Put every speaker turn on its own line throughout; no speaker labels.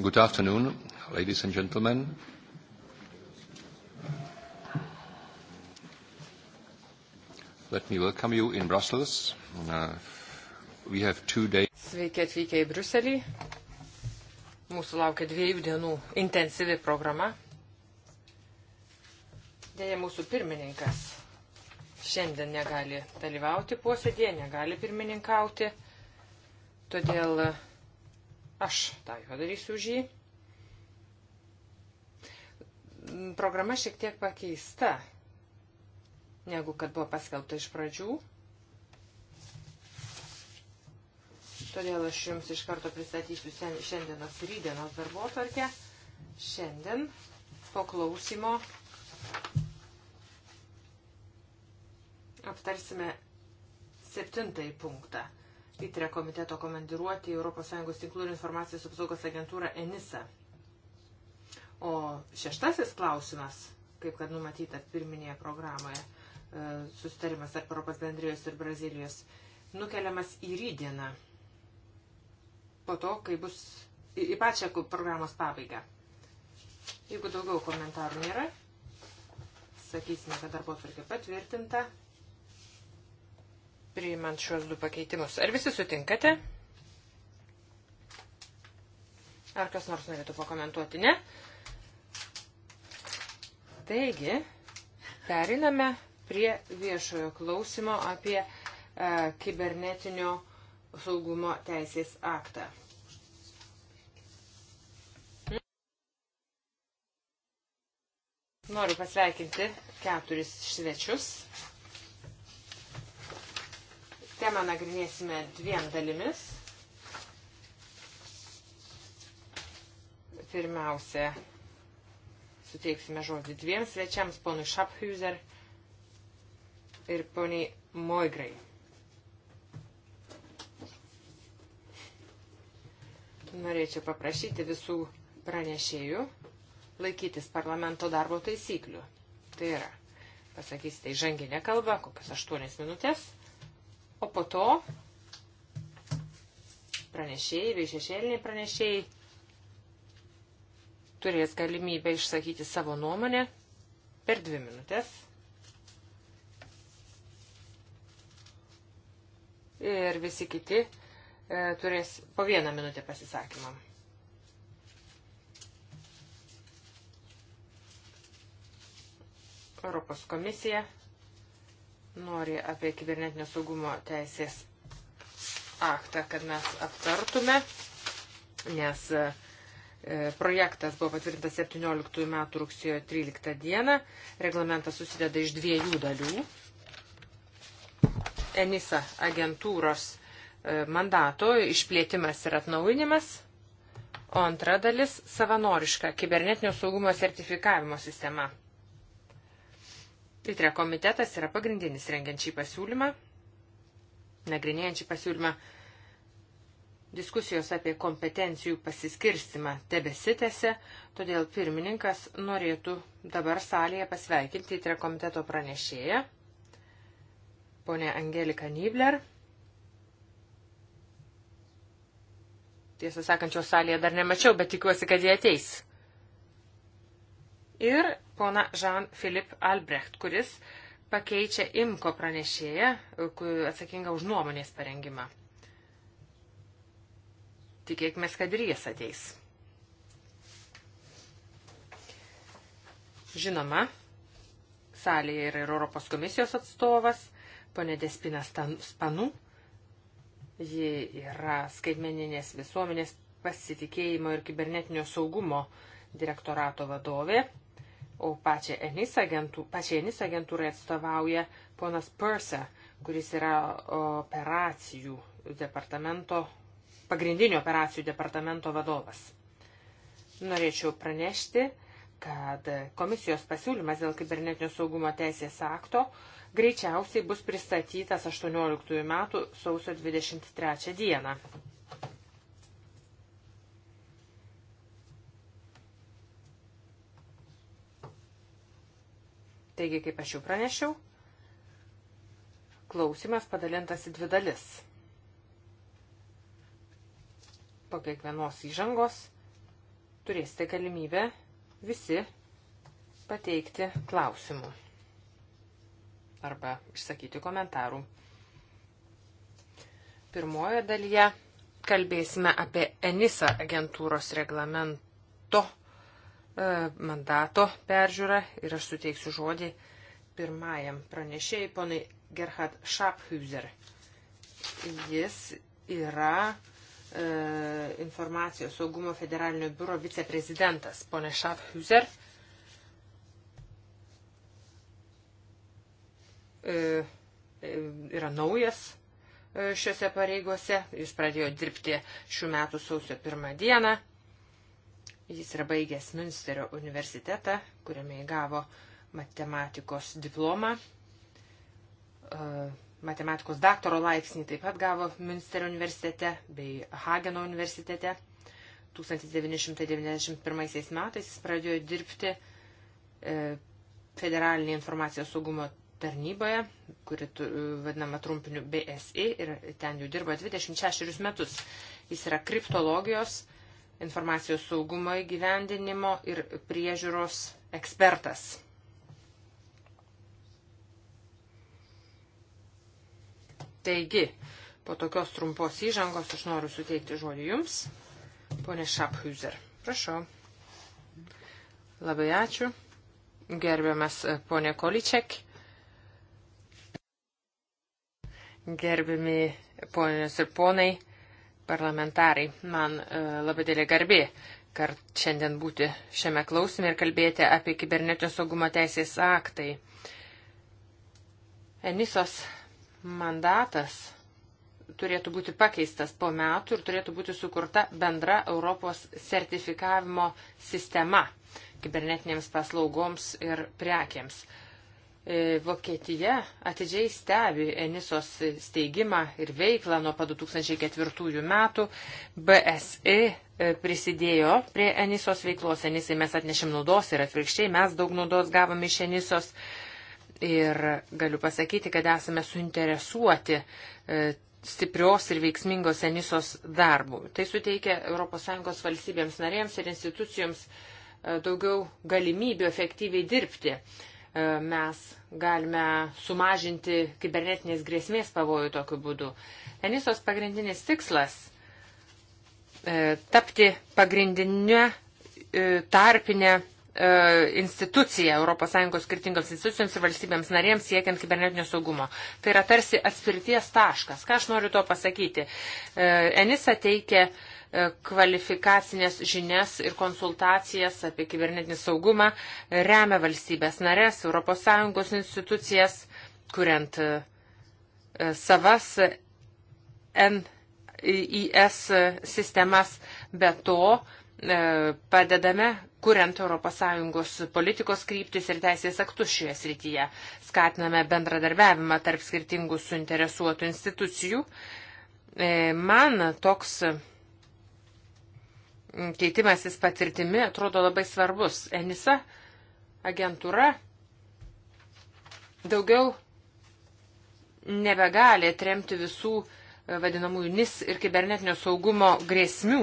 Good afternoon, ladies and
gentlemen. Let me welcome you in Brussels. Uh, we have two days. Sveiki atvykę į Bruselį. Mūsų laukia dviejų dienų intensyvi programa. Deja, mūsų pirmininkas šiandien negali dalyvauti posėdėje, negali pirmininkauti. Todėl uh, Aš tą padarysiu už jį. Programa šiek tiek pakeista, negu kad buvo paskelbta iš pradžių. Todėl aš jums iš karto pristatysiu šiandienos ir rydienos darbo tvarkę. Šiandien po klausimo aptarsime septintąjį punktą – įtrė komiteto komandiruoti ES tinklų ir informacijos apsaugos agentūrą ENISA. O šeštasis klausimas, kaip kad numatyta pirminėje programoje, e, susitarimas tarp Europos bendrijos ir Brazilijos, nukeliamas į rydieną. Po to, kai bus į pačią programos pabaigą. Jeigu daugiau komentarų nėra, sakysime, kad darbo tvarkė patvirtinta priimant šios du pakeitimus. Ar visi sutinkate? Ar kas nors norėtų pakomentuoti? Ne. Taigi, periname prie viešojo klausimo apie e, kibernetinio saugumo teisės aktą. Noriu pasveikinti keturis svečius. Temą nagrinėsime dviem dalimis. Pirmiausia, suteiksime žodį dviem svečiams, ponui Šaphuser ir poniai Moigrai. Norėčiau paprašyti visų pranešėjų laikytis parlamento darbo taisyklių. Tai yra, pasakysite įžanginę kalbą, kokias aštuonias minutės O po to pranešėjai bei šešėliniai pranešėjai turės galimybę išsakyti savo nuomonę per dvi minutės. Ir visi kiti e, turės po vieną minutę pasisakymą. Europos komisija nori apie kibernetinio saugumo teisės aktą, kad mes aptartume, nes e, projektas buvo patvirtintas 17 metų rugsėjo 13 dieną. Reglamentas susideda iš dviejų dalių. ENISA agentūros e, mandato išplėtimas ir atnaujinimas. O antra dalis - savanoriška kibernetinio saugumo sertifikavimo sistema. ITRE komitetas yra pagrindinis rengiant šį pasiūlymą, nagrinėjant šį pasiūlymą. Diskusijos apie kompetencijų pasiskirstimą tebesitėse, todėl pirmininkas norėtų dabar salėje pasveikinti įtre komiteto pranešėją, ponę Angeliką Nibler. Tiesą sakant, šios salėje dar nemačiau, bet tikiuosi, kad jie ateis ir pona Jean-Philippe Albrecht, kuris pakeičia IMKO pranešėją, atsakingą už nuomonės parengimą. Tikėkime, kad ir jis ateis. Žinoma, salėje yra ir Europos komisijos atstovas, ponė Despina Spanu. Ji yra skaitmeninės visuomenės pasitikėjimo ir kibernetinio saugumo direktorato vadovė o pačią ENIS, agentų, pačią ENIS agentūrai atstovauja ponas Persa, kuris yra operacijų departamento, pagrindinio operacijų departamento vadovas. Norėčiau pranešti, kad komisijos pasiūlymas dėl kibernetinio saugumo teisės akto greičiausiai bus pristatytas 18 metų sausio 23 dieną. Taigi, kaip aš jau pranešiau, klausimas padalintas į dvi dalis. Po kiekvienos įžangos turėsite galimybę visi pateikti klausimų arba išsakyti komentarų. Pirmojo dalyje kalbėsime apie ENISA agentūros reglamento E, mandato peržiūrą ir aš suteiksiu žodį pirmajam pranešėjai, ponai Gerhard Schaphüzer. Jis yra e, informacijos saugumo federalinio biuro viceprezidentas. Pone Schaphüzer. E, e, yra naujas e, šiuose pareigose. Jis pradėjo dirbti šių metų sausio pirmą dieną. Jis yra baigęs Münsterio universitetą, kuriame įgavo matematikos diplomą. E, matematikos daktaro laipsnį taip pat gavo Münsterio universitete bei Hageno universitete. 1991 metais jis pradėjo dirbti e, federalinėje informacijos saugumo tarnyboje, kuri e, vadinama trumpiniu BSI ir ten jau dirba 26 metus. Jis yra kriptologijos informacijos saugumo įgyvendinimo ir priežiūros ekspertas. Taigi, po tokios trumpos įžangos aš noriu suteikti žodį Jums, ponė Šaphuzer. Prašau. Labai ačiū. Gerbiamas e, ponė Količek. Gerbiami ponės ir ponai parlamentarai. Man e, labai dėlė garbė kart šiandien būti šiame klausime ir kalbėti apie kibernetinio saugumo teisės aktai. Enisos mandatas turėtų būti pakeistas po metų ir turėtų būti sukurta bendra Europos sertifikavimo sistema kibernetinėms paslaugoms ir prekiams. E, Vokietija atidžiai stebi Enisos steigimą ir veiklą nuo pat 2004 metų. BSI e, e, prisidėjo prie Enisos veiklos. Enisai mes atnešėm naudos ir atvirkščiai mes daug naudos gavome iš Enisos. Ir galiu pasakyti, kad esame suinteresuoti stiprios ir veiksmingos Enisos darbų. Tai suteikia ES valstybėms narėms ir institucijoms daugiau galimybių efektyviai dirbti. E, mes galime sumažinti kibernetinės grėsmės pavojų tokiu būdu. Enisos pagrindinis tikslas e, - tapti pagrindinę e, tarpinę institucija ES skirtingoms institucijoms ir valstybėms narėms siekiant kibernetinio saugumo. Tai yra tarsi atspirties taškas. Ką aš noriu tuo pasakyti? Enisa teikia uh, kvalifikacinės žinias ir konsultacijas apie kibernetinį saugumą, remia valstybės narės, ES institucijas, kuriant e, savas NIS sistemas, be to e, padedame kuriant ES politikos kryptis ir teisės aktus šioje srityje. Skatiname bendradarbiavimą tarp skirtingų suinteresuotų institucijų. E, man toks keitimasis patirtimi atrodo labai svarbus. Enisa agentūra daugiau nebegali atremti visų e, vadinamųjų NIS ir kibernetinio saugumo grėsmių.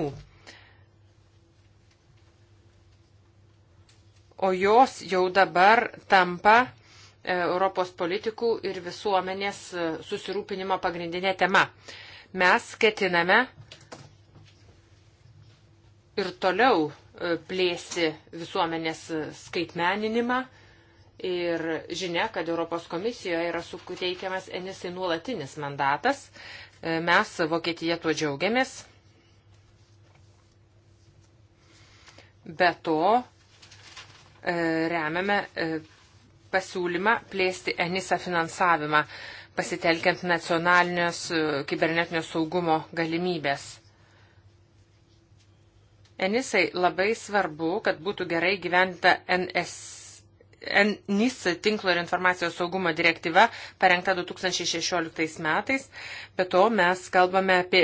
O jos jau dabar tampa e, Europos politikų ir visuomenės e, susirūpinimo pagrindinė tema. Mes ketiname uh, ir toliau e, plėsti visuomenės skaitmeninimą. Ir žinia, kad Europos komisijoje yra suteikiamas Enisai nuolatinis mandatas. E, mes Vokietija tuo džiaugiamės. Be to, e, remiame pasiūlymą plėsti Enisa finansavimą, pasitelkiant nacionalinės kibernetinio saugumo galimybės. Enisai labai svarbu, kad būtų gerai gyventa NS. NIS tinklo ir informacijos saugumo direktyva parengta 2016 metais, bet to mes kalbame apie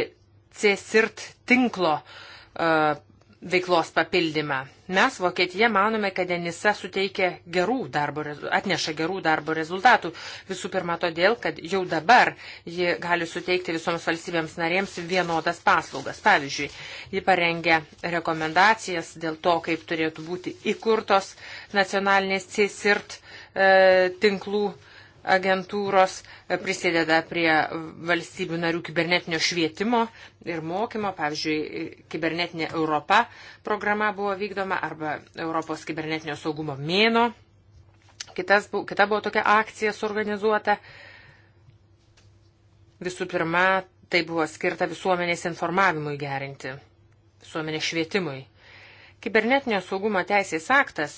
CSIRT tinklo uh, veiklos papildymą. Mes Vokietija manome, kad Denisa suteikia gerų darbo, atneša gerų darbo rezultatų. Visų pirma, todėl, kad jau dabar ji gali suteikti visoms valstybėms narėms vienodas paslaugas. Pavyzdžiui, ji parengė rekomendacijas dėl to, kaip turėtų būti įkurtos nacionalinės CSIRT e, tinklų e, agentūros e, prisideda prie valstybių narių kibernetinio švietimo ir mokymo. Pavyzdžiui, e, kibernetinė Europa programa buvo vykdoma arba Europos kibernetinio saugumo mėno. Kitas, kita buvo tokia akcija suorganizuota. Visų pirma, tai buvo skirta visuomenės informavimui gerinti, visuomenės švietimui. Kibernetinio saugumo teisės aktas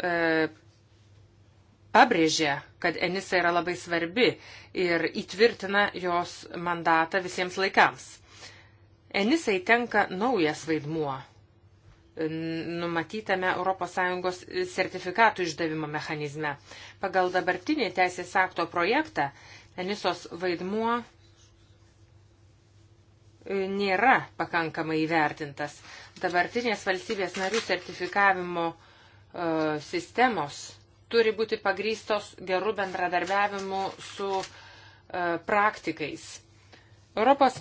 e, pabrėžė, kad Enisa yra labai svarbi ir įtvirtina jos mandatą visiems laikams. Enisai tenka naujas vaidmuo numatytame ES sertifikatų išdavimo mechanizme. Pagal dabartinį teisės akto projektą Enisos vaidmuo e, nėra pakankamai įvertintas. Dabartinės valstybės narių sertifikavimo e, sistemos turi būti pagrystos gerų bendradarbiavimų su e, praktikais. ES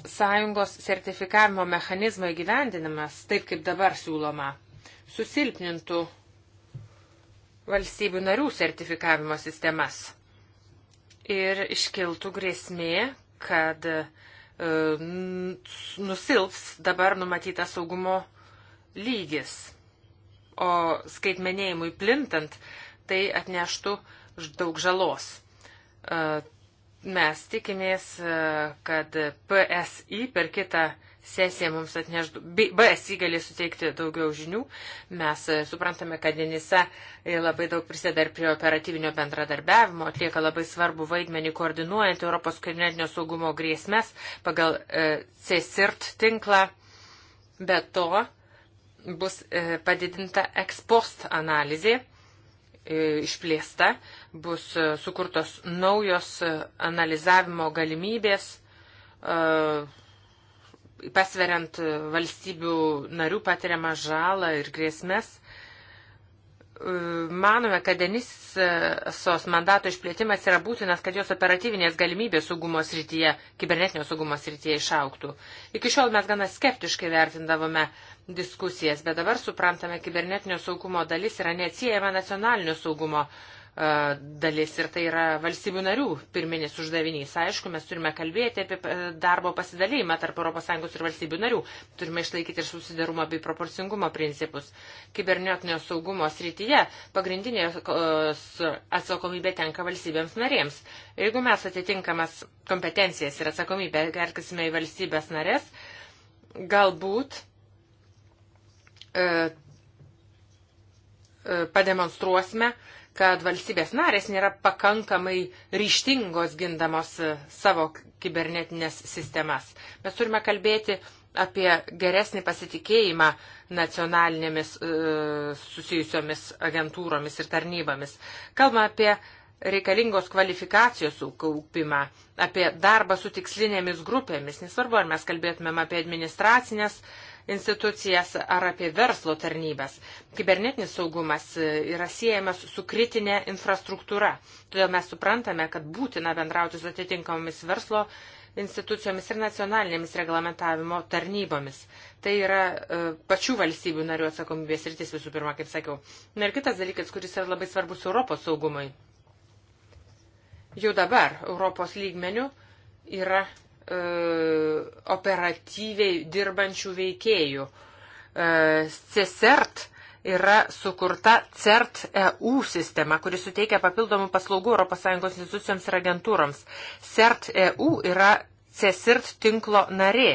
sertifikavimo mechanizmo įgyvendinimas, taip kaip dabar siūloma, susilpnintų valstybių narių sertifikavimo sistemas. Ir iškiltų grėsmė, kad e, nusilps dabar numatytas saugumo lygis. O skaitmenėjimui plintant, tai atneštų daug žalos. E, mes tikimės, e, kad PSI per kitą sesija mums atneš, BSI galės suteikti daugiau žinių. Mes e, suprantame, kad Denisa labai daug prisideda ir prie operatyvinio bendradarbiavimo, atlieka labai svarbu vaidmenį koordinuojant Europos kibernetinio saugumo grėsmės pagal CSIRT tinklą. Be to bus padidinta ekspost analizė išplėsta, bus sukurtos naujos analizavimo galimybės, e, pasveriant valstybių narių patiriamą žalą ir grėsmės. E, manome, kad Denisos mandato išplėtimas yra būtinas, kad jos operatyvinės galimybės saugumo srityje, kibernetinio saugumo srityje išauktų. Iki šiol mes gana skeptiškai vertindavome diskusijas, bet dabar suprantame, kibernetinio saugumo dalis yra neatsiejama nacionalinio saugumo e, dalis ir tai yra valstybių narių pirminis uždavinys. Aišku, mes turime kalbėti apie e, darbo pasidalymą tarp ES ir valstybių narių. Turime išlaikyti ir susidarumo bei proporcingumo principus. Kibernetinio saugumo srityje pagrindinė e, atsakomybė tenka valstybėms narėms. Jeigu mes atitinkamas kompetencijas ir atsakomybę gerkisime į valstybės narės, galbūt E, e, pademonstruosime, kad valstybės narės nėra pakankamai ryštingos gindamos e, savo kibernetinės sistemas. Mes turime kalbėti apie geresnį pasitikėjimą nacionalinėmis e, susijusiomis agentūromis ir tarnybomis. Kalbame apie reikalingos kvalifikacijos sukaupimą, apie darbą su tikslinėmis grupėmis, nesvarbu, ar mes kalbėtumėm apie administracinės institucijas ar apie verslo tarnybas. Kibernetinis saugumas e, yra siejamas su kritinė infrastruktūra. Todėl mes suprantame, kad būtina bendrauti su atitinkamomis verslo institucijomis ir nacionalinėmis reglamentavimo tarnybomis. Tai yra e, pačių valstybių narių atsakomybės rytis visų pirma, kaip sakiau. Na ir kitas dalykas, kuris yra labai svarbus Europos saugumui. Jau dabar Europos lygmenių yra E, operatyviai dirbančių veikėjų. E, CESERT yra sukurta CERT EU sistema, kuri suteikia papildomų paslaugų ES institucijoms ir agentūroms. CERT EU yra CESIRT tinklo narė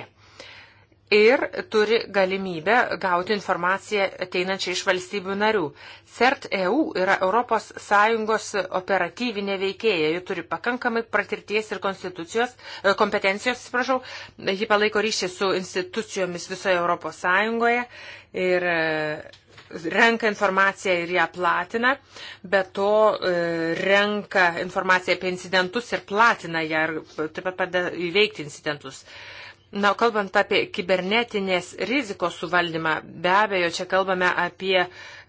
ir turi galimybę gauti informaciją ateinančią iš valstybių narių. CERT EU yra ES operatyvinė veikėja, ji turi pakankamai patirties ir konstitucijos, e, kompetencijos, atsiprašau, ji palaiko ryšį su institucijomis visoje ES ir e, renka informaciją ir ją platina, bet to e, renka informaciją apie incidentus ir platina ją ir taip pat padeda įveikti incidentus. Na, kalbant apie kibernetinės rizikos suvaldymą, be abejo, čia kalbame apie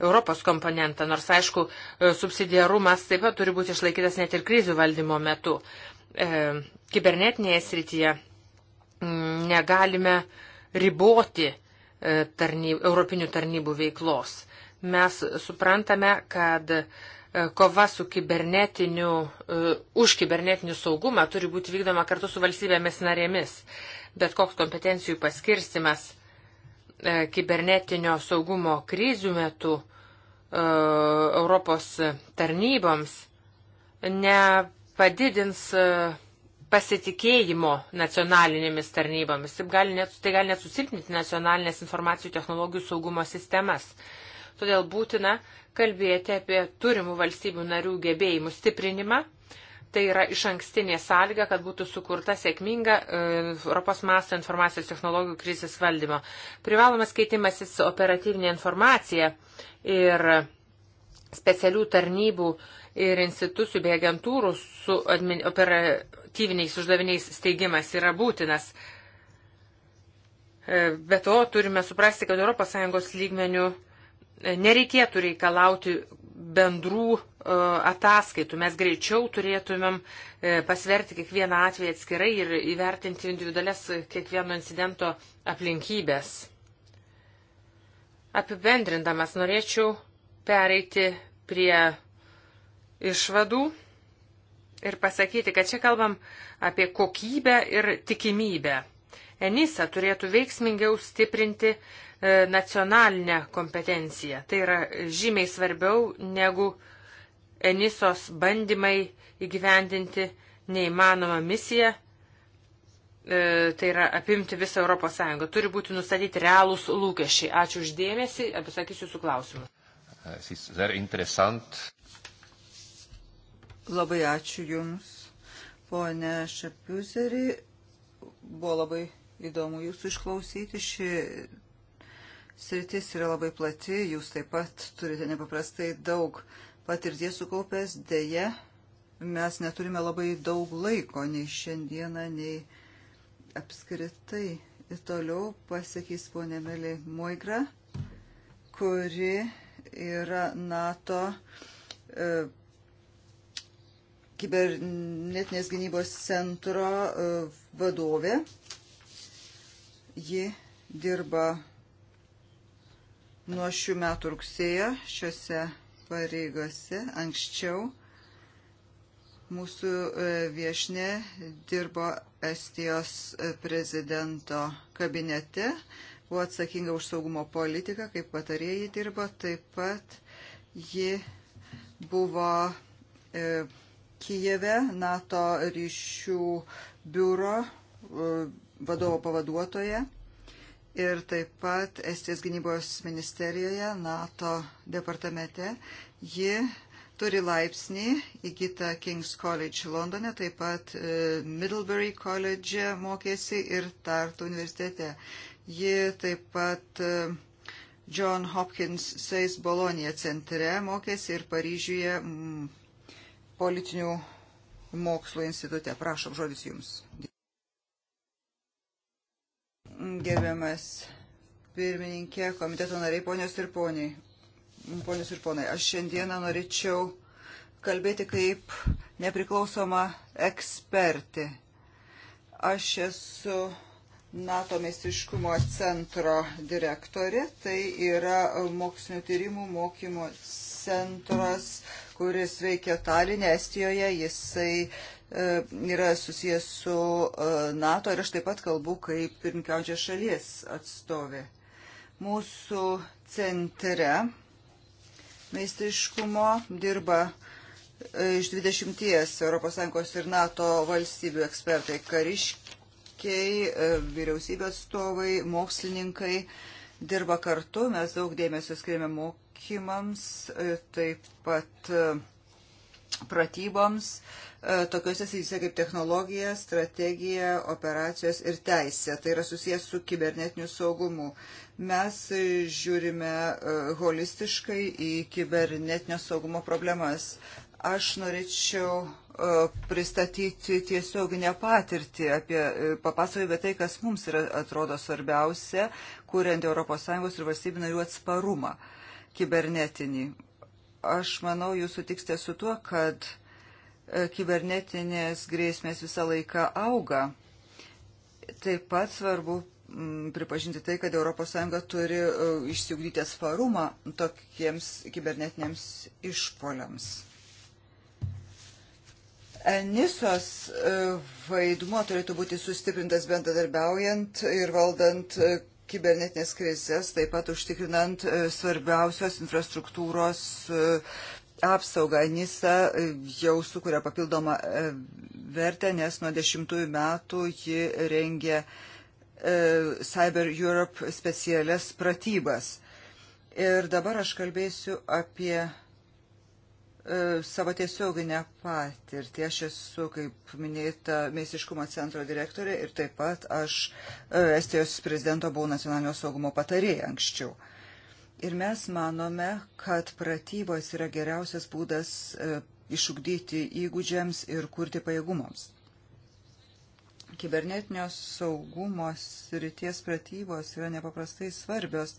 Europos komponentą, nors aišku, e, subsidiarumas taip pat turi būti išlaikytas net ir krizių valdymo metu. E, kibernetinėje srityje mm, negalime riboti e, tarnyb, europinių tarnybų veiklos. Mes suprantame, kad e, kova su kibernetiniu, e, už kibernetinį saugumą turi būti vykdoma kartu su valstybėmis narėmis bet koks kompetencijų paskirstimas e, kibernetinio saugumo krizių metu e, Europos tarnyboms nepadidins e, pasitikėjimo nacionalinėmis tarnybomis. Taip gali net, tai gali net susilpninti nacionalinės informacijų technologijų saugumo sistemas. Todėl būtina kalbėti apie turimų valstybių narių gebėjimų stiprinimą tai yra iš ankstinė sąlyga, kad būtų sukurta sėkminga e, Europos masto informacijos technologijų krizės valdymo. Privalomas keitimasis operatyvinė informacija ir specialių tarnybų ir institucijų bei agentūrų su operatyviniais uždaviniais steigimas yra būtinas. E, be to turime suprasti, kad ES lygmenių nereikėtų reikalauti bendrų e, ataskaitų. Mes greičiau turėtumėm e, pasverti kiekvieną atvejį atskirai ir įvertinti individualias kiekvieno incidento aplinkybės. Apibendrindamas norėčiau pereiti prie išvadų ir pasakyti, kad čia kalbam apie kokybę ir tikimybę. Enisa turėtų veiksmingiau stiprinti E, nacionalinę kompetenciją. Tai yra žymiai svarbiau negu Enisos bandymai įgyvendinti neįmanomą misiją. E, tai yra apimti visą Europos Sąjungą. Turi būti nustatyti realūs lūkesčiai. Ačiū uždėmesi, apisakysiu jūsų klausimus. E,
labai ačiū Jums, ponė Šapiuzerį. Buvo labai įdomu Jūsų išklausyti. Ši sritis yra labai plati, jūs taip pat turite nepaprastai daug patirties sukaupęs, dėje mes neturime labai daug laiko nei šiandieną, nei apskritai. Ir toliau pasakys ponė Melė Moigra, kuri yra NATO e, kibernetinės gynybos centro e, vadovė. Ji dirba nuo šių metų rugsėjo šiuose pareigose. Anksčiau mūsų e, viešne dirbo Estijos e, prezidento kabinete, buvo atsakinga už saugumo politiką, kaip patarėjai dirbo, taip pat ji buvo e, Kijeve NATO ryšių biuro e, vadovo pavaduotoje ir taip pat Estijos gynybos ministerijoje, NATO departamente. Ji turi laipsnį įgytą King's College Londone, taip pat e, Middlebury College mokėsi ir Tartu universitete. Ji taip pat e, John Hopkins Seis Bolonija centre mokėsi ir Paryžiuje politinių mokslų institute. Prašom, žodis jums. Gerbiamas pirmininkė, komiteto nariai, ponios ir poniai. Ponios ir ponai, aš šiandieną norėčiau kalbėti kaip nepriklausoma ekspertė. Aš esu NATO meistriškumo centro direktorė, tai yra mokslinio tyrimų mokymo centras kuris veikia Talinė, Estijoje, jisai e, yra susijęs su e, NATO ir aš taip pat kalbu kaip pirmkiaučia šalies atstovė. Mūsų centre meistriškumo dirba e, iš 20 ES ir NATO valstybių ekspertai, kariškiai, vyriausybės atstovai, mokslininkai dirba kartu, mes daug dėmesio skiriame mokymui mokymams, e, taip pat e, pratyboms, e, tokiuose srityse kaip technologija, strategija, operacijos ir teisė. Tai yra susijęs su kibernetiniu saugumu. Mes žiūrime holistiškai į kibernetinio saugumo problemas. Aš norėčiau pristatyti tiesioginę patirtį apie papasakojimą apie tai, kas mums yra, atrodo svarbiausia, kuriant ES ir valstybių narių atsparumą. Uh, kibernetinį. Aš manau, jūs sutiksite su tuo, kad e, kibernetinės grėsmės visą laiką auga. Taip pat svarbu mm, pripažinti tai, kad ES turi e, išsiugdyti atsparumą tokiems kibernetiniams išpoliams. Enisos e, vaidmuo turėtų būti sustiprintas bendradarbiaujant ir valdant kibernetinės krizės, taip pat užtikrinant e, svarbiausios infrastruktūros e, apsaugą. NISA e, jau sukuria papildomą vertę, nes nuo dešimtųjų metų ji rengia Cyber Europe specialias pratybas. Ir dabar aš kalbėsiu apie E, savo tiesioginę patirtį. Aš esu, kaip minėta, meisiškumo centro direktorė ir taip pat aš e, Estijos prezidento buvau nacionalinio saugumo patarėja anksčiau. Ir mes manome, kad pratybos yra geriausias būdas e, išugdyti įgūdžiams ir kurti pajėgumams. Kibernetinio saugumo srities pratybos yra nepaprastai svarbios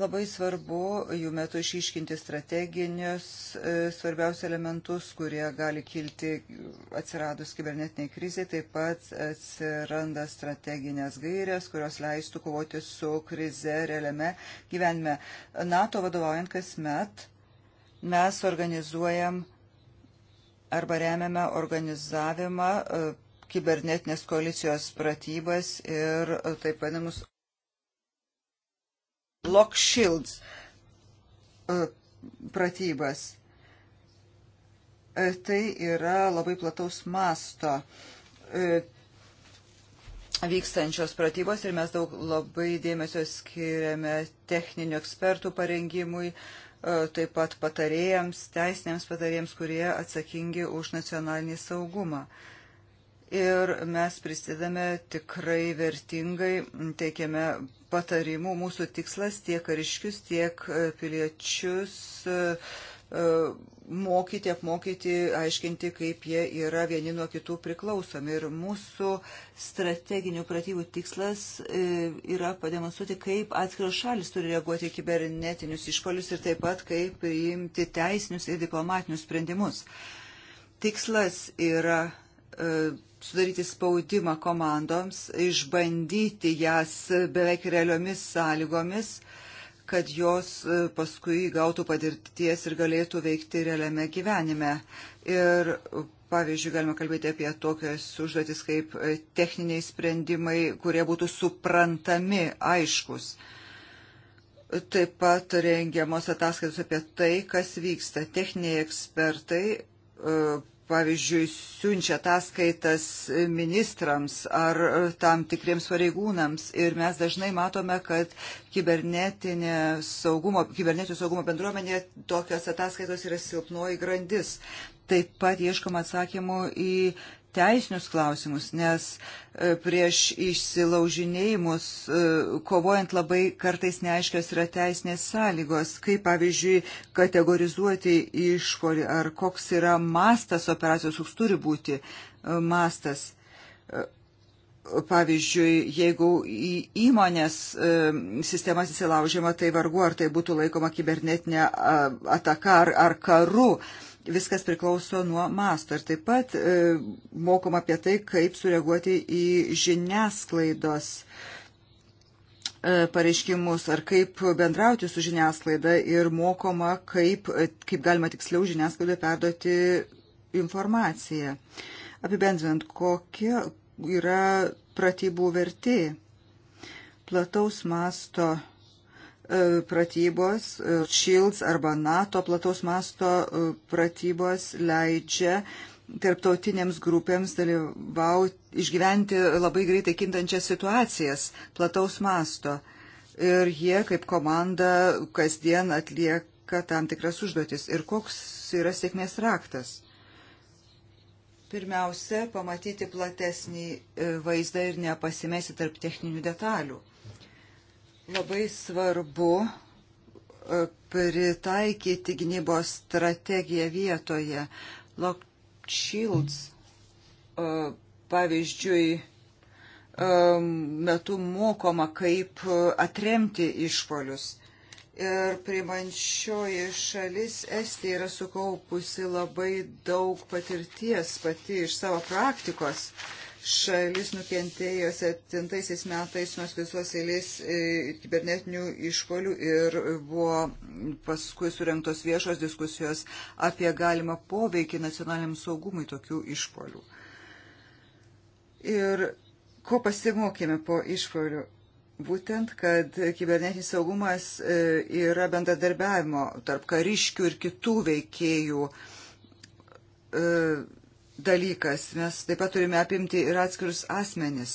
Labai svarbu jų metu išiškinti strateginius e, svarbiausius elementus, kurie gali kilti atsiradus kibernetiniai kriziai. Taip pat atsiranda strateginės gairės, kurios leistų kovoti su krize realiame gyvenime. NATO vadovaujant kasmet mes organizuojam arba remiame organizavimą e, kibernetinės koalicijos pratybas ir e, taip vadinamus Block Shields e, pratybas. E, tai yra labai plataus masto e, vykstančios pratybos ir mes daug labai dėmesio skiriame techninių ekspertų parengimui, taip pat patarėjams, teisiniams patarėjams, kurie atsakingi už nacionalinį saugumą. Uh, ir mes prisidame tikrai vertingai, teikiame patarimų. Mūsų tikslas tiek kariškius, tiek e, piliečius e, e, mokyti, apmokyti, aiškinti, kaip jie yra vieni nuo kitų priklausomi. Ir mūsų strateginių pratybų tikslas yra pademonstruoti, kaip atskiros šalis turi reaguoti į kibernetinius išpolius ir taip pat, kaip priimti teisinius ir diplomatinius sprendimus. Tikslas yra sudaryti spaudimą komandoms, išbandyti jas beveik realiomis sąlygomis, kad jos e, paskui gautų padirties ir galėtų veikti realiame gyvenime. Ir Pavyzdžiui, galima kalbėti apie tokias užduotis kaip e, techniniai sprendimai, kurie būtų suprantami, aiškus. Taip pat rengiamos ataskaitos apie tai, kas vyksta. Techniniai ekspertai e, pavyzdžiui, siunčia ataskaitas ministrams ar tam tikriems pareigūnams. Ir mes dažnai matome, kad kibernetinė saugumo, kibernetinio saugumo bendruomenė tokios ataskaitos yra silpnoji grandis. Taip pat ieškoma atsakymų į teisinius klausimus, nes e, prieš išsilaužinėjimus e, kovojant labai kartais neaiškios yra teisinės sąlygos, kaip pavyzdžiui kategorizuoti išpolį ar koks yra mastas operacijos, koks turi būti e, mastas. Pavyzdžiui, jeigu į įmonės sistemas įsilaužima, tai vargu ar tai būtų laikoma kibernetinė ataka ar, ar karu viskas priklauso nuo masto. Ir taip pat e, mokom apie tai, kaip sureaguoti į žiniasklaidos e, pareiškimus ar kaip bendrauti su žiniasklaida ir mokoma, kaip, e, kaip galima tiksliau žiniasklaidoje perduoti informaciją. Apibendrinant, kokia yra pratybų vertė plataus masto E, pratybos, e, Shields arba NATO plataus masto e, pratybos leidžia tarptautinėms grupėms dalyvauti, išgyventi labai greitai kintančias situacijas plataus masto. Ir jie kaip komanda kasdien atlieka tam tikras užduotis. Ir koks yra sėkmės raktas? Pirmiausia, pamatyti platesnį vaizdą ir nepasimesti tarp techninių detalių. Labai svarbu e, pritaikyti gynybos strategiją vietoje. Lock Shields, e, pavyzdžiui, e, metu mokoma, kaip atremti išpolius. Ir primančioji šalis Estija yra sukaupusi labai daug patirties pati iš savo praktikos šalis nukentėjo 7 metais nuo visos eilės e, kibernetinių išpolių ir buvo paskui surinktos viešos diskusijos apie galimą poveikį nacionaliniam saugumui tokių išpolių. Ir ko pasimokėme po išpolių? Būtent, kad kibernetinis saugumas e, yra bendradarbiavimo tarp kariškių ir kitų veikėjų e, dalykas. Mes taip pat turime apimti ir atskirus asmenis.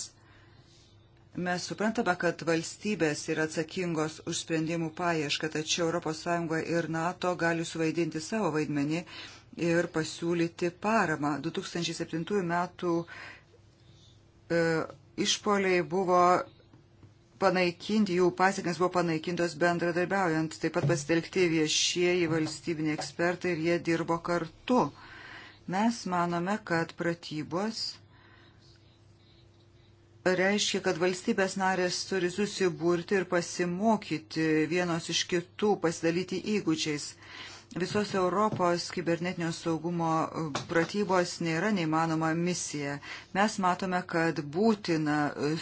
Mes suprantame, kad valstybės yra atsakingos už sprendimų paiešką, tačiau ES ir NATO gali suvaidinti savo vaidmenį ir pasiūlyti paramą. 2007 metų e, išpoliai buvo panaikinti, jų pasiekmes buvo panaikintos bendradarbiaujant, taip pat pasitelkti viešieji valstybiniai ekspertai ir jie dirbo kartu. E, Mes manome, kad pratybos reiškia, kad valstybės narės turi susiburti ir pasimokyti vienos iš kitų, pasidalyti įgūdžiais. Visos Europos kibernetinio saugumo pratybos nėra neįmanoma misija. Mes matome, kad būtina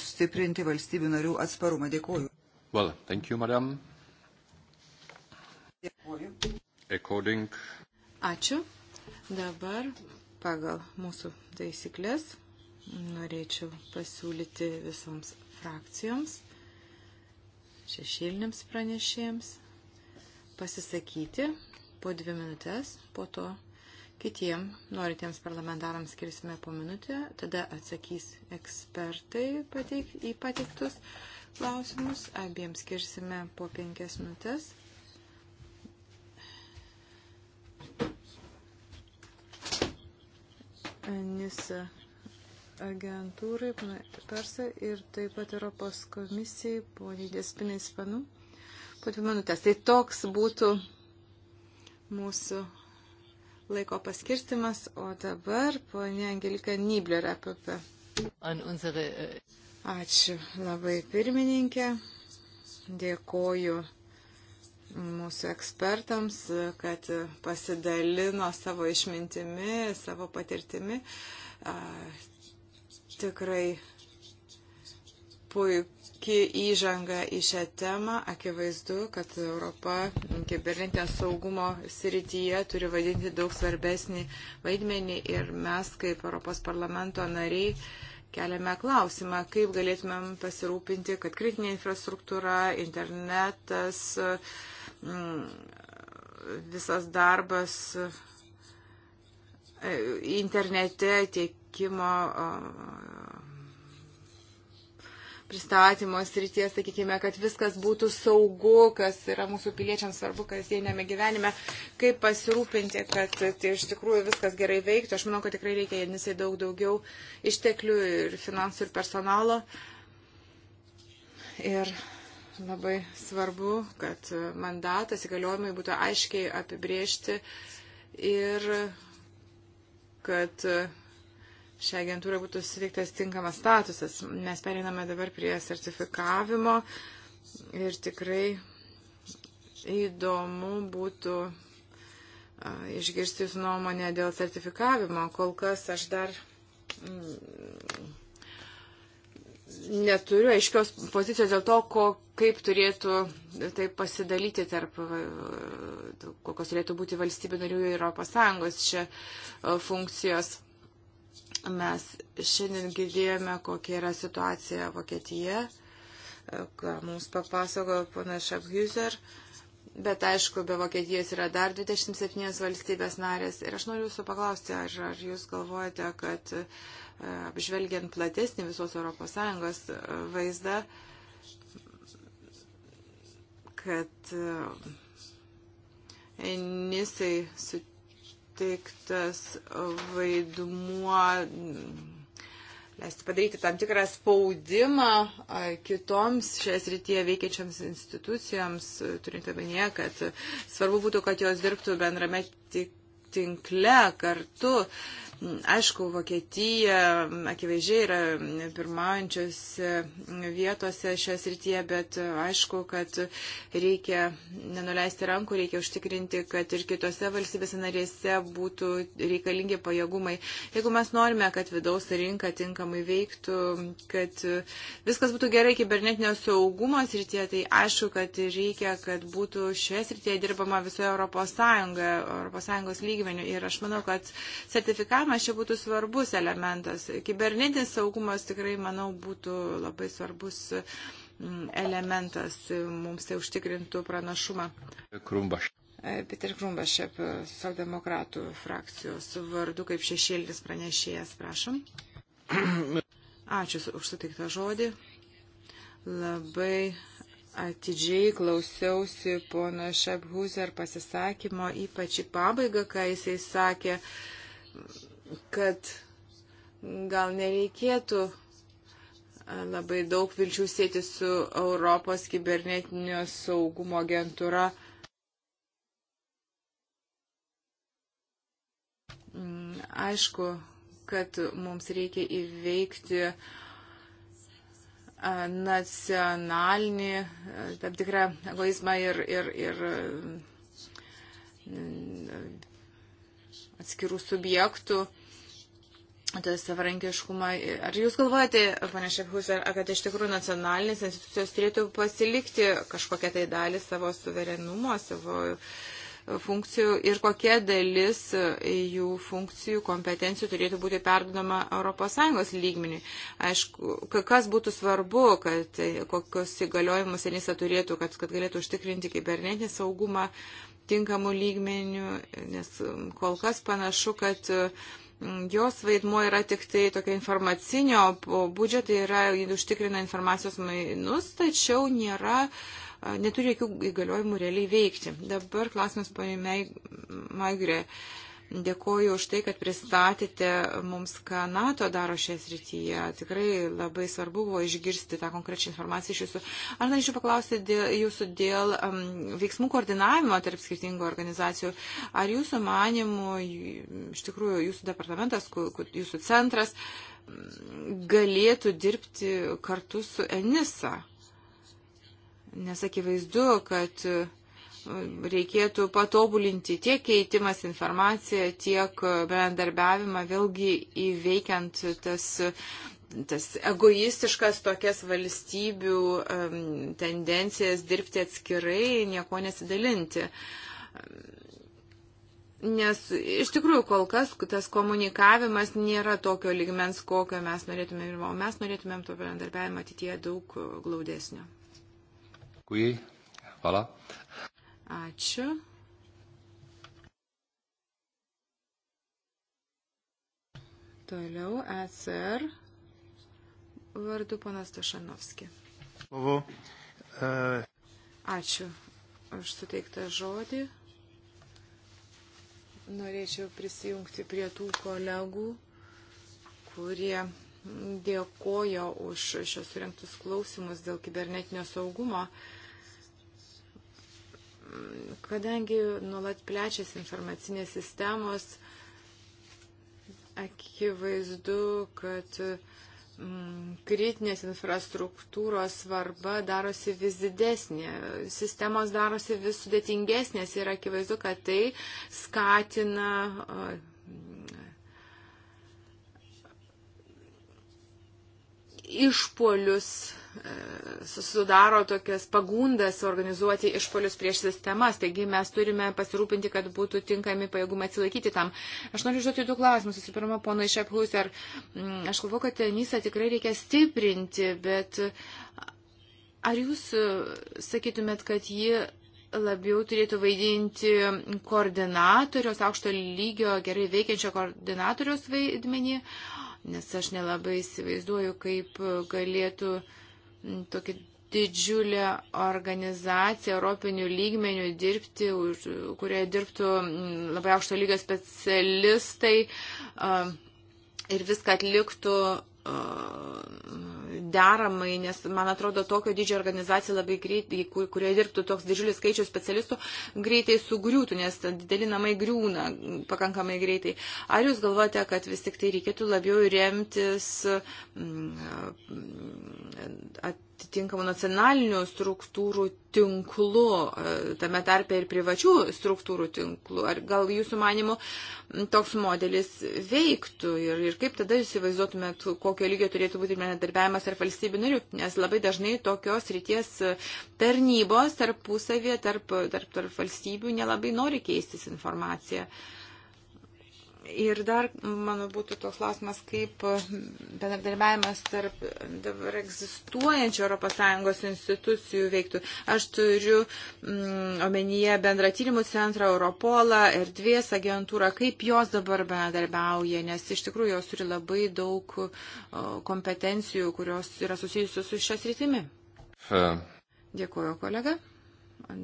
stiprinti valstybių narių atsparumą. Dėkuoju.
Well, thank you, madam. Dėkuoju. According...
Ačiū. Dabar
pagal mūsų taisyklės norėčiau pasiūlyti visoms frakcijoms, šešėliniams pranešėjams pasisakyti po dvi minutės, po to kitiem norintiems parlamentarams skirsime po minutę, tada atsakys ekspertai pateik, į pateiktus klausimus, abiems skirsime po penkias minutės NISA agentūrai, Persa ir taip pat Europos komisijai, poniai Despinai Spanu. Po dvi minutės. Tai toks būtų mūsų laiko paskirtimas, o dabar ponia Angelika Nibler apie. E, Ačiū labai pirmininkė. Dėkoju mūsų ekspertams, kad pasidalino savo išmintimi, savo patirtimi. Tikrai puikiai įžanga į šią temą. Akivaizdu, kad Europa kibernetinio saugumo srityje turi vadinti daug svarbesnį vaidmenį ir mes kaip Europos parlamento nariai keliame klausimą, kaip galėtumėm pasirūpinti, kad kritinė infrastruktūra, internetas, mm, visas darbas e, internete tiekimo pristatymo srityje, sakykime, kad viskas būtų saugu, kas yra mūsų piliečiams svarbu kasdienėme gyvenime, kaip pasirūpinti, kad tai iš tikrųjų viskas gerai veiktų. Aš manau, kad tikrai reikia jednisai daug daugiau išteklių ir finansų ir personalo. Ir labai svarbu, kad mandatas įgaliojimai būtų aiškiai apibriežti ir kad uh, šią agentūrą būtų suteiktas tinkamas statusas. Mes pereiname dabar prie sertifikavimo ir tikrai įdomu būtų išgirsti jūsų nuomonę dėl sertifikavimo. Kol kas aš dar mm, neturiu aiškios pozicijos dėl to, ko, kaip turėtų tai pasidalyti tarp, kokios turėtų būti valstybių narių ir Europos Sąjungos čia funkcijos. Mes šiandien girdėjome, kokia yra situacija Vokietija, ką mums papasakojo ponas Šabhuser, bet aišku, be Vokietijos yra dar 27 valstybės narės. Ir aš noriu jūsų paklausti, ar, ar jūs galvojate, kad e, apžvelgiant platesnį visos ES e, vaizdą, kad e, Nisai sutikė suteiktas vaidmuo leisti padaryti tam tikrą spaudimą kitoms šią srityje veikiančiams institucijoms, turint omenyje, kad svarbu būtų, kad jos dirbtų bendrame tinkle kartu. Aišku, Vokietija akivaizdžiai yra pirmaujančiose vietose šią srityje, bet aišku, kad reikia nenuleisti rankų, reikia užtikrinti, kad ir kitose valstybėse narėse būtų reikalingi pajėgumai. Jeigu mes norime, kad vidaus rinka tinkamai veiktų, kad viskas būtų gerai kibernetinio saugumo srityje, tai aišku, kad reikia, kad būtų šioje srityje dirbama visoje Europos Sąjungoje, Europos Sąjungos lygmenių. Ir aš manau, kad sertifikavimas bendradarbiavimas čia būtų svarbus elementas. Kibernetinis saugumas tikrai, manau, būtų labai svarbus mm, elementas, mums tai užtikrintų pranašumą. Krumbaš. E, Peter Krumbaš, e, socialdemokratų frakcijos vardu, kaip šešėlis pranešėjas, prašom. Ačiū už suteiktą žodį. Labai atidžiai klausiausi pono Šebhuzer pasisakymo, ypač į pabaigą, kai jisai sakė, kad gal nereikėtų labai daug vilčių sėti su Europos kibernetinio saugumo agentūra. Mm, aišku, kad mums reikia įveikti nacionalinį tam tikrą egoizmą ir, ir, ir atskirų subjektų tą savarankiškumą. Ar jūs galvojate, pane Šefhuser, kad iš tikrųjų nacionalinės institucijos turėtų pasilikti kažkokią tai dalį savo suverenumo, savo e, funkcijų ir kokia dalis e, jų funkcijų, kompetencijų turėtų būti perdodama ES lygmeniui. Aišku, kas būtų svarbu, kad e, kokius įgaliojimus Enisa turėtų, kad, kad galėtų užtikrinti kibernetinį saugumą tinkamų lygmenių, nes kol kas panašu, kad uh, Mm, jos vaidmuo yra tik tai tokio informacinio būdžio, tai yra užtikrina informacijos mainus, tačiau nėra, neturi jokių įgaliojimų realiai veikti. Dabar klausimas, ponė Maigrė. Mai Dėkoju už tai, kad pristatėte mums, ką NATO daro šią srityje. Tikrai labai svarbu buvo išgirsti tą konkrečią informaciją iš jūsų. Ar norėčiau paklausti dėl, jūsų dėl um, veiksmų koordinavimo tarp skirtingų organizacijų. Ar jūsų manimų, iš tikrųjų, jūsų departamentas, jūsų centras mm, galėtų dirbti kartu su ENISA? Nes akivaizdu, kad uh, reikėtų patobulinti tiek keitimas informaciją, tiek bendarbiavimą, vėlgi įveikiant tas tas egoistiškas tokias valstybių um, tendencijas dirbti atskirai, nieko nesidalinti. Nes iš tikrųjų kol kas tas komunikavimas nėra tokio ligmens, kokio mes norėtumėm, o mes norėtumėm to bendarbiavimo ateityje daug glaudesnio.
Kui, vala.
Ačiū. Toliau ECR vardu panas Tošanovski.
E.
Ačiū už suteiktą žodį. Norėčiau prisijungti prie tų kolegų, kurie dėkojo už šios surinktus klausimus dėl kibernetinio saugumo. Uh, kadangi nuolat plečiasi informacinės sistemos, akivaizdu, kad mm, kritinės infrastruktūros svarba darosi vis didesnė, sistemos darosi vis sudėtingesnės ir akivaizdu, kad tai skatina mm, išpolius sudaro tokias pagundas organizuoti išpolius prieš sistemas, taigi mes turime pasirūpinti, kad būtų tinkami pajėgumai atsilaikyti tam. Aš noriu žodžiu du klausimus. Visų pirma, ponai Šephuis, ar m, mm, aš galvoju, kad tenisą tikrai reikia stiprinti, bet ar jūs e, sakytumėt, kad ji labiau turėtų vaidinti koordinatorius, aukšto lygio gerai veikiančio koordinatorius vaidmenį, nes aš nelabai įsivaizduoju, kaip galėtų uh, tokį didžiulę organizaciją Europinių lygmenių dirbti, kurioje dirbtų mm, labai aukšto lygio specialistai ir viską atliktų deramai, nes man atrodo tokio didžio organizacija labai greitai, kurioje dirbtų toks didžiulis skaičius specialistų, greitai sugriūtų, nes dideli namai griūna pakankamai greitai. Ar jūs galvojate, kad vis tik tai reikėtų labiau remtis mm, at, atitinkamų nacionalinių struktūrų tinklu, e, tame tarpe ir privačių struktūrų tinklu. Ar gal jūsų manimo toks modelis veiktų ir, ir kaip tada jūs įsivaizduotumėt, kokio lygio turėtų būti bendradarbiavimas ar valstybių narių, nes labai dažnai tokios ryties tarnybos tarpusavėje, tarp, tarp, tarp valstybių nelabai nori keistis informaciją. Uh, Ir dar, manau, būtų toks klausimas, kaip e, bendradarbiavimas tarp dabar egzistuojančių ES institucijų veiktų. Aš turiu mm, omenyje bendrą tyrimų centrą, Europolą, erdvės agentūrą, kaip jos dabar bendradarbiauja, nes iš tikrųjų jos turi labai daug e, kompetencijų, kurios yra susijusios su šias rytimi. Dėkuoju, kolega.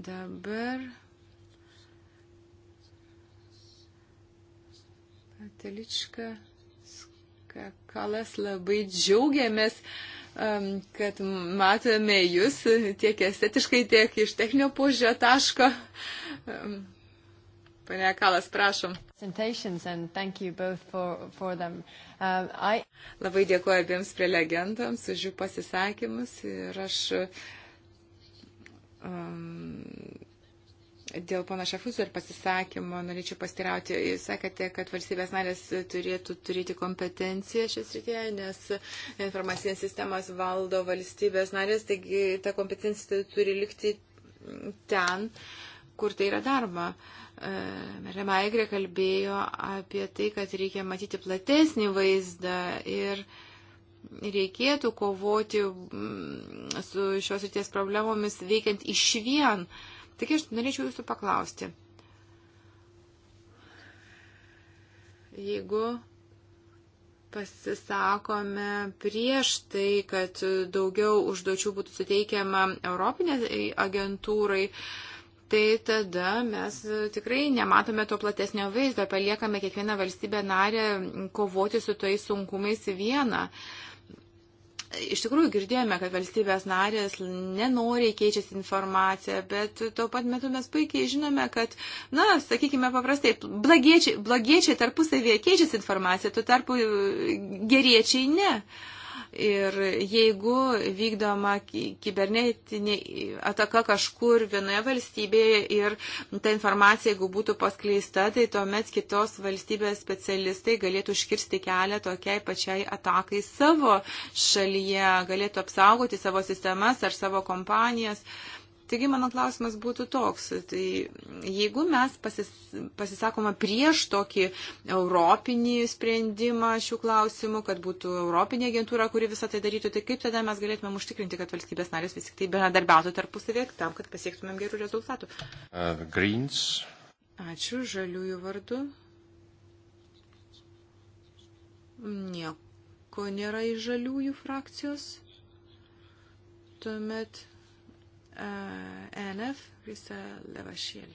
Dabar. Telička, Kalas labai džiaugiamės, um, kad matome jūs tiek estetiškai, tiek iš techninio požiūrio taško. Um, Pane Kalas, prašom.
For, for
um, I... Labai dėkuoju abiems prelegentams už jų pasisakymus ir aš um, Dėl pana Šafuso ir pasisakymo norėčiau pastirauti. Jūs sakėte, kad valstybės narės turėtų turėti kompetenciją šias rytėje, nes informacinės sistemas valdo valstybės narės, taigi ta kompetencija turi likti ten, kur tai yra daroma. E, Remaigrė kalbėjo apie tai, kad reikia matyti platesnį vaizdą ir reikėtų kovoti
mm,
su šios ryties problemomis veikiant iš vien. Uh, Tik aš norėčiau jūsų paklausti. Jeigu pasisakome prieš tai, kad daugiau užduočių būtų suteikiama Europinės agentūrai, tai tada mes tikrai nematome to platesnio vaizdo, paliekame kiekvieną valstybę narę kovoti su tais sunkumais vieną. Uh, Iš tikrųjų girdėjome, kad valstybės narės nenoriai keičiasi informaciją, bet tuo pat metu mes puikiai žinome, kad, na, sakykime paprastai, blagiečiai, blagiečiai tarpusavėje keičiasi informaciją, tuo tarpu geriečiai ne. Uh, Ir jeigu vykdoma kibernetinė ataka kažkur vienoje valstybėje ir ta informacija, jeigu būtų paskleista, tai tuomet kitos valstybės specialistai galėtų užkirsti kelią tokiai pačiai atakai savo šalyje, galėtų apsaugoti savo sistemas ar savo kompanijas. Uh, Taigi mano klausimas būtų toks, tai jeigu mes pasis, pasisakoma prieš tokį europinį sprendimą šių klausimų, kad būtų europinė agentūra, kuri visą tai darytų, tai kaip tada mes galėtumėm užtikrinti, kad valstybės narės vis tik tai bendradarbiautų tarpusavėje tam, kad pasiektumėm gerų rezultatų?
Uh, greens.
Ačiū žaliųjų vardu. Nieko nėra iš žaliųjų frakcijos. Tuomet ENF, eh, e Risa Levachiel,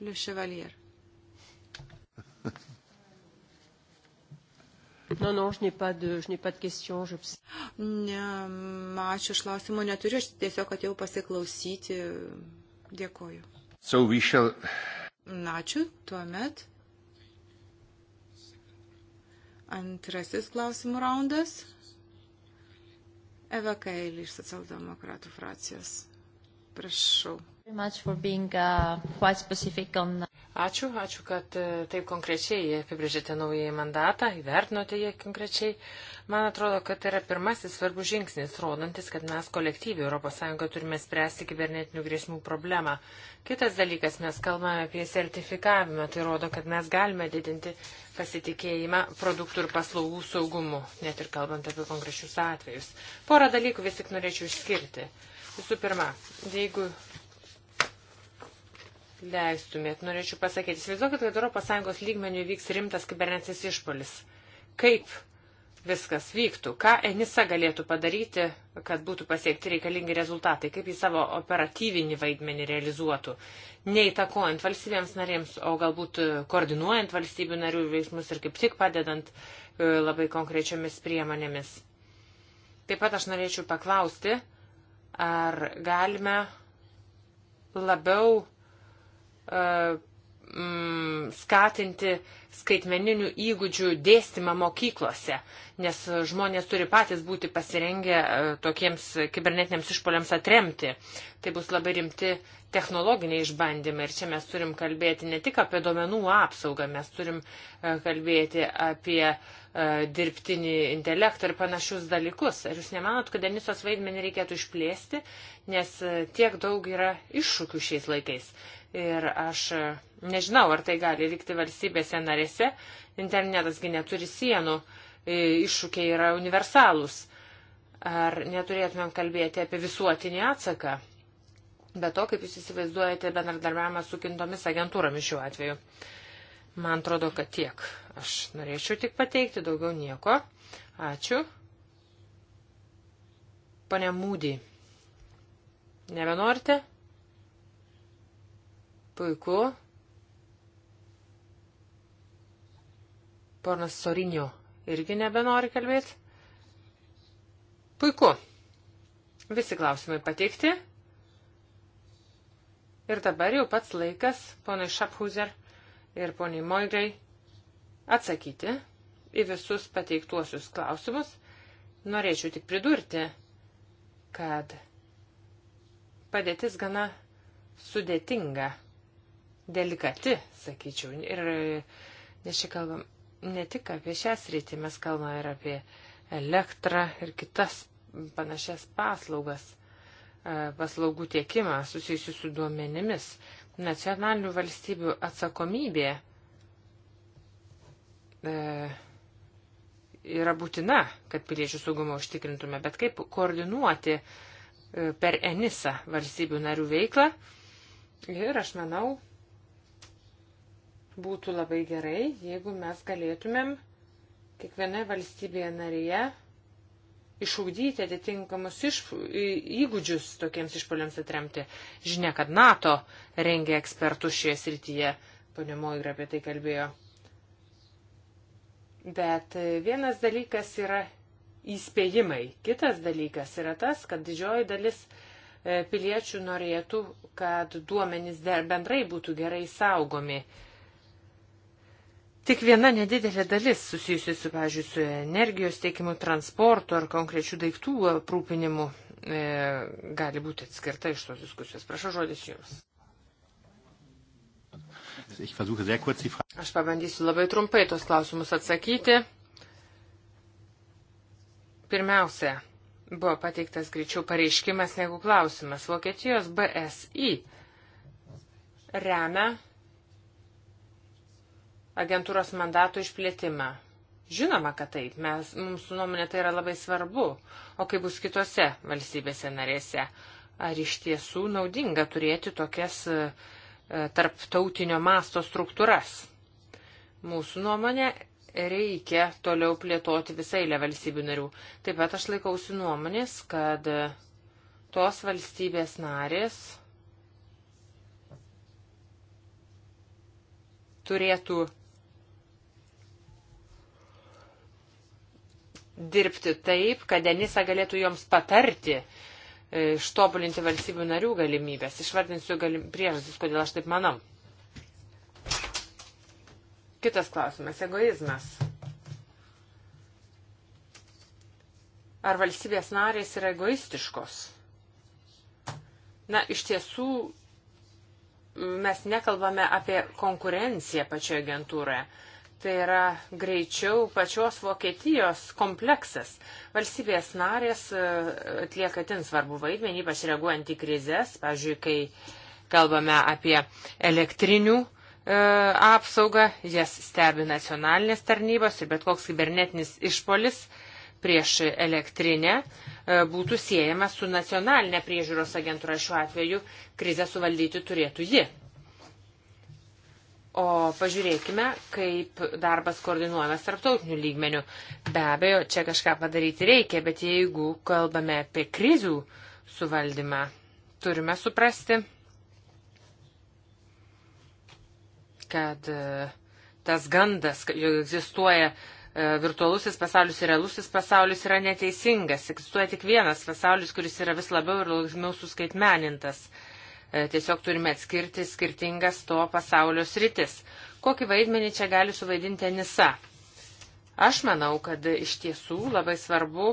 Le Chevalier. Non, non, je n'ai pas de, je n'ai pas de questions. Je... Ne, ačiū, aš klausimų neturiu, aš tiesiog atėjau pasiklausyti. Dėkoju.
So we shall...
Ačiū, tuomet. Antrasis klausimų raundas. Eva Kailį iš socialdemokratų frakcijos. Prašau.
Uh, uh, ačiū, ačiū, kad e, taip konkrečiai apibrėžėte naująjį mandatą, įvertinote jį konkrečiai. Man atrodo, kad tai yra pirmasis svarbus žingsnis, rodantis, kad mes kolektyviai ES turime spręsti kibernetinių grėsmų problemą. Kitas dalykas, mes kalbame apie sertifikavimą, tai rodo, kad mes galime didinti pasitikėjimą produktų ir paslaugų saugumu, net ir kalbant apie konkrečius atvejus. Porą dalykų vis tik norėčiau išskirti. Visų pirma, jeigu leistumėt, norėčiau pasakyti, įsivaizduokit, kad Europos Sąjungos lygmenių vyks rimtas kibernetinis išpolis. Kaip viskas vyktų, ką Enisa galėtų padaryti, kad būtų pasiekti reikalingi rezultatai, kaip jį savo operatyvinį vaidmenį realizuotų, neįtakojant valstybėms narėms, o galbūt koordinuojant valstybių narių veiksmus ir kaip tik padedant e, labai konkrečiomis priemonėmis. Taip pat aš norėčiau paklausti, Ar galime labiau uh, mm, skatinti uh, skaitmeninių įgūdžių dėstymą mokyklose, nes žmonės turi patys būti pasirengę e, tokiems kibernetiniams išpoliams atremti. Tai bus labai rimti technologiniai išbandymai ir čia mes turim kalbėti ne tik apie domenų apsaugą, mes turim e, kalbėti apie e, dirbtinį intelektą ir panašius dalykus. Ar jūs nemanot, kad Denisos vaidmenį reikėtų išplėsti, nes tiek daug yra iššūkių šiais laikais. Ir aš nežinau, ar tai gali likti valstybėse narėse narėse. Internetasgi neturi sienų, e, iššūkiai yra universalūs. Ar neturėtumėm kalbėti apie visuotinį atsaką? Be to, kaip jūs įsivaizduojate bendradarbiavimą su kintomis agentūromis šiuo atveju. Man atrodo, kad tiek. Aš norėčiau tik pateikti daugiau nieko. Ačiū. Pane Mūdį. Nebenorite? Puiku. Ponas Sorinio irgi nebenori kalbėti. Puiku. Visi klausimai pateikti. Ir dabar jau pats laikas, ponai Šaphuzer ir poniai Moigrai, atsakyti į visus pateiktuosius klausimus. Norėčiau tik pridurti, kad padėtis gana sudėtinga, delikati, sakyčiau. Ir nes čia kalbam ne tik apie šią sritį, mes kalbame ir apie elektrą ir kitas panašias paslaugas, e, paslaugų tiekimą susijusių su duomenimis. Nacionalinių valstybių atsakomybė e, yra būtina, kad piliečių saugumą užtikrintume, bet kaip koordinuoti e, per ENISA valstybių narių veiklą. Ir aš manau, Būtų labai gerai, jeigu mes galėtumėm kiekvienoje valstybėje narėje išugdyti atitinkamus iš, įgūdžius tokiems išpoliams atremti. Žinia, kad NATO rengia ekspertus šioje srityje, ponė Moira apie tai kalbėjo. Bet e, vienas dalykas yra įspėjimai, kitas dalykas yra tas, kad didžioji dalis e, piliečių norėtų, kad duomenys bendrai būtų gerai saugomi. Tik viena nedidelė dalis susijusi su, pavyzdžiui, su energijos teikimu, transportu ar konkrečių daiktų aprūpinimu e, gali būti atskirta iš tos diskusijos. Prašau žodis Jums. Aš pabandysiu labai trumpai tos klausimus atsakyti. Pirmiausia, buvo pateiktas greičiau pareiškimas negu klausimas. Vokietijos BSI remia agentūros mandato išplėtimą. Žinoma, kad taip, mes, mūsų nuomonė tai yra labai svarbu. O kaip bus kitose valstybėse narėse? Ar iš tiesų naudinga turėti tokias e, tarptautinio masto struktūras? Mūsų nuomonė reikia toliau plėtoti visą eilę valstybių narių. Taip pat aš laikausi nuomonės, kad e, tos valstybės narės turėtų dirbti taip, kad Denisa galėtų joms patarti, e, ištobulinti valstybių narių galimybės. Išvardinsiu galim, priežastis, kodėl aš taip manau. Kitas klausimas - egoizmas. Ar valstybės narės yra egoistiškos? Na, iš tiesų, mes nekalbame apie konkurenciją pačioje agentūroje tai yra greičiau pačios Vokietijos kompleksas. Valstybės narės e, atlieka tin svarbu vaidmenį, ypač reaguojant į krizės, pavyzdžiui, kai kalbame apie elektrinių e, apsaugą, jas stebi nacionalinės tarnybos ir bet koks kibernetinis išpolis prieš elektrinę e, būtų siejama su nacionalinė priežiūros agentūra šiuo atveju krizę suvaldyti turėtų ji. O pažiūrėkime, kaip darbas koordinuojamas tarptautiniu lygmeniu. Be abejo, čia kažką padaryti reikia, bet jeigu kalbame apie krizių suvaldymą, turime suprasti, kad e, tas gandas, jog egzistuoja e, virtualusis pasaulis ir realusis pasaulis yra neteisingas. Egzistuoja tik vienas pasaulis, kuris yra vis labiau ir labiau suskaitmenintas. Uh, E, tiesiog turime atskirti skirtingas to pasaulio sritis. Kokį vaidmenį čia gali suvaidinti Nisa? Aš manau, kad iš tiesų labai svarbu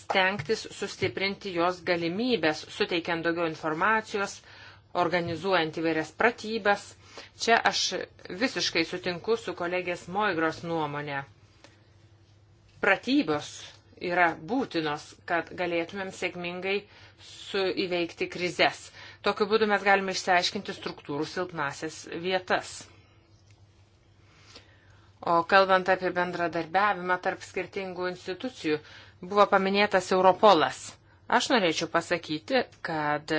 stengtis sustiprinti jos galimybės, suteikiant daugiau informacijos, organizuojant įvairias pratybas. Čia aš visiškai sutinku su kolegės Moigros nuomonė. Pratybos yra būtinos, kad galėtumėm sėkmingai uh, įveikti krizės. Tokiu būdu mes galime išsiaiškinti struktūrų silpnasias vietas. O kalbant apie bendradarbiavimą tarp skirtingų institucijų, buvo paminėtas Europolas. Aš norėčiau pasakyti, kad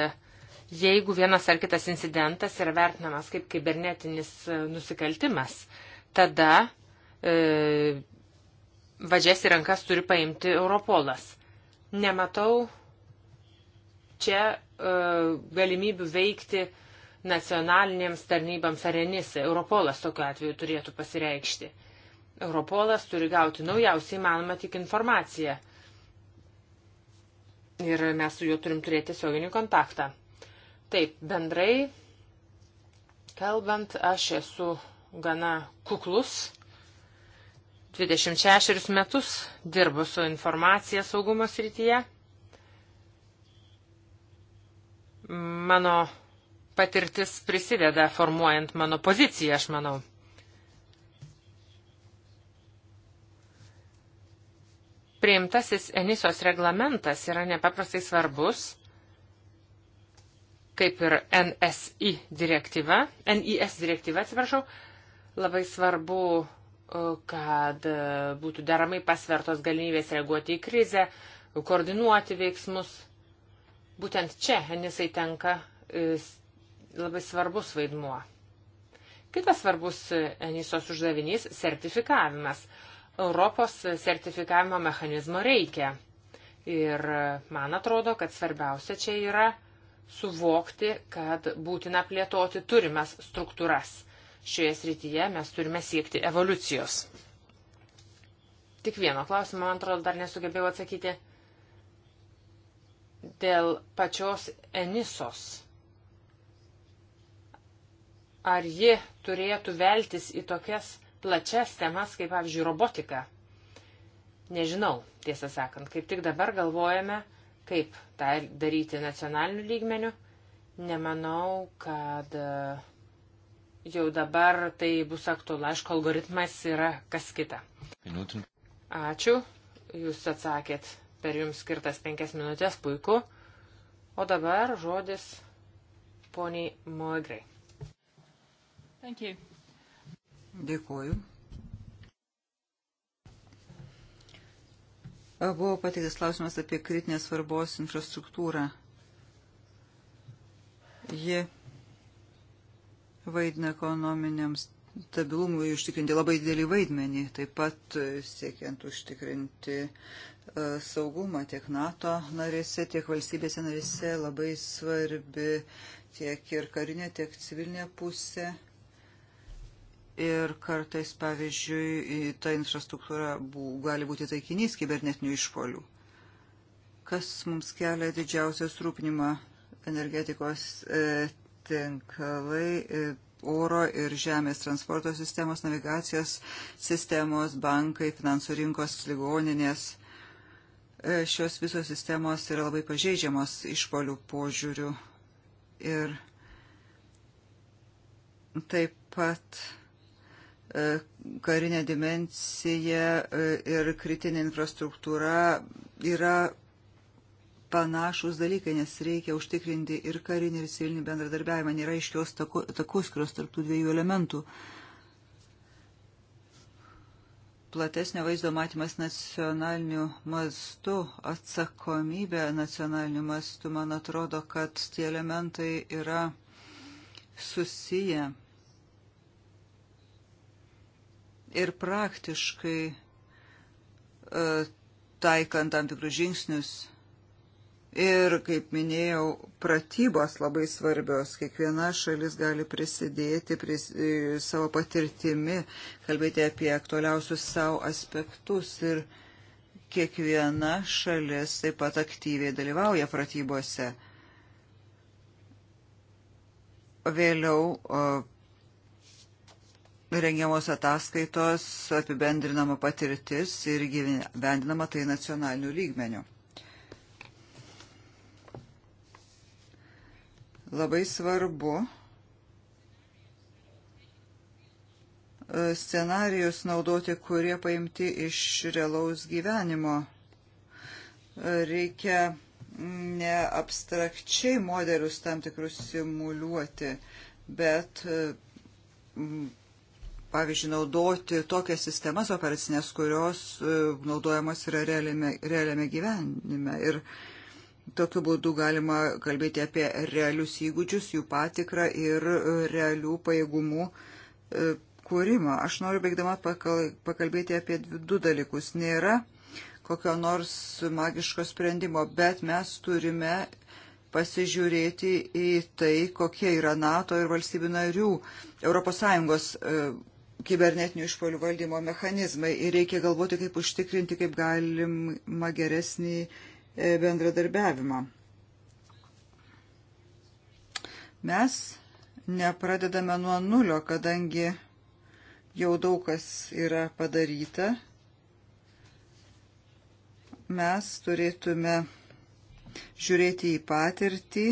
jeigu vienas ar kitas incidentas yra vertinamas kaip kibernetinis e, nusikaltimas, tada e, vadžias į rankas turi paimti Europolas. Nematau čia e, galimybių veikti nacionalinėms tarnybams arenise. Europolas tokiu atveju turėtų pasireikšti. Europolas turi gauti naujausiai manoma tik informaciją. Ir mes su juo turim turėti tiesioginį kontaktą. Taip, bendrai kalbant, aš esu gana kuklus. 26 metus dirbu su informacija saugumo srityje. Mano patirtis prisideda formuojant mano poziciją, aš manau. Priimtasis Enisos reglamentas yra nepaprastai svarbus, kaip ir NSI direktyva, NIS direktyva, atsiprašau, labai svarbu, e, kad e, būtų deramai pasvertos galimybės reaguoti į krizę, koordinuoti veiksmus Būtent čia Enisai tenka e, labai svarbus vaidmuo. Kitas svarbus e, Enisos uždavinys - sertifikavimas. Europos sertifikavimo mechanizmo reikia. Ir e, man atrodo, kad svarbiausia čia yra suvokti, kad būtina plėtoti turimas struktūras. Šioje srityje mes turime siekti evoliucijos. Tik vieno klausimo, man atrodo, dar nesugebėjau atsakyti dėl pačios Enisos. Ar ji turėtų veltis į tokias plačias temas, kaip pavyzdžiui, robotika? Nežinau, tiesą sakant, kaip tik dabar galvojame, kaip tą daryti nacionaliniu lygmeniu. Nemanau, kad e, jau dabar tai bus aktualu, aišku, algoritmas yra kas kita. Minutin. Ačiū, jūs atsakėt per jums skirtas penkias minutės, puiku. O dabar žodis poniai Moegrai.
Dėkuoju. Buvo patiktas klausimas apie kritinės svarbos infrastruktūrą. Ji vaidina ekonominiams stabilumui užtikrinti labai didelį vaidmenį, taip pat e, siekiant užtikrinti e, saugumą tiek NATO narėse, tiek valstybėse narėse labai svarbi tiek ir karinė, tiek civilinė pusė. Ir kartais, pavyzdžiui, ta infrastruktūra bū, gali būti taikinys kibernetinių išpolių. Kas mums kelia didžiausią rūpinimą energetikos e, tinklai, e, oro ir žemės transporto sistemos, navigacijos sistemos, bankai, finansų rinkos, ligoninės. E, šios visos sistemos yra labai pažeidžiamos išpolių požiūrių. Ir taip pat e, karinė dimensija e, ir kritinė infrastruktūra yra panašus dalykai, nes reikia užtikrinti ir karinį, ir civilinį bendradarbiavimą, nėra aiškios takus, kurios tarptų dviejų elementų. Platesnio vaizdo matymas nacionaliniu mastu, atsakomybė nacionaliniu mastu, man atrodo, kad tie elementai yra susiję. Ir praktiškai e, taikant tam tikrus žingsnius Ir, kaip minėjau, pratybos labai svarbios. Kiekviena šalis gali prisidėti pris, e, savo patirtimi, kalbėti apie aktualiausius savo aspektus. Ir kiekviena šalis taip pat aktyviai dalyvauja pratybose. Vėliau o, rengiamos ataskaitos apibendrinama patirtis ir gyvendinama tai nacionaliniu lygmeniu. Labai svarbu e, scenarijus naudoti, kurie paimti iš realaus gyvenimo. E, reikia neabstrakčiai modelius tam tikrus simuliuoti, bet e, pavyzdžiui, naudoti tokias sistemas operacinės, kurios naudojamos yra realiame, realiame gyvenime. Ir uh, Tokiu būdu galima kalbėti apie realius įgūdžius, jų patikrą ir e, realių pajėgumų e, kūrimą. Aš noriu baigdama pakalbėti apie du dalykus. Nėra kokio nors magiško sprendimo, bet mes turime pasižiūrėti į tai, kokie yra NATO ir valstybių narių ES e, kibernetinių išpolių valdymo mechanizmai ir reikia galvoti, kaip užtikrinti, kaip galima geresnį E, bendradarbiavimą. Mes nepradedame nuo nulio, kadangi jau daug kas yra padaryta. Mes turėtume žiūrėti į patirtį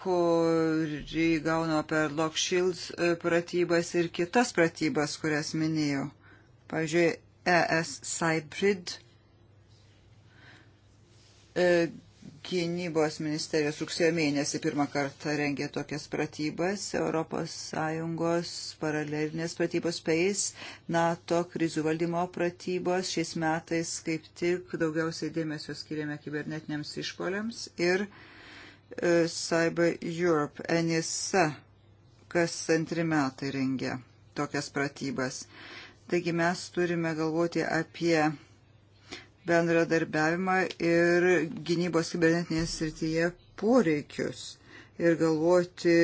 kurį gaunama per Lock Shields e, pratybas ir kitas pratybas, kurias minėjau. Pavyzdžiui, ES Cybrid E, gynybos ministerijos rugsėjo mėnesį pirmą kartą rengė tokias pratybas, ES paralelinės pratybos PACE, NATO krizių valdymo pratybos. Šiais metais kaip tik daugiausiai dėmesio skiriame kibernetiniams išpoliams ir e, Cyber Europe, NSA, kas antri metai rengia tokias pratybas. Taigi mes turime galvoti apie bendradarbiavimą ir gynybos kibernetinėje srityje poreikius ir galvoti,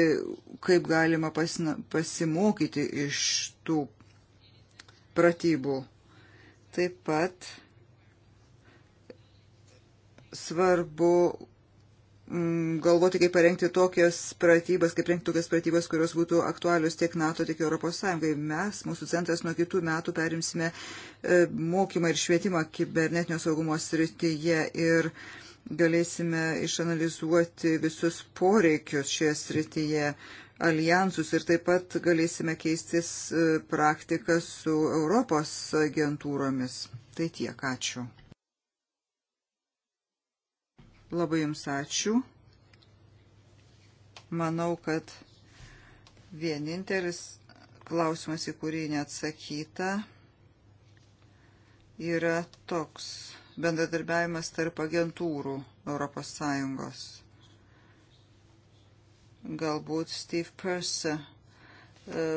kaip galima pasina, pasimokyti iš tų pratybų. Taip pat svarbu Mm, galvoti, kaip parengti tokias pratybas, kaip rengti tokias pratybas, kurios būtų aktualios tiek NATO, tiek ES. Mes, mūsų centras, nuo kitų metų perimsime e, mokymą ir švietimą kibernetinio saugumo srityje ir galėsime išanalizuoti visus poreikius šioje srityje alijansus ir taip pat galėsime keistis e, praktiką su Europos agentūromis. Tai tiek, ačiū. Labai Jums ačiū. Manau, kad vienintelis klausimas, į kurį neatsakyta, yra toks bendradarbiavimas tarp agentūrų Europos Sąjungos. Galbūt Steve Persa e,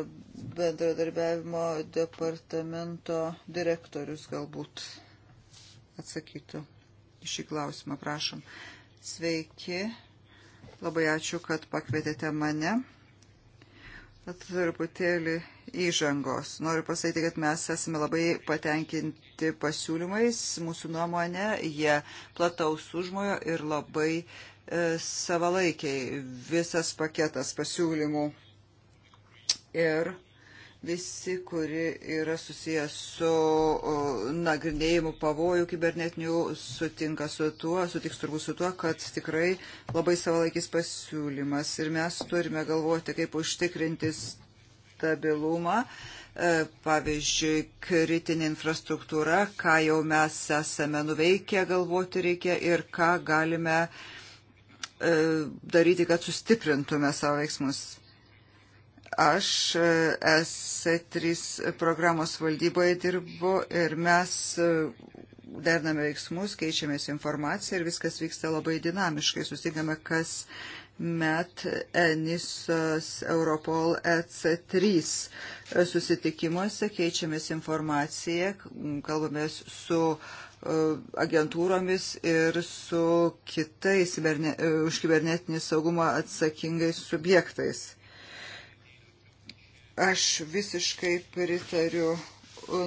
bendradarbiavimo departamento direktorius galbūt atsakytų šį klausimą, prašom. Sveiki, labai ačiū, kad pakvietėte mane. Truputėlį įžangos. Noriu pasakyti, kad mes esame labai patenkinti pasiūlymais, mūsų nuomonė, jie plataus užmojo ir labai e, savalaikiai visas paketas pasiūlymų. Ir visi, kuri yra susijęs su nagrinėjimu pavojų kibernetinių, sutinka su tuo, sutiks turbūt su tuo, kad tikrai labai savalaikis pasiūlymas. Ir mes turime galvoti, kaip užtikrinti stabilumą. E, pavyzdžiui, kritinė infrastruktūra, ką jau mes esame nuveikę, galvoti reikia ir ką galime e, daryti, kad sustiprintume savo veiksmus Aš e, S3 programos valdyboje dirbu ir mes e, dername veiksmus, keičiamės informaciją ir viskas vyksta labai dinamiškai. Susitikame kas met Enisos Europol EC3 susitikimuose, keičiamės informaciją, kalbamės su e, agentūromis ir su kitais už kibernetinį saugumą atsakingais subjektais. Aš visiškai pritariu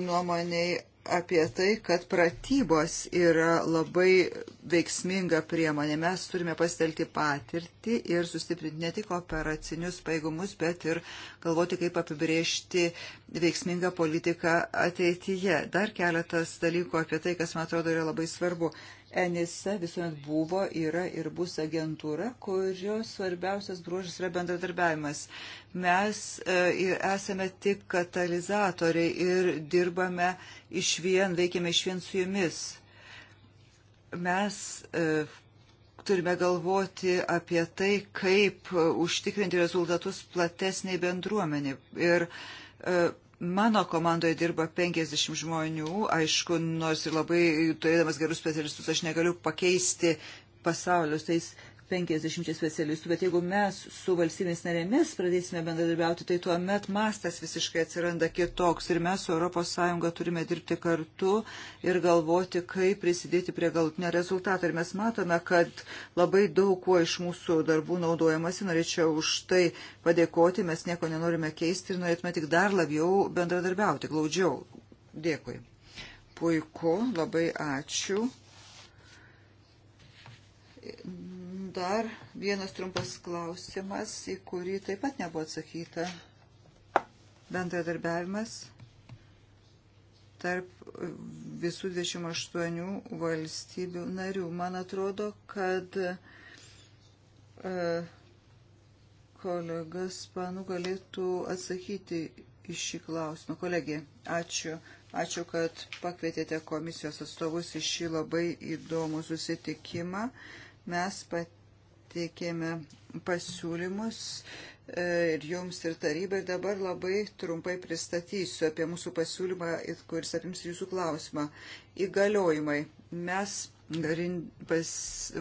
nuomoniai apie tai, kad pratybos yra labai veiksminga priemonė. Mes turime pasitelti patirtį ir sustiprinti ne tik operacinius paėgumus, bet ir galvoti, kaip apibriežti veiksmingą politiką ateityje. Dar keletas dalykų apie tai, kas man atrodo yra labai svarbu. ENISA visuomet buvo, yra ir bus agentūra, kurios svarbiausias bruožas yra bendradarbiavimas. Mes e, esame tik katalizatoriai ir dirbame iš vien, veikiame iš vien su jumis. Mes e, turime galvoti apie tai, kaip užtikrinti rezultatus platesniai bendruomeniai. Ir e, Mano komandoje dirba 50 žmonių, aišku, nors ir labai turėdamas gerus specialistus, aš negaliu pakeisti pasaulio, tais 50 specialistų, bet jeigu mes su valstybės narėmis pradėsime bendradarbiauti, tai tuo met mastas visiškai atsiranda kitoks ir mes su ES turime dirbti kartu ir galvoti, kaip prisidėti prie galutinio rezultato. Ir mes matome, kad labai daug kuo iš mūsų darbų naudojamasi, norėčiau už tai padėkoti, mes nieko nenorime keisti ir norėtume tik dar labiau bendradarbiauti, glaudžiau. Dėkui. Puiku, labai ačiū. Dar vienas trumpas klausimas, į kurį taip pat nebuvo atsakyta. Bendradarbiavimas tarp visų 28 valstybių narių. Man atrodo, kad e, kolegas panų galėtų atsakyti į šį klausimą. Kolegė, ačiū. Ačiū, kad pakvietėte komisijos atstovus į šį labai įdomų susitikimą. E, Mes pateikėme pasiūlymus e, ir jums ir tarybai dabar labai trumpai pristatysiu apie mūsų pasiūlymą, kuris apims jūsų klausimą. Įgaliojimai. Mes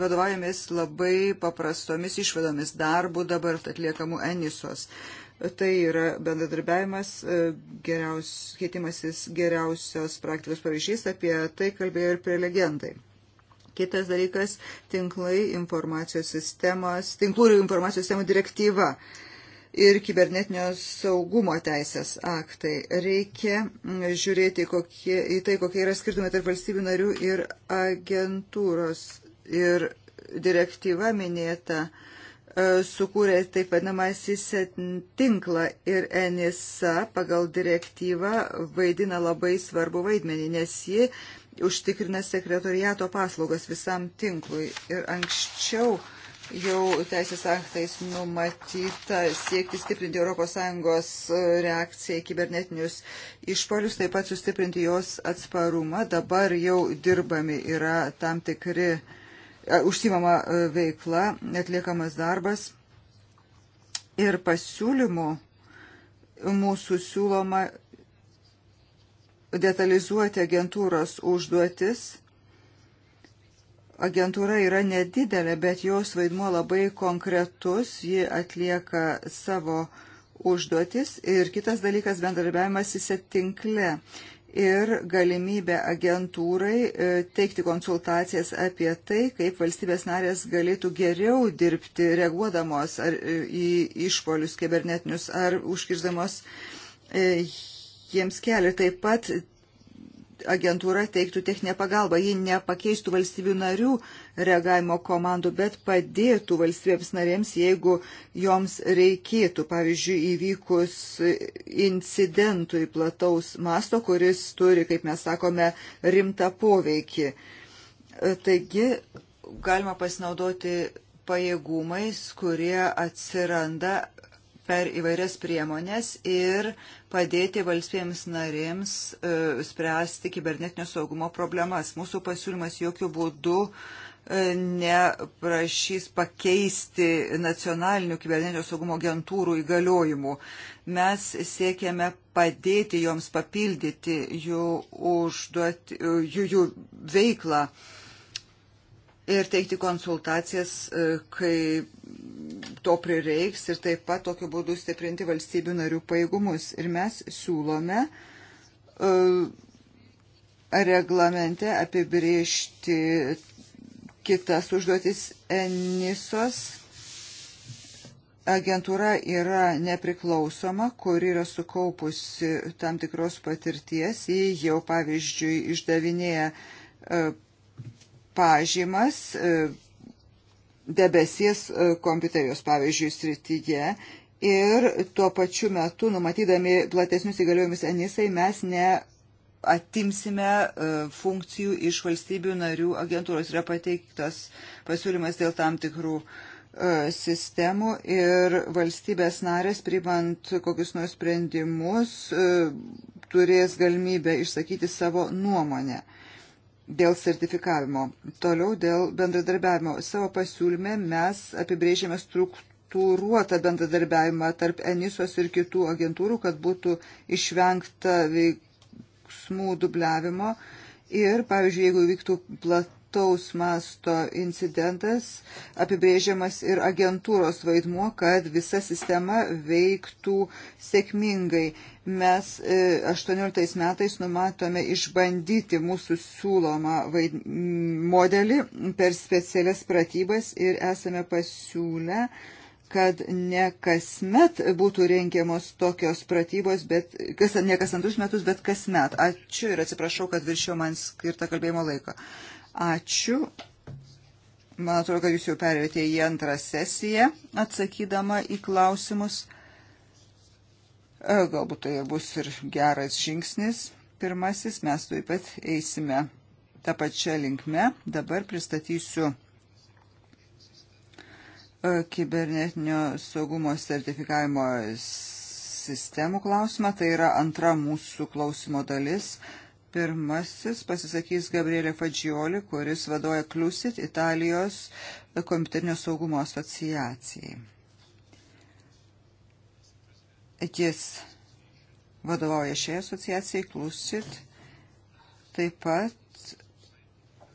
vadovaujamės labai paprastomis išvadomis darbų dabar atliekamų Enisos. Tai yra bendradarbiavimas, e, geriaus, keitimasis geriausios praktikos pavyzdys, apie tai kalbėjo ir prelegentai. Kitas dalykas - tinklai informacijos sistemos, tinklų ir informacijos sistemų direktyva ir kibernetinio saugumo teisės aktai. Reikia mm, žiūrėti kokie, į tai, kokie yra skirtumai tarp valstybių narių ir agentūros. Ir direktyva minėta e, sukūrė taip vadinamasis e tinklą ir NSA pagal direktyvą vaidina labai svarbu vaidmenį, nes ji užtikrina sekretoriato paslaugas visam tinklui. Ir anksčiau jau teisės aktais numatyta siekti stiprinti ES reakciją į kibernetinius išpolius, taip pat sustiprinti jos atsparumą. Dabar jau dirbami yra tam tikri e, užsimama e, veikla, atliekamas darbas ir pasiūlymų mūsų siūloma detalizuoti agentūros užduotis. Agentūra yra nedidelė, bet jos vaidmuo labai konkretus, ji atlieka savo užduotis ir kitas dalykas bendarbiavimas įsitinkle ir galimybę agentūrai e, teikti konsultacijas apie tai, kaip valstybės narės galėtų geriau dirbti, reaguodamos ar e, į išpolius kibernetinius ar užkirzdamos e, jiems kelia. Taip pat agentūra teiktų techninę pagalbą. Ji nepakeistų valstybių narių reagavimo komandų, bet padėtų valstybėms narėms, jeigu joms reikėtų, pavyzdžiui, įvykus incidentui plataus masto, kuris turi, kaip mes sakome, rimtą poveikį. Taigi galima pasinaudoti pajėgumais, kurie atsiranda per įvairias priemonės ir padėti valstybėms narėms e, spręsti kibernetinio saugumo problemas. Mūsų pasiūlymas jokių būdų e, neprašys pakeisti nacionalinių kibernetinio saugumo agentūrų įgaliojimų. Mes siekiame padėti joms papildyti jų, užduoti, jų, jų veiklą. E, ir teikti konsultacijas, e, kai to prireiks ir taip pat tokiu būdu stiprinti valstybių narių pajėgumus. Ir mes siūlome e, reglamente apibriežti kitas užduotis Enisos. Agentūra yra nepriklausoma, kuri yra sukaupusi tam tikros patirties. Ji jau, pavyzdžiui, išdavinėja e, pažymas e, debesies e, kompiuterijos, pavyzdžiui, srityje. Ir tuo pačiu metu, numatydami platesnius įgaliojimus Enisai, mes ne atimsime e, funkcijų iš valstybių narių agentūros. Yra pateiktas pasiūlymas dėl tam tikrų sistemų ir valstybės narės, primant kokius nors sprendimus, turės galimybę išsakyti savo nuomonę dėl sertifikavimo. Toliau dėl bendradarbiavimo. Savo pasiūlyme mes apibrėžėme struktūruotą bendradarbiavimą tarp Enisos ir kitų agentūrų, kad būtų išvengta veiksmų dubliavimo. Ir, pavyzdžiui, jeigu vyktų plat plataus masto incidentas apibrėžiamas ir agentūros vaidmuo, kad visa sistema veiktų sėkmingai. Mes 18 e, metais numatome išbandyti mūsų siūlomą modelį per specialias pratybas ir esame pasiūlę kad ne kasmet būtų rengiamos tokios pratybos, bet kas, ne kas antrus metus, bet kasmet. Ačiū ir atsiprašau, kad viršiau man skirtą kalbėjimo laiką. Ačiū. Man atrodo, kad jūs jau perėjote į antrą sesiją, atsakydama į klausimus. E, galbūt tai bus ir geras žingsnis. Pirmasis, mes taip pat eisime tą pačią linkmę. Dabar pristatysiu e, kibernetinio saugumo sertifikavimo sistemų klausimą. Tai yra antra mūsų klausimo dalis. Pirmasis pasisakys Gabrielė Fadžioli, kuris vadoja Kliusit Italijos kompiuterinio saugumo asociacijai. Jis vadovauja šiai asociacijai Klusit. Taip pat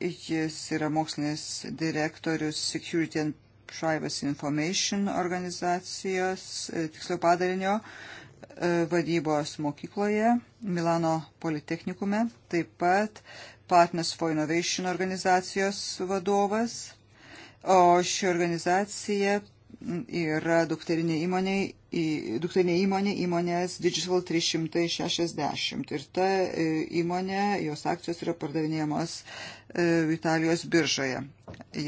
jis yra mokslinis direktorius Security and Privacy Information organizacijos, e, tiksliau padalinio, uh, E, vadybos mokykloje Milano Politechnikume, taip pat Partners for Innovation organizacijos vadovas, o ši organizacija yra dukterinė įmonė, dukterinė įmonė įmonės Digital 360 ir ta e, įmonė, jos akcijos yra pardavinėjamos e, Italijos biržoje.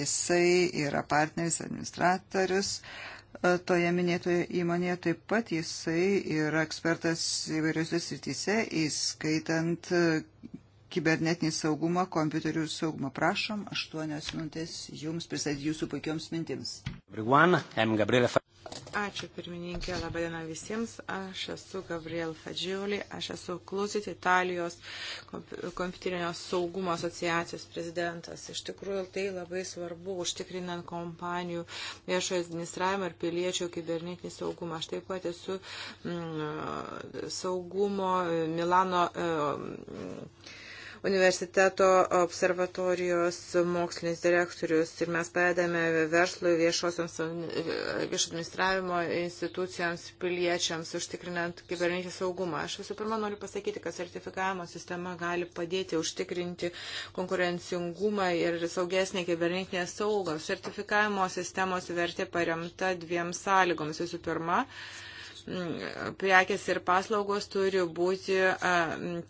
Jisai yra partneris, administratorius toje minėtoje įmonėje. Taip pat jisai yra ekspertas įvairiose srityse, įskaitant e, kibernetinį saugumą, kompiuterių saugumą. Prašom, aštuonios minutės jums pristatyti jūsų puikioms mintims. Everyone,
Ačiū pirmininkė, laba diena visiems. Aš esu Gabriel Fadžiulį, aš esu Kluzit Italijos kompiuterinio saugumo asociacijos prezidentas. Iš tikrųjų, tai labai svarbu užtikrinant kompanijų viešojo administravimą ir piliečių kibernetinį saugumą. Aš taip pat esu mm, saugumo Milano. Mm, universiteto observatorijos mokslinis direktorius ir mes padedame verslui, viešosiams viešo administravimo institucijoms, piliečiams, užtikrinant kibernetinį saugumą. Aš visų pirma noriu pasakyti, kad sertifikavimo sistema gali padėti užtikrinti konkurencingumą ir saugesnį kibernetinę saugą. Sertifikavimo sistemos vertė paremta dviem sąlygoms. Visų pirma, prekės ir paslaugos turi būti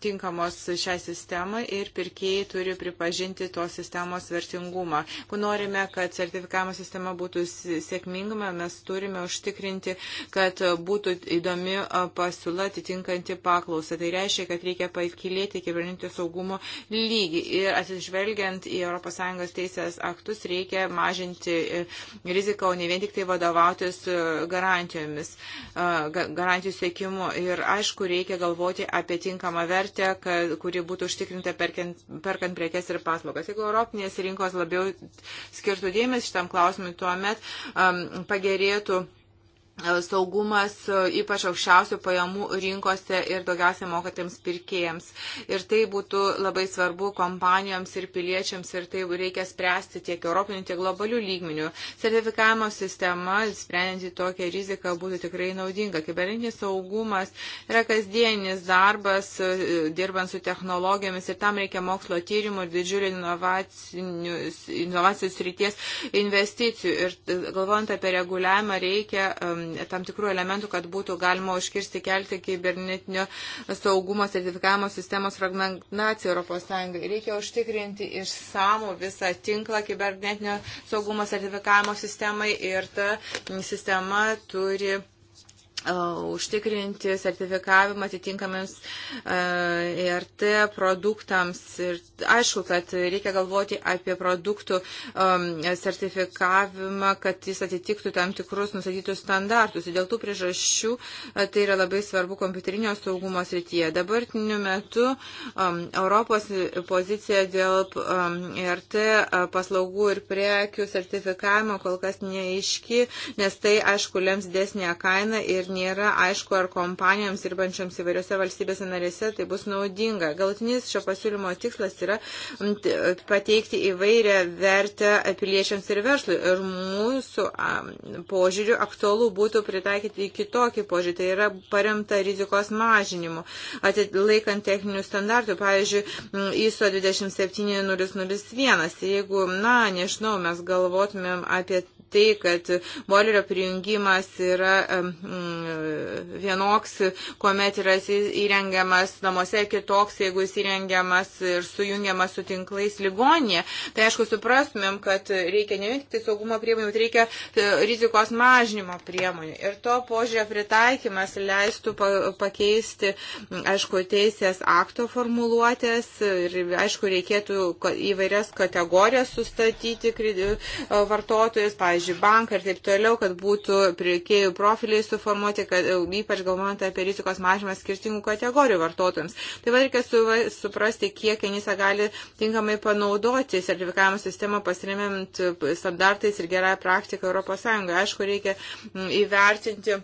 tinkamos šią sistemą ir pirkėjai turi pripažinti tos sistemos vertingumą. Jeigu norime, kad sertifikavimo sistema būtų sėkminga, mes turime užtikrinti, kad būtų įdomi pasiūla atitinkanti paklausą. Tai reiškia, kad reikia pakilėti kibernetinio saugumo lygį ir atsižvelgiant į ES teisės aktus reikia mažinti e, riziką, o ne vien tik tai vadovautis e, garantijomis. Uh, garantijų sėkimu. Ir aišku, reikia galvoti apie tinkamą vertę, kad, kuri būtų užtikrinta perkant, perkant prekes ir paslaugas. Jeigu Europinės rinkos labiau skirtų dėmesį šitam klausimui, tuomet um, pagerėtų saugumas ypač aukščiausių pajamų rinkose ir daugiausiai mokatiems pirkėjams. Ir tai būtų labai svarbu kompanijoms ir piliečiams ir tai reikia spręsti tiek europinių, tiek globalių lygminių. Sertifikavimo sistema, sprendinti tokią riziką, būtų tikrai naudinga. Kibernetinis saugumas yra kasdienis darbas, dirbant su technologijomis ir tam reikia mokslo tyrimų ir didžiulių inovacijų srities investicijų. Ir e, galvojant apie reguliavimą, reikia um, tam tikrų elementų, kad būtų galima užkirsti kelti kibernetinio saugumo sertifikavimo sistemos fragmentaciją ES. Reikia užtikrinti išsamų visą tinklą kibernetinio saugumo sertifikavimo sistemai ir ta sistema turi užtikrinti sertifikavimą atitinkamiems ERT produktams. Ir aišku, kad reikia galvoti apie produktų sertifikavimą, kad jis atitiktų tam tikrus nusatytus standartus. Ir dėl tų priežasčių tai yra labai svarbu kompiuterinio saugumo srityje. Dabartiniu metu Europos pozicija dėl ERT paslaugų ir prekių sertifikavimo kol kas neaiški, nes tai, aišku, lems desnę kainą ir nėra aišku, ar kompanijoms dirbančioms įvairiose valstybėse narėse tai bus naudinga. Galutinis šio pasiūlymo tikslas yra pateikti įvairią vertę piliečiams ir verslui. Ir mūsų požiūriu aktualu būtų pritaikyti kitokį požiūrį, tai yra paremta rizikos mažinimu, atlaikant techninių standartų, pavyzdžiui, ISO 27001. Jeigu, na, nežinau, mes galvotumėm apie tai, kad boilerio prijungimas yra mm, vienoks, kuomet yra įrengiamas namuose, kitoks, jeigu jis įrengiamas ir sujungiamas su tinklais ligonė. Tai aišku, suprastumėm, kad reikia ne vien tik tai saugumo priemonių, bet reikia e, rizikos mažinimo priemonių. Ir to požiūrio pritaikymas leistų pakeisti, aišku, teisės akto formuluotės ir, aišku, reikėtų įvairias kategorijas sustatyti e, vartotojus, pavyzdžiui, pavyzdžiui, banką ir taip toliau, kad būtų priekėjų profiliai suformuoti, kad e, ypač galvojant apie rizikos mažymą skirtingų kategorijų vartotojams. Taip pat reikia su, suprasti, kiek Enisa gali tinkamai panaudoti sertifikavimo sistemą pasiremiant standartais ir gerąją praktiką ES. Aišku, reikia įvertinti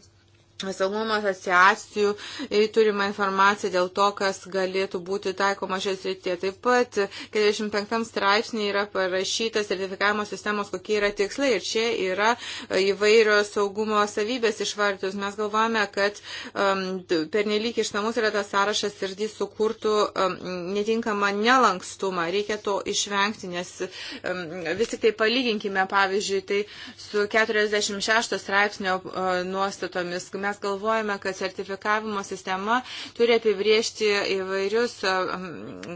saugumo asociacijų turima informacija dėl to, kas galėtų būti taikoma šios rytie. Taip pat 45 straipsnė yra parašyta sertifikavimo sistemos, kokie yra tikslai ir čia yra įvairios saugumo savybės išvardytos. Mes galvojame, kad um, pernelyg išnamus yra tas sąrašas ir jis sukurtų um, netinkamą nelankstumą. Reikia to išvengti, nes um, vis tik tai palyginkime, pavyzdžiui, tai su 46 straipsnio uh, nuostatomis. Mes mes galvojame, kad sertifikavimo sistema turi apibriežti įvairius um,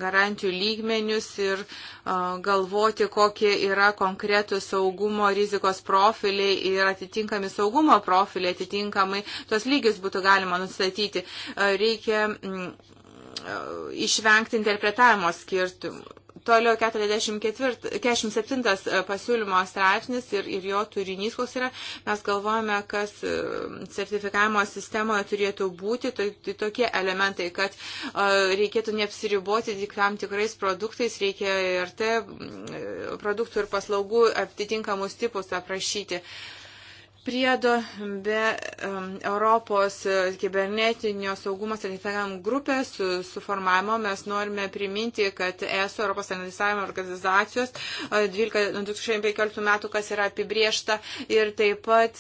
garantijų lygmenius ir uh, galvoti, kokie yra konkretų saugumo rizikos profiliai ir atitinkami saugumo profiliai, atitinkamai tos lygius būtų galima nustatyti. Uh, reikia mm, uh, išvengti interpretavimo skirtumų Toliau 44, 47 e, pasiūlymo straipsnis ir, ir jo turinys, koks yra, mes galvojame, kas e, sertifikavimo sistemoje turėtų būti, tai, tai tokie elementai, kad uh, reikėtų neapsiriboti tik tam tikrais produktais, reikia ir te produktų ir paslaugų atitinkamus tipus aprašyti. Uh, priedo be um, Europos e, kibernetinio saugumo sanitarijam grupės su, suformavimo mes norime priminti, kad ES Europos sanitarijam organizacijos 2015 e, metų, kas yra apibriešta ir taip pat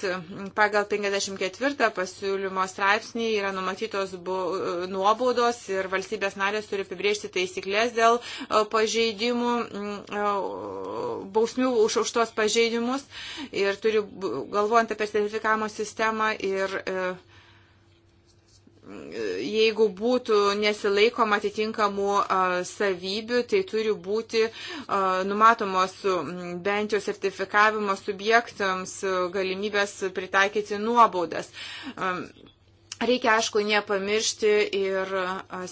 pagal 54 pasiūlymo straipsnį yra numatytos bu, e, nuobaudos ir valstybės narės turi apibriežti taisyklės dėl pažeidimų, bausmių už, už tos pažeidimus ir turi galvojant apie personifikavimo sistemą ir e, jeigu būtų nesilaikoma atitinkamų savybių, tai turi būti numatomos bent jau sertifikavimo subjektams galimybės pritaikyti nuobaudas. Reikia, aišku, nepamiršti ir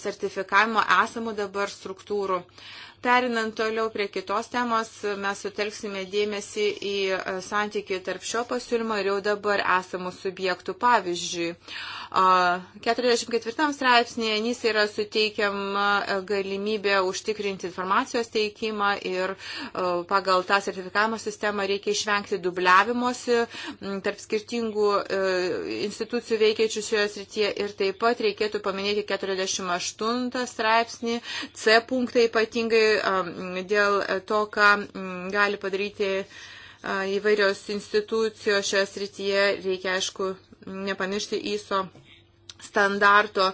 sertifikavimo esamų dabar struktūrų. Uh, Perinant toliau prie kitos temos, mes sutelksime dėmesį į e, santykį tarp šio pasiūlymo ir jau dabar esamų subjektų. Pavyzdžiui, uh, 44 straipsnėje NIS yra suteikiama e, galimybė užtikrinti informacijos teikimą ir e, pagal tą sertifikavimo sistemą reikia išvengti dubliavimuose tarp skirtingų e, institucijų veikiančių šioje srityje ir taip pat reikėtų paminėti 48 straipsnį C punktą ypatingai dėl to, ką gali padaryti įvairios institucijos šioje srityje reikia, aišku, nepamiršti ISO standarto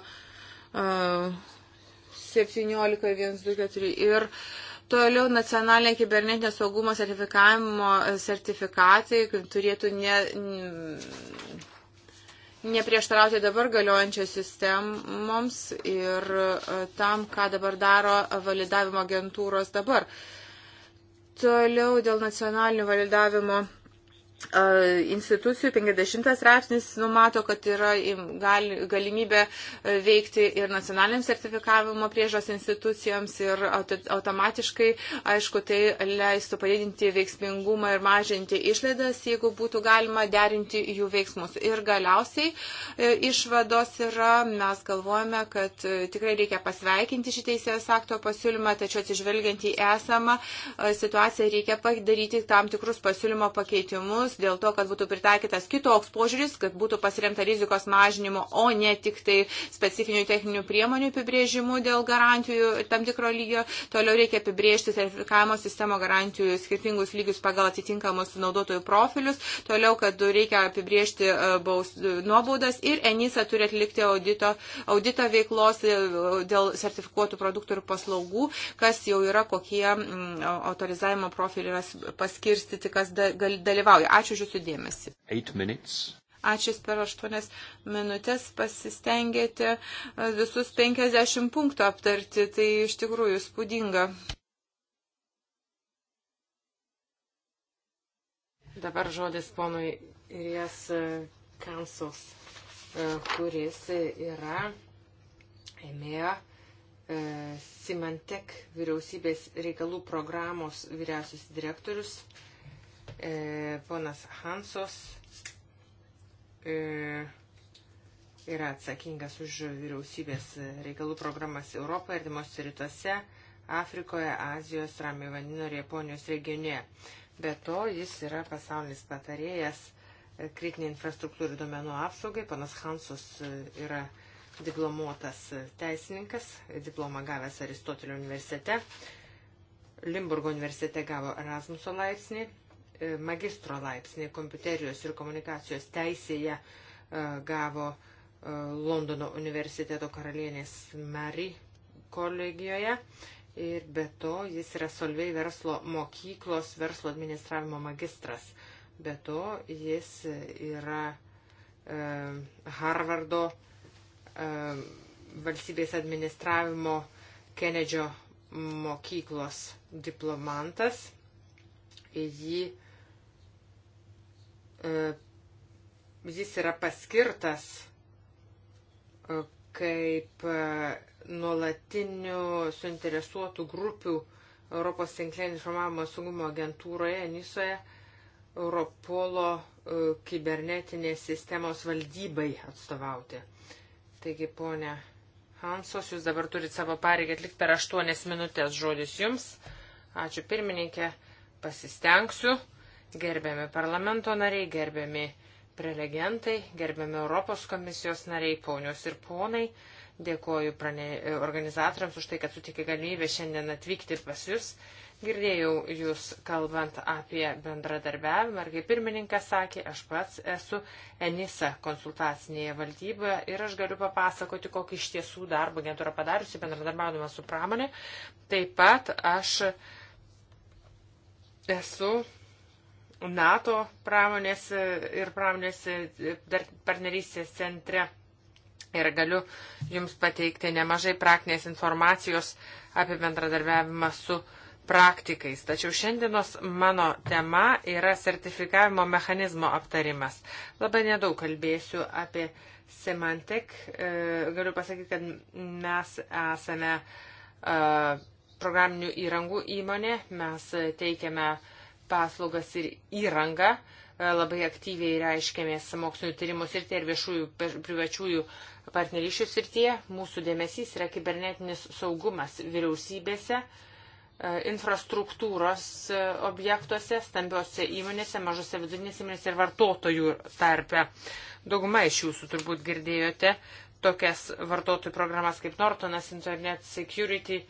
17.124 ir Toliau nacionalinė kibernetinio saugumo sertifikavimo e, sertifikatai turėtų ne, neprieštarauti dabar galiojančios sistemoms ir e, tam, ką dabar daro validavimo agentūros dabar. Toliau dėl nacionalinių validavimo institucijų 50 straipsnis numato, kad yra galimybė e, veikti ir nacionaliniams sertifikavimo priežos institucijoms ir automatiškai, aišku, tai leistų padidinti veiksmingumą ir mažinti išlaidas, jeigu būtų galima derinti jų veiksmus. Ir galiausiai e, išvados yra, mes galvojame, kad e, tikrai reikia pasveikinti šį teisės akto pasiūlymą, tačiau atsižvelgiant į esamą situaciją reikia padaryti tam tikrus pasiūlymo pakeitimus pakeitimus dėl to, kad būtų pritaikytas kitoks požiūris, kad būtų pasiremta rizikos mažinimo, o ne tik tai specifinių techninių priemonių apibrėžimų dėl garantijų tam tikro lygio. Toliau reikia apibrėžti sertifikavimo sistemo garantijų skirtingus lygius pagal atitinkamus naudotojų profilius. Toliau, kad reikia apibrėžti e, baus, e, nuobaudas ir ENISA turi atlikti audito, audito veiklos e, dėl sertifikuotų produktų ir paslaugų, kas jau yra kokie autorizavimo profiliai yra paskirstyti, kas dalyvauja. Ačiū už jūsų dėmesį. Ačiū per 8 minutės pasistengėte e, visus 50 punktų aptarti. Tai iš tikrųjų spūdinga.
Dabar žodis ponui Irijas e, Kansos, e, kuris yra EMEA Simantek vyriausybės reikalų programos vyriausias direktorius. E, ponas Hansos e, yra atsakingas už vyriausybės reikalų programas Europoje, artimuose rytuose, Afrikoje, Azijos, Ramiai Vanino ir Japonijos regione. Be to, jis yra pasaulinis patarėjas kritinė infrastruktūra ir domenų apsaugai. Panas Hansus yra diplomuotas teisininkas, diplomą gavęs Aristotelio universitete. Limburgo universitete gavo Erasmuso laipsnį E, magistro laipsnį kompiuterijos ir komunikacijos teisėje e, gavo e, Londono universiteto karalienės Mary kolegijoje. Ir be to jis yra Solvei verslo mokyklos verslo administravimo magistras. Be to jis yra e, Harvardo e, valstybės administravimo Kenedžio mokyklos diplomantas. Jį e, E, jis yra paskirtas e, kaip e, nuolatinių suinteresuotų grupių Europos tinklė informavimo saugumo agentūroje Nisoje Europolo kibernetinės sistemos valdybai atstovauti. Taigi, ponė Hansos, jūs dabar turite savo pareigą atlikti per aštuonias minutės žodis jums. Ačiū pirmininkė, pasistengsiu. Gerbiami parlamento nariai, gerbiami prelegentai, gerbiami Europos komisijos nariai, ponios ir ponai, dėkoju prane, organizatoriams už tai, kad sutikė galimybę šiandien atvykti pas jūs. Girdėjau jūs kalbant apie bendradarbiavimą ir kaip pirmininkas sakė, aš pats esu Enisa konsultacinėje valdyboje ir aš galiu papasakoti, kokį iš tiesų darbą agentūra padariusi bendradarbiaudama su pramonė. Taip pat aš esu NATO pramonės e, ir pramonės e, partnerystės centre. Ir galiu Jums pateikti nemažai praktinės informacijos apie bendradarbiavimą su praktikais. Tačiau šiandienos mano tema yra sertifikavimo mechanizmo aptarimas. Labai nedaug kalbėsiu apie Semantek. E, galiu pasakyti, kad mes esame programinių įrangų įmonė, mes teikiame uh, paslaugas ir įrangą. E, Labai aktyviai reiškėmės mokslinio tyrimų srityje ir viešųjų privačiųjų partnerysčių srityje. Mūsų dėmesys yra kibernetinis saugumas vyriausybėse, e, infrastruktūros e, objektuose, stambiose įmonėse, mažose vidurinėse įmonėse ir vartotojų tarpe. Dauguma iš jūsų turbūt girdėjote tokias vartotojų programas kaip Nortonas, Internet Security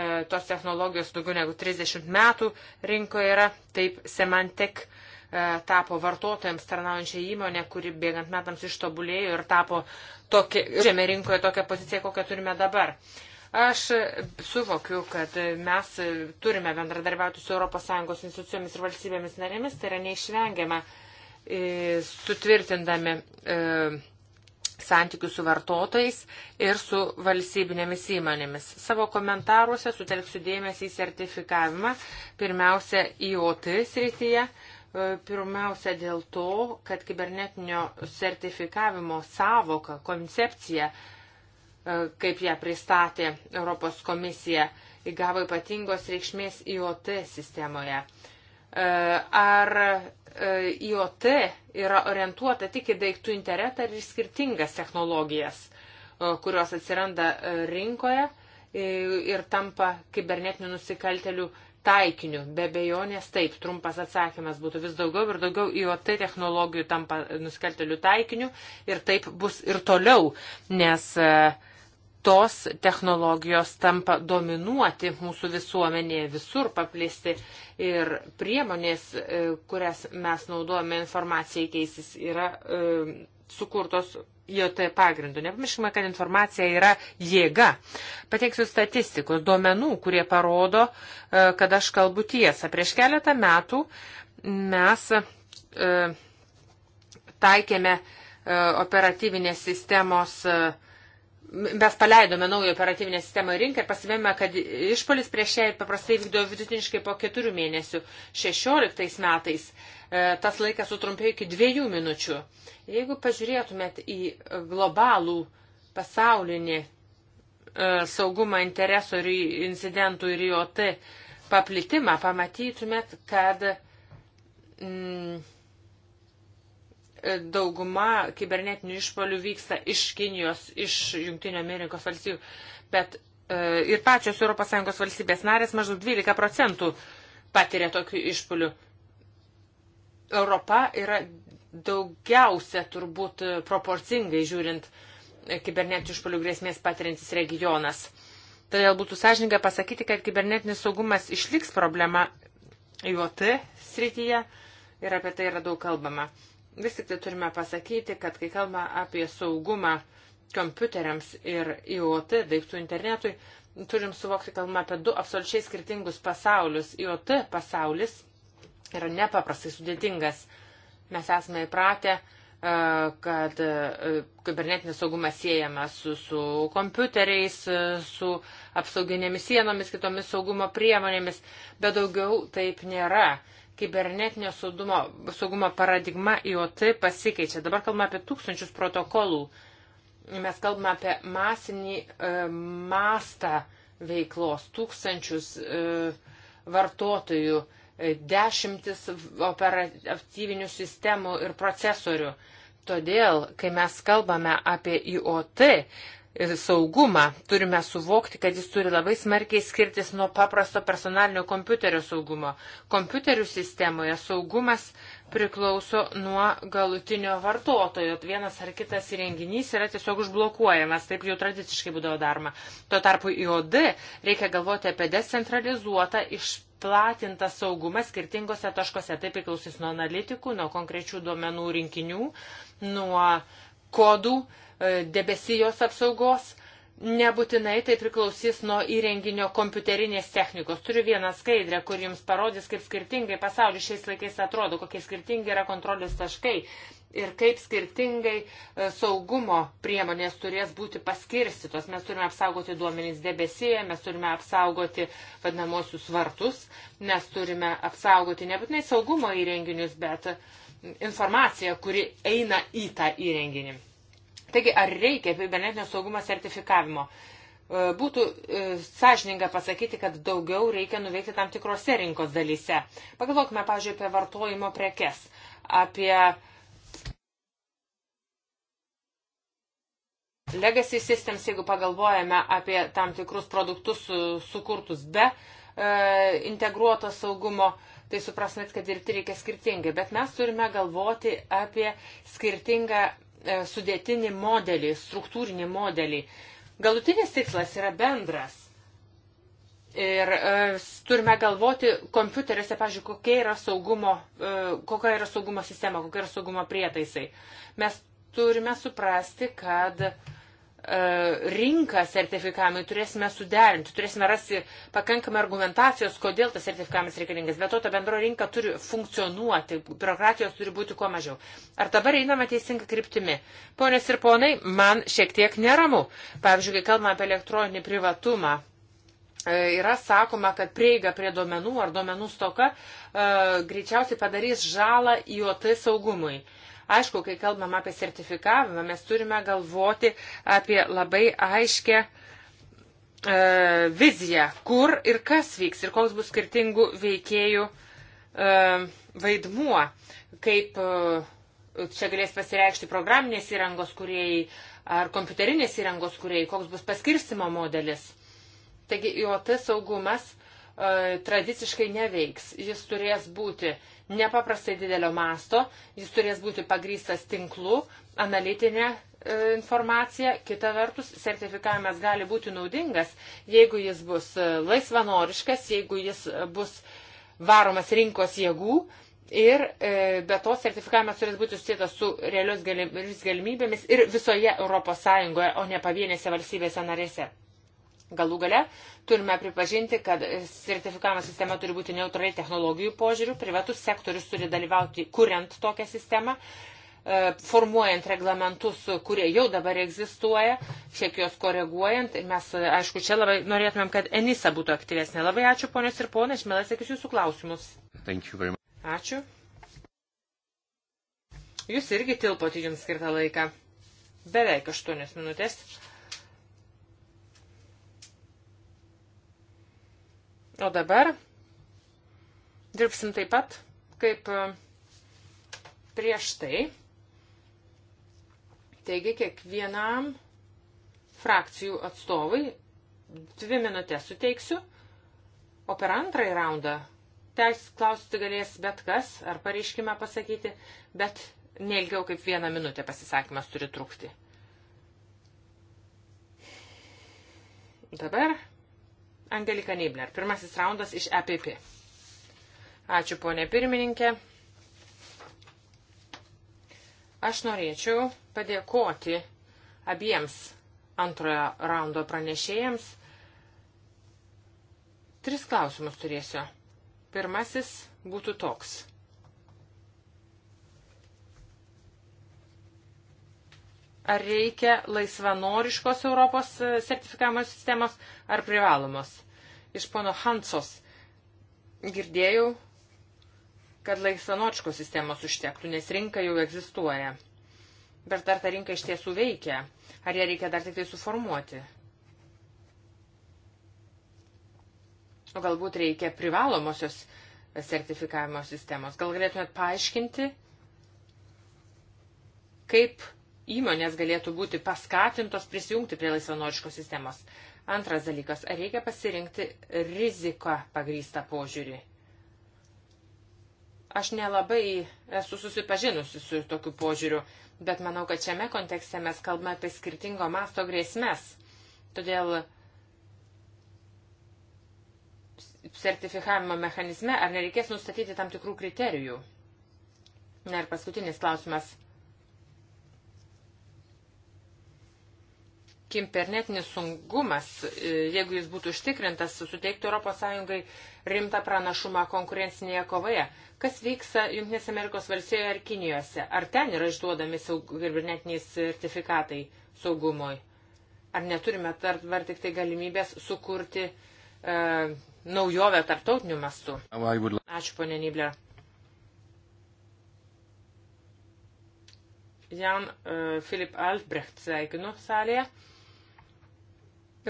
E, tos technologijos daugiau negu 30 metų rinkoje yra. Taip Semantek e, tapo vartotojams tarnaujančią įmonę, kuri bėgant metams ištobulėjo ir tapo tokia, žemė rinkoje tokią poziciją, kokią turime dabar. Aš suvokiu, kad mes turime bendradarbiauti su ES institucijomis ir valstybėmis narėmis, tai yra neišvengiama e, sutvirtindami e, santykių su vartotojais ir su valstybinėmis įmonėmis. Savo komentaruose sutelksiu dėmesį į sertifikavimą, pirmiausia, IOT srityje, e, pirmiausia dėl to, kad kibernetinio sertifikavimo savoka, koncepcija, e, kaip ją pristatė Europos komisija, įgavo ypatingos reikšmės IOT sistemoje. E, ar E, IOT yra orientuota tik į daiktų internetą ir skirtingas technologijas, e, kurios atsiranda e, rinkoje ir tampa kibernetinių nusikaltelių taikiniu. Be bejonės taip, trumpas atsakymas būtų vis daugiau ir daugiau IOT technologijų tampa nusikaltelių taikiniu ir taip bus ir toliau, nes uh, tos technologijos tampa dominuoti mūsų visuomenėje, visur paplisti ir priemonės, e, kurias mes naudojame informacijai keisis, yra e, sukurtos IOT pagrindu. Nepamirškime, kad informacija yra jėga. Pateiksiu statistikos duomenų, kurie parodo, e, kad aš kalbu tiesą. Prieš keletą metų mes e, taikėme e, operatyvinės sistemos e, mes paleidome naują operatyvinę sistemą į rinką ir pasimėme, kad išpolis prieš ją paprastai vykdo vidutiniškai po keturių mėnesių. 16 metais e, tas laikas sutrumpėjo iki dviejų minučių. Jeigu pažiūrėtumėt į globalų pasaulinį e, saugumą interesų ir incidentų ir IOT paplitimą, pamatytumėt, kad mm, dauguma kibernetinių išpolių vyksta iš Kinijos, iš Junktinio Amerikos valstybių, bet e, ir pačios ES valstybės narės maždaug 12 procentų patiria tokių išpolių. Europa yra daugiausia turbūt proporcingai žiūrint kibernetinių išpolių grėsmės patiriantis regionas. Todėl būtų sąžininkai pasakyti, kad kibernetinis saugumas išliks problema IOT srityje ir apie tai yra daug kalbama. Vis tik tai turime pasakyti, kad kai kalba apie saugumą kompiuteriams ir IoT daiktų internetui, turim suvokti, kalbame apie du absoliučiai skirtingus pasaulius. IoT pasaulis yra nepaprastai sudėtingas. Mes esame įpratę, e, kad e, kibernetinis saugumas siejamas su, su kompiuteriais, e, su apsauginėmis sienomis, kitomis saugumo priemonėmis, bet daugiau taip nėra kibernetinio saugumo, saugumo paradigma IOT pasikeičia. Dabar kalbame apie tūkstančius protokolų. Mes kalbame apie masinį e, mastą veiklos, tūkstančius e, vartotojų, e, dešimtis operatyvinių sistemų ir procesorių. Todėl, kai mes kalbame apie IOT, saugumą, turime suvokti, kad jis turi labai smarkiai skirtis nuo paprasto personalinio kompiuterio saugumo. Kompiuterių sistemoje saugumas priklauso nuo galutinio vartotojo. Vienas ar kitas įrenginys yra tiesiog užblokuojamas, taip jau tradiciškai būdavo daroma. Tuo tarpu IOD reikia galvoti apie decentralizuotą iš platintas saugumas skirtingose taškose. Tai priklausys nuo analitikų, nuo konkrečių duomenų rinkinių, nuo kodų, uh, E, debesijos apsaugos. Nebūtinai tai priklausys nuo įrenginio kompiuterinės technikos. Turiu vieną skaidrę, kur jums parodys, kaip skirtingai pasaulis šiais laikais atrodo, kokie skirtingi yra kontrolės taškai ir kaip skirtingai e, saugumo priemonės turės būti paskirstytos. Mes turime apsaugoti duomenys debesyje, mes turime apsaugoti vadinamosius vartus, mes turime apsaugoti nebūtinai saugumo įrenginius, bet informaciją, kuri eina į tą įrenginį. Taigi, ar reikia kibernetinio saugumo sertifikavimo? E, būtų e, sąžininga pasakyti, kad daugiau reikia nuveikti tam tikrose rinkos dalyse. Pagalvokime, pavyzdžiui, apie vartojimo prekes, apie legacy systems, jeigu pagalvojame apie tam tikrus produktus sukurtus be e, integruoto saugumo, tai suprasmet, kad dirbti reikia skirtingai. Bet mes turime galvoti apie skirtingą E, sudėtinį modelį, struktūrinį modelį. Galutinis tikslas yra bendras. Ir e, turime galvoti kompiuteriuose, pažiūrėjau, kokia yra saugumo, e, kokia yra saugumo sistema, kokia yra saugumo prietaisai. Mes turime suprasti, kad e, E, rinką sertifikavimui turėsime suderinti, turėsime rasti pakankamai argumentacijos, kodėl tas sertifikavimas reikalingas. Bet to ta bendro rinka turi funkcionuoti, biurokratijos turi būti kuo mažiau. Ar dabar einame teisinga kryptimi? Ponės ir ponai, man šiek tiek neramu. Pavyzdžiui, kai kalbame apie elektroninį privatumą, e, yra sakoma, kad prieiga prie duomenų ar duomenų stoka e, greičiausiai padarys žalą IOT saugumui. E, Aišku, kai kalbam apie sertifikavimą, mes turime galvoti apie labai aiškę e, viziją, kur ir kas vyks ir koks bus skirtingų veikėjų e, vaidmuo, kaip e, čia galės pasireikšti programinės įrangos kuriejai ar kompiuterinės įrangos kuriejai, koks bus paskirstimo modelis. Taigi IOT saugumas e, tradiciškai neveiks. Jis turės būti nepaprastai didelio masto, jis turės būti pagrystas tinklu, analitinė e, informacija, kita vertus, sertifikavimas gali būti naudingas, jeigu jis bus e, laisvanoriškas, jeigu jis bus varomas rinkos jėgų Ir e, be to sertifikavimas turės būti susijęs su realiomis galimybėmis ir visoje ES, o ne pavienėse valstybėse narėse. Galų gale turime pripažinti, kad sertifikavimo sistema turi būti neutraliai technologijų požiūrių, privatus sektorius turi dalyvauti kuriant tokią sistemą, e, formuojant reglamentus, kurie jau dabar egzistuoja, šiek juos koreguojant. Ir mes, aišku, čia labai norėtumėm, kad Enisa būtų aktyvesnė. Labai ačiū, ponios ir ponai, aš mielai sakysiu jūsų klausimus. Ačiū. Jūs irgi tilpote jums skirtą laiką. Beveik 8 minutės. O dabar dirbsim taip pat, kaip e, prieš tai. Taigi kiekvienam frakcijų atstovui dvi minutės suteiksiu, o per antrąjį raundą teis klausyti galės bet kas, ar pareiškime pasakyti, bet neilgiau kaip vieną minutę pasisakymas turi trukti. Dabar Angelika Neibler, pirmasis raundas iš EPP. Ačiū, ponė pirmininkė. Aš norėčiau padėkoti abiems antrojo raundo pranešėjams. Tris klausimus turėsiu. Pirmasis būtų toks. Ar reikia laisvanoriškos Europos e, sertifikavimo sistemos ar privalomos? Iš pono Hansos girdėjau, kad laisvanoriškos sistemos užtektų, nes rinka jau egzistuoja. Bet ar ta rinka iš tiesų veikia? Ar ją reikia dar tik tai suformuoti? O galbūt reikia privalomosios sertifikavimo sistemos. Gal galėtumėt paaiškinti, kaip įmonės galėtų būti paskatintos prisijungti prie laisvanoriškos sistemos. Antras dalykas, ar reikia pasirinkti riziką pagrįstą požiūrį? Aš nelabai esu susipažinusi su tokiu požiūriu, bet manau, kad šiame kontekste mes kalbame apie skirtingo masto grėsmės. Todėl sertifikavimo mechanizme ar nereikės nustatyti tam tikrų kriterijų? Na ir paskutinis klausimas kimpernetinis sungumas, e, jeigu jis būtų užtikrintas, suteiktų ES rimtą pranašumą konkurencinėje kovoje. Kas vyksta Junktinės Amerikos valstijoje ar Kinijose? Ar ten yra išduodami kibernetiniai sertifikatai saugumui? Ar neturime tarp var tik tai galimybės sukurti e, naujovę tarptautiniu mastu?
Ačiū,
ponė Nibler. Jan uh, Filip Albrecht sveikinu salėje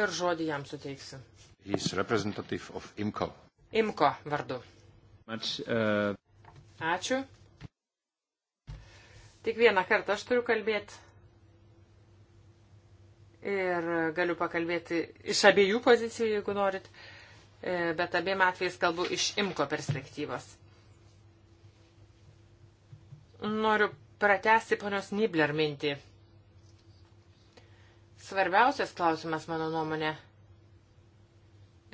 ir žodį jam suteiksiu. Jis reprezentative of IMCO. IMCO vardu. Much, uh... Ačiū. Tik vieną kartą aš turiu kalbėti. Ir galiu pakalbėti iš abiejų pozicijų, jeigu norit, e, bet abiem atvejais kalbu iš imko perspektyvos. Noriu pratesti ponios Nibler mintį Svarbiausias klausimas, mano nuomonė,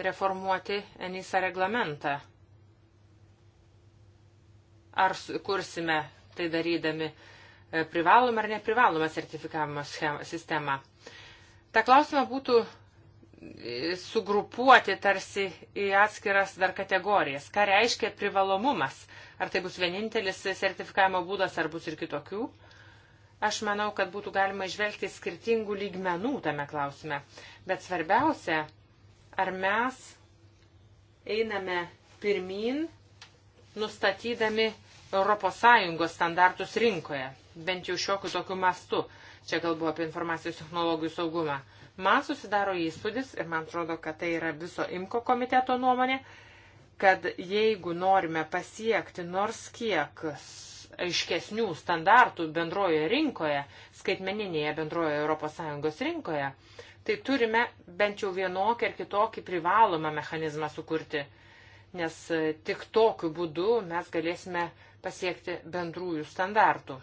reformuoti ENISA reglamentą. Ar kursime tai darydami e, privalomą ar neprivalomą sertifikavimo sistemą. Ta klausimą būtų e, sugrupuoti tarsi į atskiras dar kategorijas. Ką reiškia privalomumas? Ar tai bus vienintelis sertifikavimo būdas, ar bus ir kitokių? Aš manau, kad būtų galima išvelgti skirtingų lygmenų tame klausime. Bet svarbiausia, ar mes einame pirmin, nustatydami ES standartus rinkoje, bent jau šiokiu tokiu mastu. Čia kalbu apie informacijos technologijų saugumą. Man susidaro įspūdis, ir man atrodo, kad tai yra viso IMKO komiteto nuomonė, kad jeigu norime pasiekti nors kiek aiškesnių standartų bendrojoje rinkoje, skaitmeninėje bendrojoje ES rinkoje, tai turime bent jau vienokį ar kitokį privalomą mechanizmą sukurti, nes e, tik tokiu būdu mes galėsime pasiekti bendrųjų standartų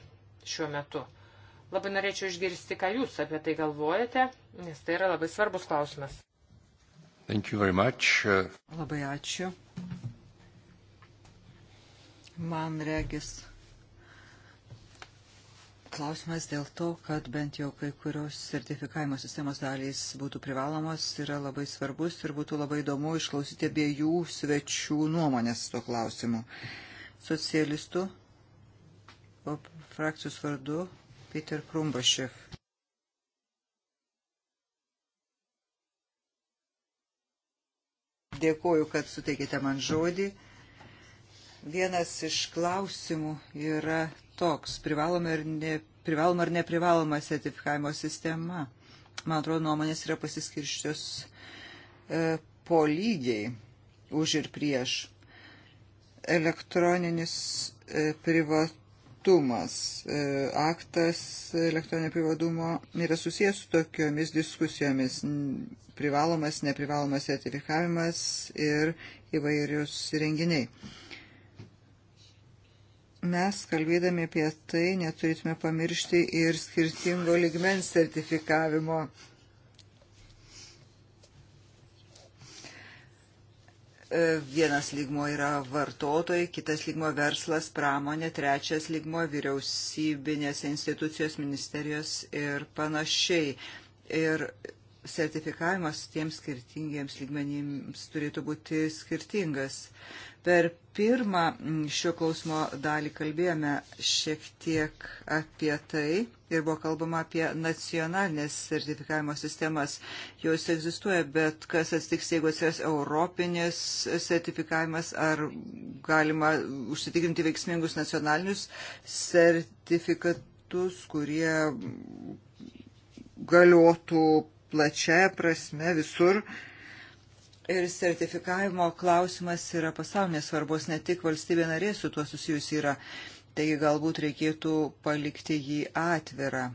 šiuo metu. Labai norėčiau išgirsti, ką Jūs apie tai galvojate, nes tai yra labai svarbus klausimas.
Labai ačiū. Man regis Klausimas dėl to, kad bent jau kai kurios sertifikavimo sistemos dalys būtų privalomos, yra labai svarbus ir būtų labai įdomu išklausyti abiejų svečių nuomonės tuo klausimu. Socialistų frakcijos vardu Peter Krumbašev. Dėkuoju, kad suteikite man žodį. Vienas iš klausimų yra toks, privaloma ir, ne, privaloma ir neprivaloma sertifikavimo sistema. Man atrodo, nuomonės yra pasiskirščios e, po lygiai už ir prieš. Elektroninis e, privatus privatumas. E, aktas elektroninio privatumo yra susijęs su tokiomis diskusijomis. Privalomas, neprivalomas sertifikavimas ir įvairius renginiai mes, kalbėdami apie tai, neturėtume pamiršti ir skirtingo ligmens sertifikavimo. E, vienas lygmo yra vartotojai, kitas lygmo verslas, pramonė, trečias lygmo vyriausybinės institucijos, ministerijos ir panašiai. Ir sertifikavimas tiems skirtingiems lygmenims turėtų būti skirtingas. Per pirmą mm, šio klausimo dalį kalbėjome šiek tiek apie tai ir buvo kalbama apie nacionalinės sertifikavimo sistemas. Jos egzistuoja, bet kas atsitiks, jeigu atsiras europinis sertifikavimas, ar galima užsitikrinti veiksmingus nacionalinius sertifikatus, kurie galiotų plačiaja prasme visur. Ir sertifikavimo klausimas yra pasaulinės svarbos, ne tik valstybė narė su tuo susijusi yra. Taigi galbūt reikėtų palikti jį atvirą.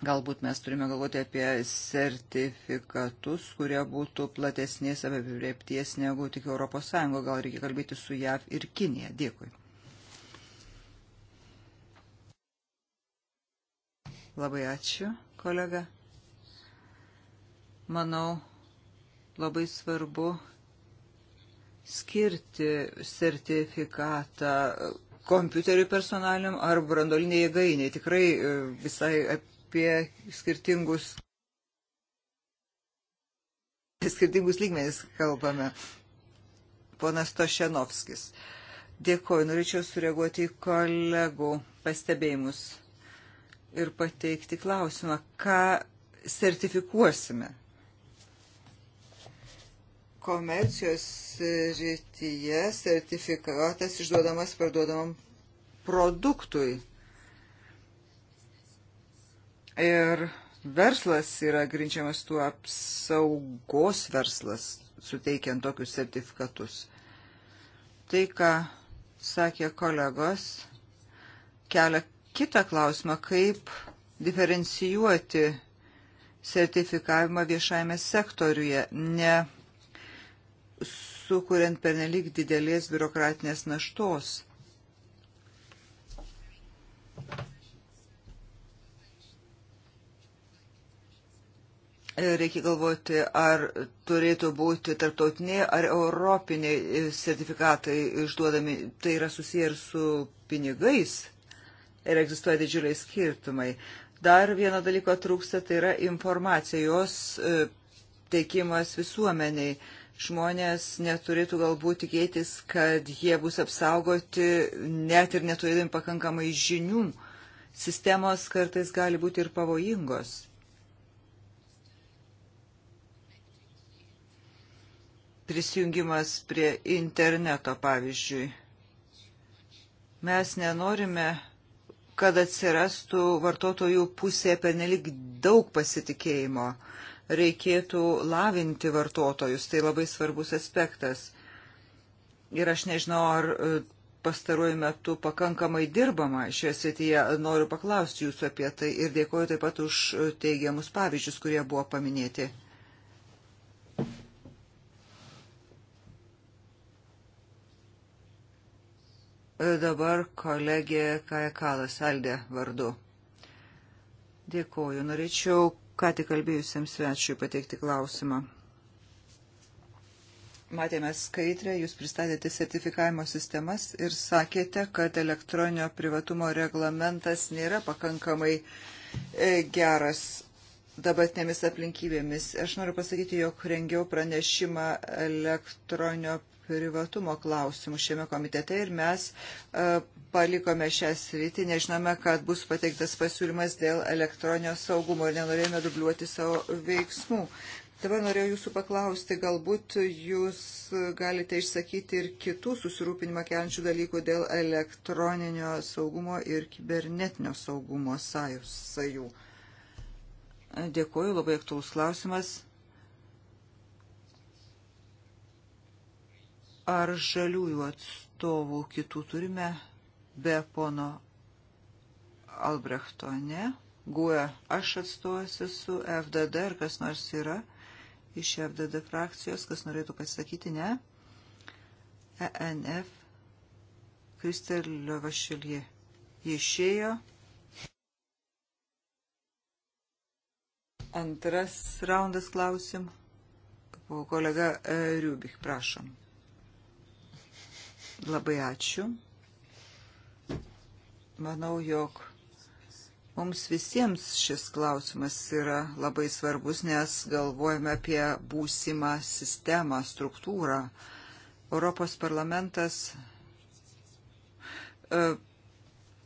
Galbūt mes turime galvoti apie sertifikatus, kurie būtų platesnės apibriepties negu tik ES. Gal reikia kalbėti su JAV ir Kinija. Dėkui. Labai ačiū, kolega manau, labai svarbu skirti sertifikatą kompiuterių personaliam ar brandoliniai jėgainiai. Tikrai e, visai apie skirtingus, skirtingus lygmenis kalbame. Ponas Tošenovskis. Dėkoju, norėčiau sureaguoti į kolegų pastebėjimus ir pateikti klausimą, ką sertifikuosime komercijos rytyje sertifikatas išduodamas parduodamam produktui. Ir verslas yra grinčiamas tuo apsaugos verslas, suteikiant tokius sertifikatus. Tai, ką sakė kolegos, kelia kitą klausimą, kaip diferencijuoti sertifikavimą viešajame sektoriuje, ne sukuriant pernelyg didelės biurokratinės naštos. Reikia galvoti, ar turėtų būti tarptautiniai ar europiniai sertifikatai išduodami. Tai yra susiję ir su pinigais ir egzistuoja didžiuliai skirtumai. Dar vieno dalyko trūksta, tai yra informacijos e, teikimas visuomeniai. E, žmonės neturėtų galbūt tikėtis, kad jie bus apsaugoti net ir neturėdami pakankamai žinių. Sistemos kartais gali būti ir pavojingos. Prisijungimas prie interneto, pavyzdžiui. Mes nenorime, kad atsirastų vartotojų pusėje penelik daug pasitikėjimo reikėtų lavinti vartotojus. Tai labai svarbus aspektas. Ir aš nežinau, ar e, pastaruoju metu pakankamai dirbama šioje srityje. Noriu paklausti jūsų apie tai ir dėkoju taip pat už e, teigiamus pavyzdžius, kurie buvo paminėti. E, dabar kolegė Kajakalas Aldė vardu. Dėkoju. Norėčiau ką tik kalbėjusiam svečiui pateikti klausimą. Matėme skaitrę, jūs pristatėte sertifikavimo sistemas ir sakėte, kad elektroninio privatumo reglamentas nėra pakankamai e, geras dabartinėmis aplinkybėmis. Aš noriu pasakyti, jog rengiau pranešimą elektroninio privatumo klausimų šiame komitete ir mes e, palikome šią sritį, nežinome, kad bus pateiktas pasiūlymas dėl elektroninio saugumo ir nenorėjome dubliuoti savo veiksmų. Dabar norėjau jūsų paklausti, galbūt jūs galite išsakyti ir kitų susirūpinimą keliančių dalykų dėl elektroninio saugumo ir kibernetinio saugumo sąjų. Dėkuoju, labai aktuolus klausimas. Ar žaliųjų atstovų kitų turime be pono Albrechto, ne? GUE aš atstovas esu, FDD ir kas nors yra iš FDD frakcijos, kas norėtų pasakyti, ne? ENF Kristelio Vašilie. Jie išėjo. Antras raundas klausim. Kolega e, Riubik, prašom. Labai ačiū. Manau, jog mums visiems šis klausimas yra labai svarbus, nes galvojame apie būsimą sistemą, struktūrą. Europos parlamentas e,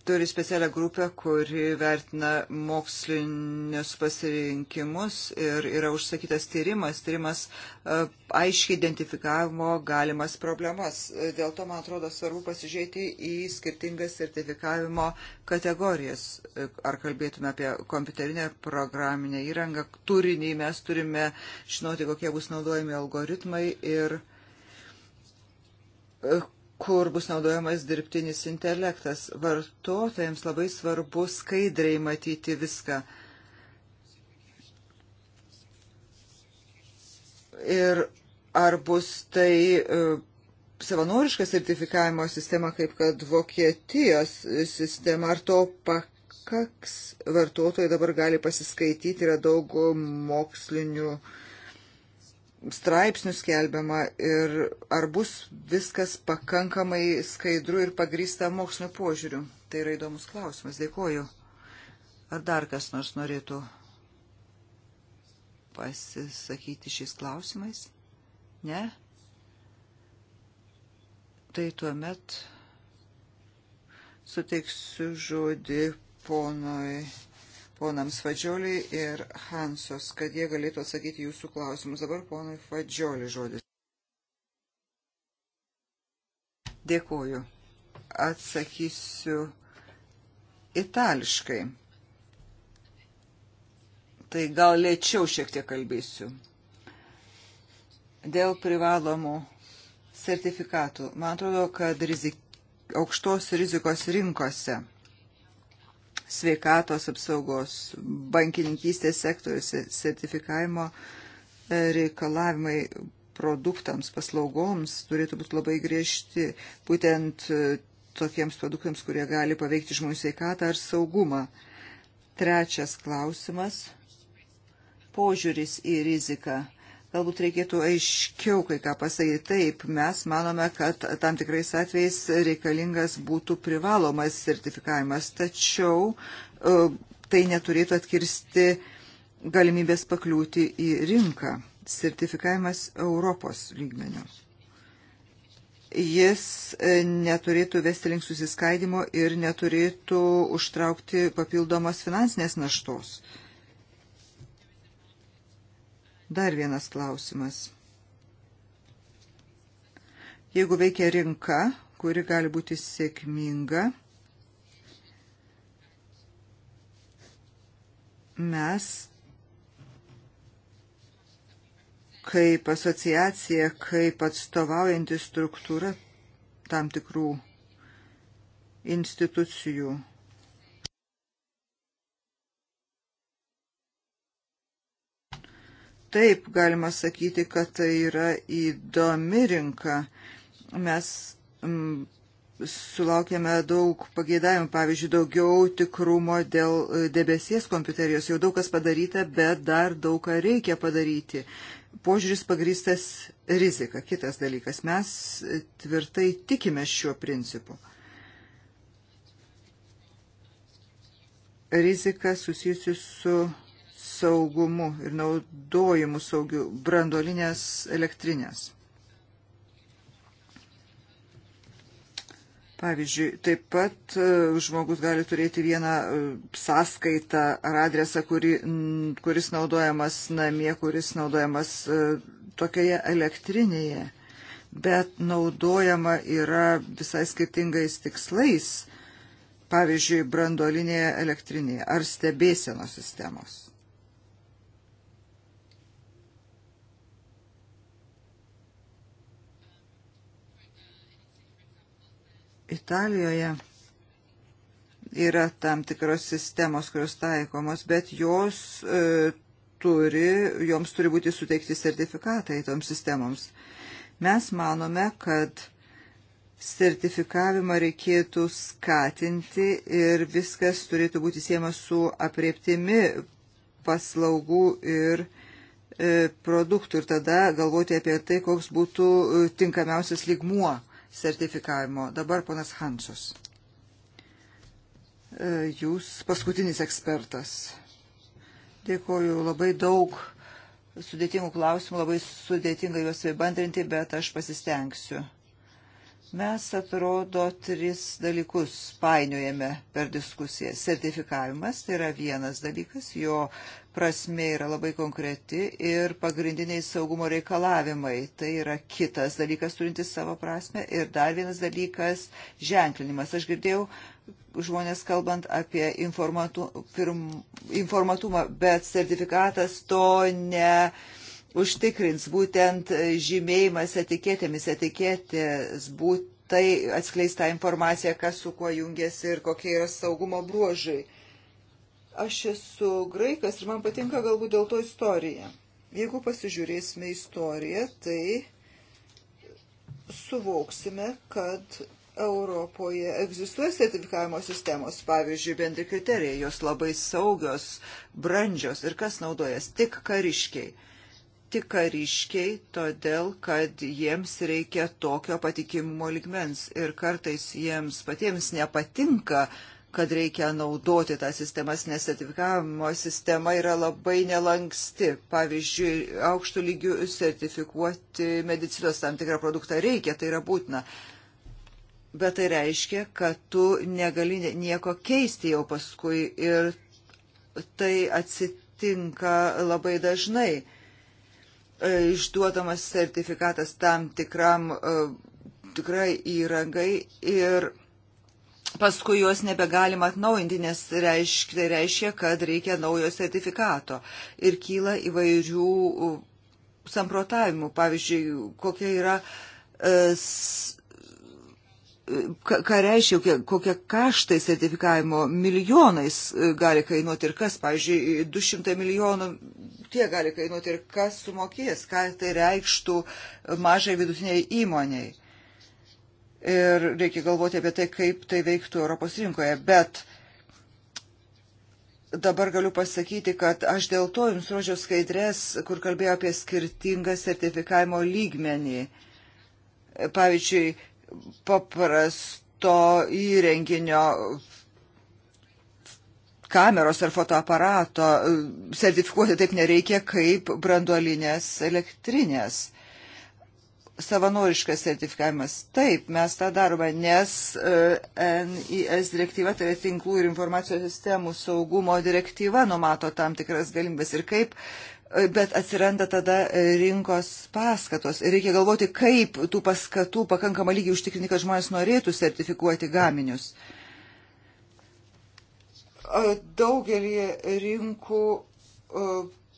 turi specialią grupę, kuri vertina mokslinius pasirinkimus ir yra užsakytas tyrimas, tyrimas e, aiškiai identifikavimo galimas problemas. Dėl to, man atrodo, svarbu pasižiūrėti į skirtingas sertifikavimo kategorijas. E, ar kalbėtume apie kompiuterinę ar programinę įrangą, turinį mes turime žinoti, kokie bus naudojami algoritmai ir e, kur bus naudojamas dirbtinis intelektas. Vartotojams labai svarbu skaidriai matyti viską. Ir ar bus tai e, savanoriška sertifikavimo sistema, kaip kad Vokietijos sistema, ar to pakaks vartotojai dabar gali pasiskaityti, yra daug mokslinių uh, straipsnių skelbiama ir ar bus viskas pakankamai skaidru ir pagrįsta mokslinio požiūriu. Tai yra įdomus klausimas. Dėkoju. Ar dar kas nors norėtų pasisakyti šiais klausimais? Ne? Tai tuomet suteiksiu žodį ponui ponams Fadžioliai ir Hansos, kad jie galėtų atsakyti jūsų klausimus. Dabar ponui Fadžioliai žodis. Dėkuoju. Atsakysiu itališkai. Tai gal lėčiau šiek tiek kalbėsiu. Dėl privalomų sertifikatų. Man atrodo, kad rizik... aukštos rizikos rinkose – sveikatos apsaugos, bankininkystės sektoriuose, sertifikavimo e, reikalavimai produktams, paslaugoms turėtų būti labai griežti, būtent e, tokiems produktams, kurie gali paveikti žmonių sveikatą ar saugumą. Trečias klausimas - požiūris į riziką. Galbūt reikėtų aiškiau kai ką pasakyti. Taip, mes manome, kad tam tikrais atvejais reikalingas būtų privalomas sertifikavimas, tačiau e, tai neturėtų atkirsti galimybės pakliūti į rinką. Sertifikavimas Europos lygmenio jis e, neturėtų vesti link susiskaidimo ir neturėtų užtraukti papildomos finansinės naštos. Dar vienas klausimas. Jeigu veikia rinka, kuri gali būti sėkminga, mes kaip asociacija, kaip atstovaujanti struktūra tam tikrų institucijų taip galima sakyti, kad tai yra įdomi rinka. Mes mm, sulaukėme daug pageidavimų, pavyzdžiui, daugiau tikrumo dėl e, debesies kompiuterijos. Jau daug kas padaryta, bet dar daug ką reikia padaryti. Požiūris pagrįstas rizika. Kitas dalykas. Mes e, tvirtai tikime šiuo principu. Rizika susijusi su saugumu ir naudojimu saugiu brandolinės elektrinės. Pavyzdžiui, taip pat e, žmogus gali turėti vieną e, sąskaitą ar adresą, kuri, kuris naudojamas namie, kuris naudojamas e, tokioje elektrinėje, bet naudojama yra visai skirtingais tikslais, pavyzdžiui, brandolinėje elektrinėje ar stebėsenos sistemos. Italijoje yra tam tikros sistemos, kurios taikomos, bet jos e, turi, joms turi būti suteikti sertifikatai toms sistemoms. Mes manome, kad sertifikavimą reikėtų skatinti ir viskas turėtų būti siejama su aprieptimi paslaugų ir e, produktų ir tada galvoti apie tai, koks būtų e, tinkamiausias lygmuo. E, sertifikavimo. Dabar ponas Hansus. E, jūs paskutinis ekspertas. Dėkoju labai daug sudėtingų klausimų, labai sudėtinga juos įbandrinti, bet aš pasistengsiu. Mes atrodo tris dalykus painiojame per diskusiją. Sertifikavimas tai yra vienas dalykas, jo prasme yra labai konkreti ir pagrindiniai saugumo reikalavimai. Tai yra kitas dalykas turintis savo prasme. Ir dar vienas dalykas - ženklinimas. Aš girdėjau žmonės kalbant apie informatu, firm, informatumą, bet sertifikatas to ne. Užtikrins būtent žymėjimas etiketėmis, etiketės būtent tai atskleista informacija, kas su kuo jungiasi ir kokie yra saugumo bruožai. Aš esu graikas ir man patinka galbūt dėl to istorija. Jeigu pasižiūrėsime istoriją, tai suvoksime, kad Europoje egzistuoja sertifikavimo sistemos, pavyzdžiui, bendri kriterijai, jos labai saugios, brandžios ir kas naudojas tik kariškiai tik kariškiai, todėl kad jiems reikia tokio patikimumo ligmens ir kartais jiems patiems nepatinka uh, kad reikia naudoti tą sistemas, nes sertifikavimo sistema yra labai nelanksti. Pavyzdžiui, aukštų lygių sertifikuoti medicinos tam tikrą produktą reikia, tai yra būtina. Bet tai reiškia, kad tu negali nieko keisti jau paskui ir tai atsitinka labai dažnai. E, išduodamas sertifikatas tam tikram, e, tikrai įrangai ir paskui juos nebegalima atnaujinti, nes reiškia, tai reiškia, kad reikia naujo sertifikato. Ir kyla įvairių samprotavimų. Pavyzdžiui, kokia yra. E, ką reiškia, kokie kaštai sertifikavimo milijonais e, gali kainuoti ir kas, pavyzdžiui, 200 milijonų tie gali kainuoti ir kas sumokės, ką tai reikštų mažai vidutiniai įmoniai ir reikia galvoti apie tai, kaip tai veiktų Europos rinkoje. Bet dabar galiu pasakyti, kad aš dėl to jums rodžiau skaidrės, kur kalbėjau apie skirtingą sertifikavimo lygmenį. Pavyzdžiui, paprasto įrenginio kameros ar fotoaparato sertifikuoti taip nereikia kaip branduolinės elektrinės savanoriškas sertifikavimas. Taip, mes tą darome, nes e, NIS direktyva, tai yra tinklų ir informacijos sistemų saugumo direktyva, numato tam tikras galimybės ir kaip, e, bet atsiranda tada e, rinkos paskatos. Reikia galvoti, kaip tų paskatų pakankamą lygį užtikrinti, kad žmonės norėtų sertifikuoti gaminius daugelį rinkų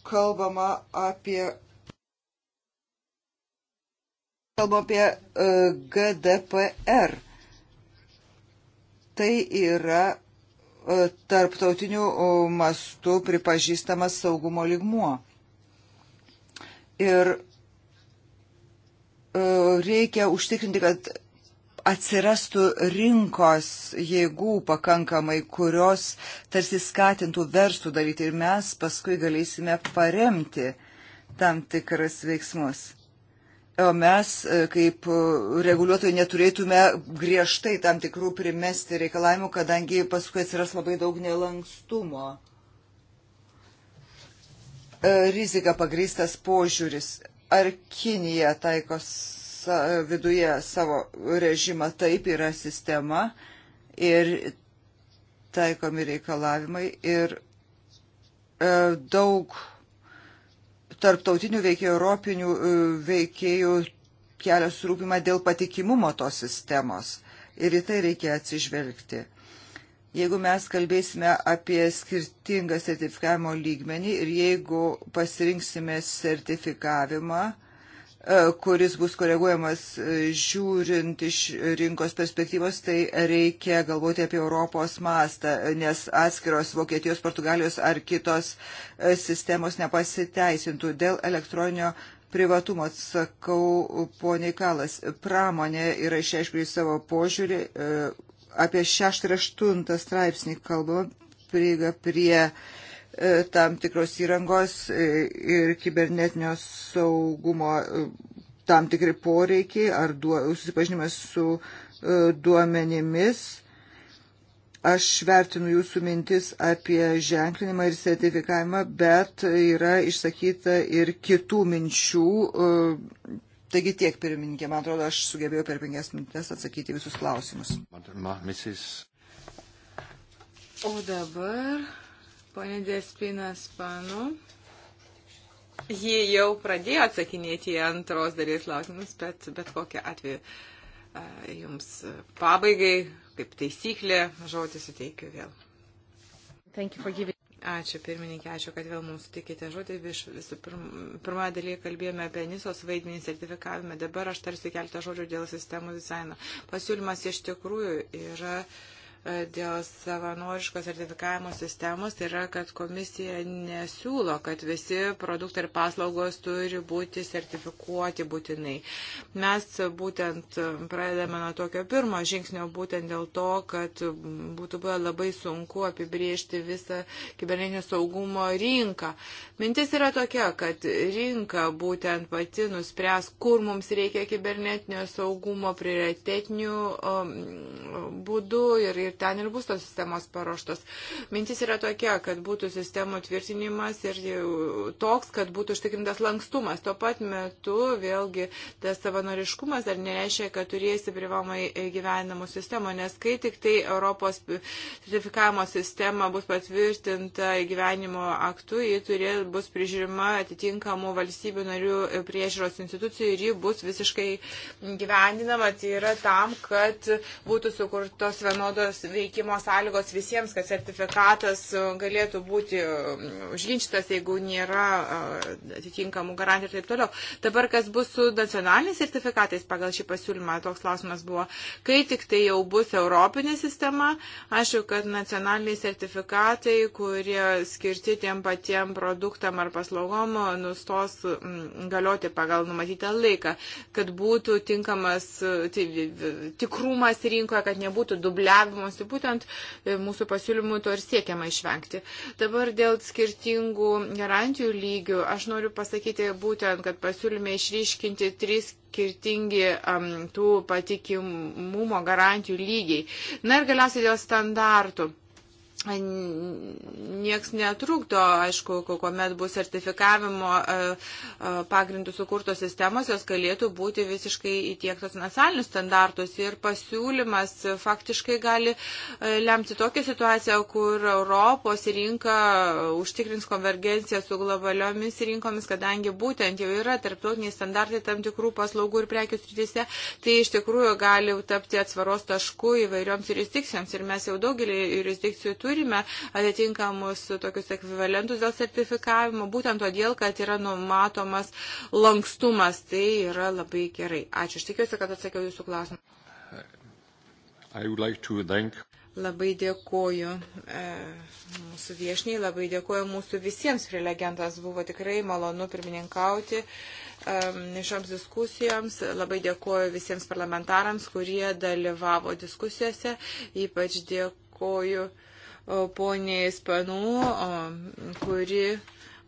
kalbama apie Kalbu apie e, GDPR. Tai yra e, tarptautinių e, mastų pripažįstamas saugumo ligmuo. Ir reikia užtikrinti, kad atsirastų rinkos jėgų pakankamai, kurios tarsi skatintų verstų daryti ir mes paskui galėsime paremti tam tikras veiksmus. O mes, e, kaip e, reguliuotojai, neturėtume griežtai tam tikrų primesti reikalavimų, kadangi paskui atsiras labai daug nelankstumo. E, rizika pagrįstas požiūris. Ar Kinija taiko viduje savo režimą? Taip yra sistema ir taikomi reikalavimai ir daug tarptautinių veikėjų, europinių e, veikėjų kelia surūpimą dėl patikimumo tos sistemos. Ir į tai reikia atsižvelgti. Jeigu mes kalbėsime apie skirtingą sertifikavimo lygmenį ir jeigu pasirinksime sertifikavimą, E, kuris bus koreguojamas e, žiūrint iš rinkos perspektyvos, tai reikia galvoti apie Europos mastą, nes atskiros Vokietijos, Portugalijos ar kitos e, sistemos nepasiteisintų dėl elektroninio privatumo atsakau poniai Kalas. Pramonė yra išaiškiai savo požiūrį. Apie 6 ir 8 straipsnį kalbama prieiga prie, prie E, tam tikros įrangos e, ir kibernetinio saugumo e, tam tikri poreikiai ar duo, susipažinimas su duomenimis. Aš vertinu jūsų mintis apie ženklinimą ir sertifikavimą, bet yra išsakyta ir kitų minčių. Taigi tiek, pirmininkė, man atrodo, aš sugebėjau per penkias minutės atsakyti visus klausimus.
O dabar Pone Despinas Panu. Ji jau pradėjo atsakinėti į antros dalies klausimus, bet bet kokią atveju jums pabaigai, kaip taisyklė, žodį suteikiu vėl. Giving... Ačiū pirmininkė, ačiū, kad vėl mums sutikite žodį. Visų pirmą dalyje kalbėjome apie NISOS vaidmenį sertifikavime. Dabar aš tarsi keltą žodžių dėl sistemų dizaino. Pasiūlymas iš tikrųjų yra. Uh, E, dėl savanoriško sertifikavimo sistemos tai yra, kad komisija nesiūlo, kad visi produktai ir paslaugos turi būti sertifikuoti būtinai. Mes būtent pradedame nuo tokio pirmo žingsnio, būtent dėl to, kad būtų buvę labai sunku apibriežti visą kibernetinio saugumo rinką. Mintis yra tokia, kad rinka būtent pati nuspręs, kur mums reikia kibernetinio saugumo prioritetinių um, būdų ir, ir ten ir bus tos sistemos paruoštos. Mintis yra tokia, kad būtų sistemų tvirtinimas ir toks, kad būtų užtikrintas lankstumas. Tuo pat metu vėlgi tas savanoriškumas dar nereiškia, kad turėsi privamai gyvenamų sistemų, nes kai tik tai Europos sertifikavimo sistema bus patvirtinta gyvenimo aktu, ji turė, bus prižiūrima atitinkamų valstybių narių priežiūros institucijų ir ji bus visiškai gyvendinama. Tai yra tam, kad būtų sukurtos vienodos veikimo sąlygos visiems, kad sertifikatas e, galėtų būti e, užginčytas, jeigu nėra e, atitinkamų garantijų ir taip toliau. Dabar kas bus su nacionaliniais sertifikatais pagal šį pasiūlymą, toks klausimas buvo, kai tik tai jau bus europinė sistema, aišku, kad nacionaliniai sertifikatai, kurie skirti tiem patiem produktam ar paslaugom, nustos galioti pagal numatytą laiką, kad būtų tinkamas tikrumas rinkoje, kad nebūtų dubliavimo mokymosi. Būtent e, mūsų pasiūlymų to ir siekiama išvengti. Dabar dėl skirtingų garantijų lygių aš noriu pasakyti būtent, kad pasiūlyme išryškinti tris skirtingi um, tų patikimumo garantijų lygiai. Na ir galiausiai dėl standartų nieks netrukdo, aišku, kuomet bus sertifikavimo e, e, pagrindų sukurtos sistemos, jos galėtų būti visiškai įtiektos nacionalinius standartus ir pasiūlymas faktiškai gali e, lemti tokią situaciją, kur Europos rinka užtikrins konvergenciją su globaliomis rinkomis, kadangi būtent jau yra tarptautiniai standartai tam tikrų paslaugų ir prekių srityse, tai iš tikrųjų gali tapti atsvaros tašku įvairioms jurisdikcijoms ir mes jau daugelį jurisdikcijų turime turime atitinkamus tokius ekvivalentus dėl sertifikavimo, būtent todėl, kad yra numatomas lankstumas. Tai yra labai gerai. Ačiū. Aš tikiuosi, kad atsakiau jūsų klausimą.
Like thank...
Labai dėkoju e, mūsų viešniai, labai dėkoju mūsų visiems prelegentams. Buvo tikrai malonu pirmininkauti e, šioms diskusijoms. Labai dėkoju visiems parlamentarams, kurie dalyvavo diskusijose. Ypač dėkoju poniai Spanų, kuri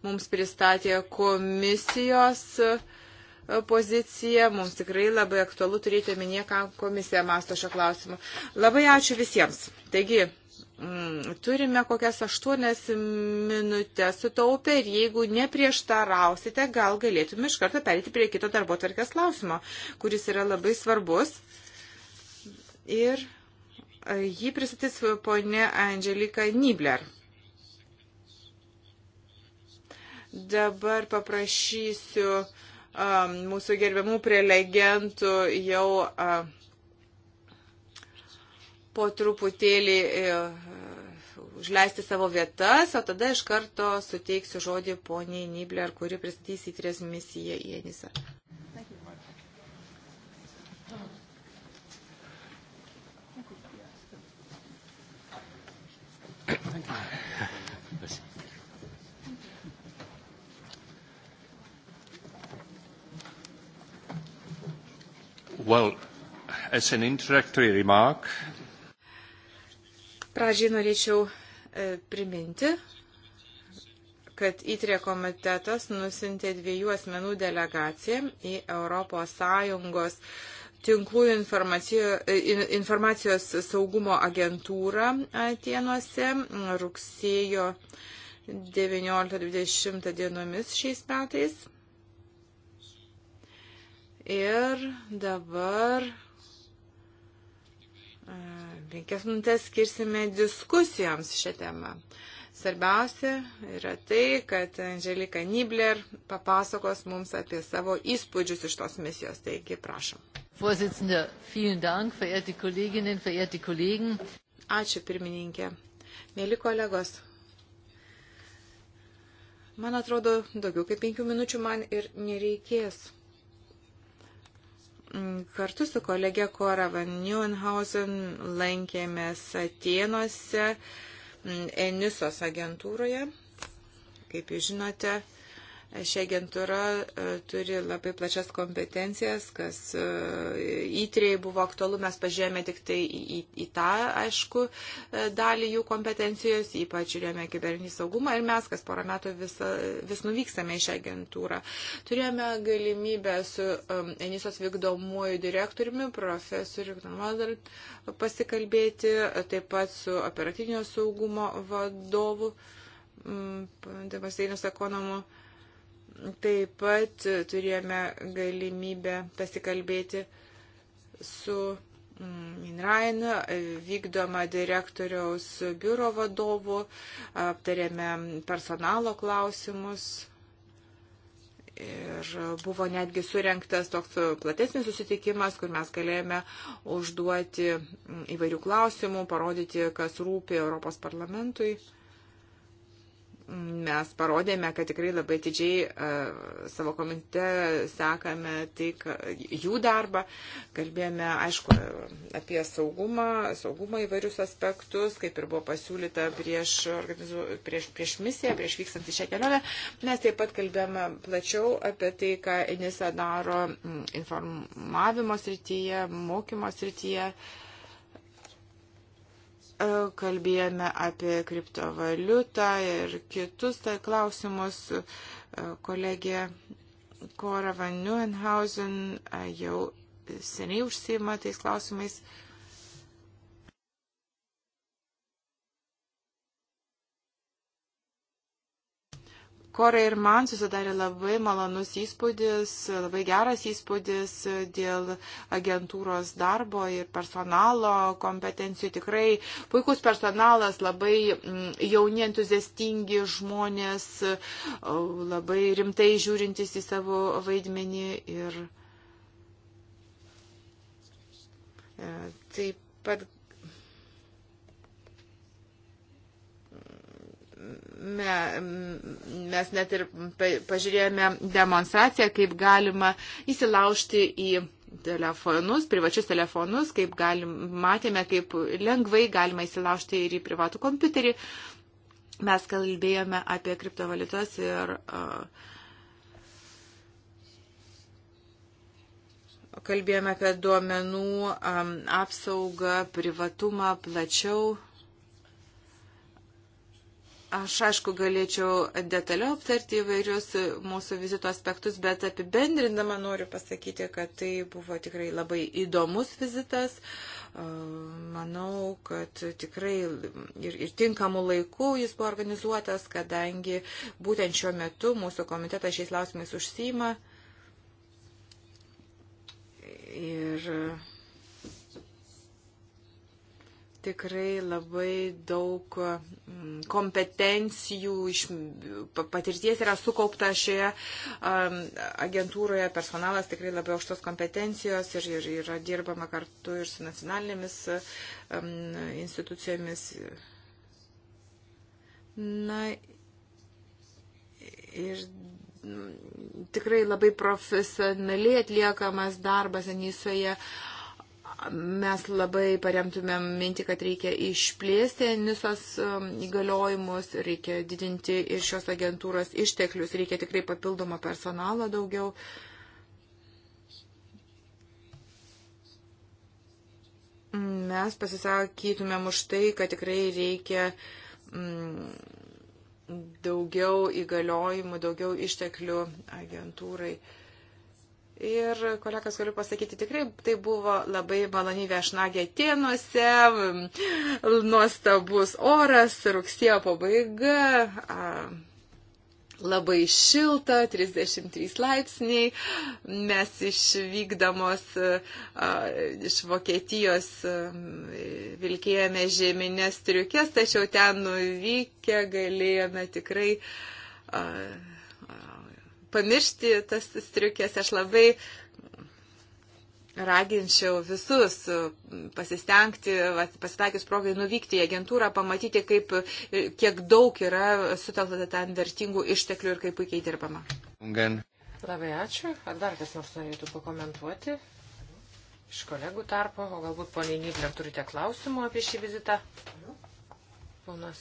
mums pristatė komisijos poziciją. Mums tikrai labai aktualu turėti omenyje, ką komisija masto šio klausimu. Labai ačiū visiems. Taigi, mm, turime kokias aštuonias minutės sutaupę ir jeigu neprieštarausite, gal galėtume iš karto perėti prie kito darbo tvarkės klausimo, kuris yra labai svarbus. Ir Jį pristatys ponė Angelika Nibler. Dabar paprašysiu um, mūsų gerbiamų prelegentų jau uh, po truputėlį uh, užleisti savo vietas, o tada iš karto suteiksiu žodį poniai Nibler, kuri pristatys į tris misiją į Enisą.
Thank you. Merci.
Well, as an introductory remark.
Pradžiai norėčiau e, priminti, kad įtrė e komitetas nusintė dviejų asmenų delegaciją į Europos Sąjungos e, tinklų e, informacijos saugumo agentūrą Atenuose rugsėjo 19-20 dienomis šiais metais. Ir dabar e, penkias minutės skirsime diskusijoms šią temą. Svarbiausia yra tai, kad Angelika Nibler papasakos mums apie savo įspūdžius iš tos misijos. Taigi, prašom.
Vorsitzender,
vielen Dank, verehrte Kolleginnen, verehrte Kollegen. Ačiū pirmininkė. Mėly kolegos, man atrodo, daugiau kaip penkių minučių man ir nereikės. Kartu su kolegė Kora Van Neuenhausen lankėmės Atenuose, Enisos agentūroje. Kaip jūs žinote, Ši agentūra e, turi labai plačias kompetencijas, kas e, įtrėjai buvo aktualu, mes pažiūrėjome tik tai į, į, į tą, aišku, e, dalį jų kompetencijos, ypač žiūrėjome kiberninį saugumą ir mes, kas porą metų visa, vis nuvyksame į šią agentūrą. Turėjome galimybę su um, Enisos vykdomuoju direktoriumi, profesoriu Knamaldar, pasikalbėti, taip pat su operatyvinio saugumo vadovu, um, Devasteinius ekonomu Taip pat turėjome galimybę pasikalbėti su mm, Minrain, vykdoma direktoriaus biuro vadovu, aptarėme personalo klausimus, Ir buvo netgi surinktas toks platesnis susitikimas, kur mes galėjome užduoti mm, įvairių klausimų, parodyti, kas rūpi Europos parlamentui mes parodėme, kad tikrai labai atidžiai e, savo komitete sekame tai, jų darbą. Kalbėjome, aišku, apie saugumą, saugumo įvairius aspektus, kaip ir buvo pasiūlyta prieš, organizu, prieš, prieš misiją, prieš vykstant į šią kelionę. Mes taip pat kalbėjome plačiau apie tai, ką Enisa daro informavimo srityje, mokymo srityje. Uh, kalbėjome apie kriptovaliutą ir kitus tai klausimus. Kolegė Kora van Neuenhausen jau seniai užsima tais klausimais. Uh, Korai ir man susidarė labai malonus įspūdis, labai geras įspūdis dėl agentūros darbo ir personalo kompetencijų. Tikrai puikus personalas, labai mm, jauni, entuziastingi žmonės, labai rimtai žiūrintys į savo vaidmenį ir e, taip pat mes net ir pažiūrėjome demonstraciją, kaip galima įsilaužti į telefonus, privačius telefonus, kaip galim, matėme, kaip lengvai galima įsilaužti ir į privatų kompiuterį. Mes kalbėjome apie kriptovaliutas ir uh, kalbėjome apie duomenų um, apsaugą, privatumą plačiau. Aš aišku galėčiau detaliau aptarti įvairius mūsų vizito aspektus, bet apibendrindama noriu pasakyti, kad tai buvo tikrai labai įdomus vizitas. Manau, kad tikrai ir, ir tinkamų laikų jis buvo organizuotas, kadangi būtent šiuo metu mūsų komitetas šiais lausimais užsima. Ir tikrai labai daug mm, kompetencijų, iš, patirties yra sukaupta šioje um, agentūroje, personalas tikrai labai aukštos kompetencijos ir, ir yra dirbama kartu ir su nacionalinėmis um, institucijomis. Na ir mm, tikrai labai profesionaliai atliekamas darbas Anysoje. Uh, mes labai paremtumėm mintį, kad reikia išplėsti NISOS um, įgaliojimus, reikia didinti ir šios agentūros išteklius, reikia tikrai papildomą personalą daugiau. Mes pasisakytumėm už tai, kad tikrai reikia mm, daugiau įgaliojimų, daugiau išteklių agentūrai. Ir kolegas galiu pasakyti, tikrai tai buvo labai maloni viešnagė tėnuose, nuostabus oras, rugsėjo pabaiga, labai šilta, 33 laipsniai. Mes išvykdamos iš Vokietijos vilkėjome žemines triukės, tačiau ten nuvykę galėjome tikrai pamiršti tas striukės. Aš labai raginčiau visus e, pasistengti, pasitaikius progai nuvykti į agentūrą, pamatyti, kaip, e, kiek daug yra sutelkta ten vertingų išteklių ir kaip puikiai dirbama.
Gan.
Labai ačiū. Ar dar kas nors norėtų pakomentuoti? Iš kolegų tarpo, o galbūt poniai Nibler turite klausimų apie šį vizitą? Ponas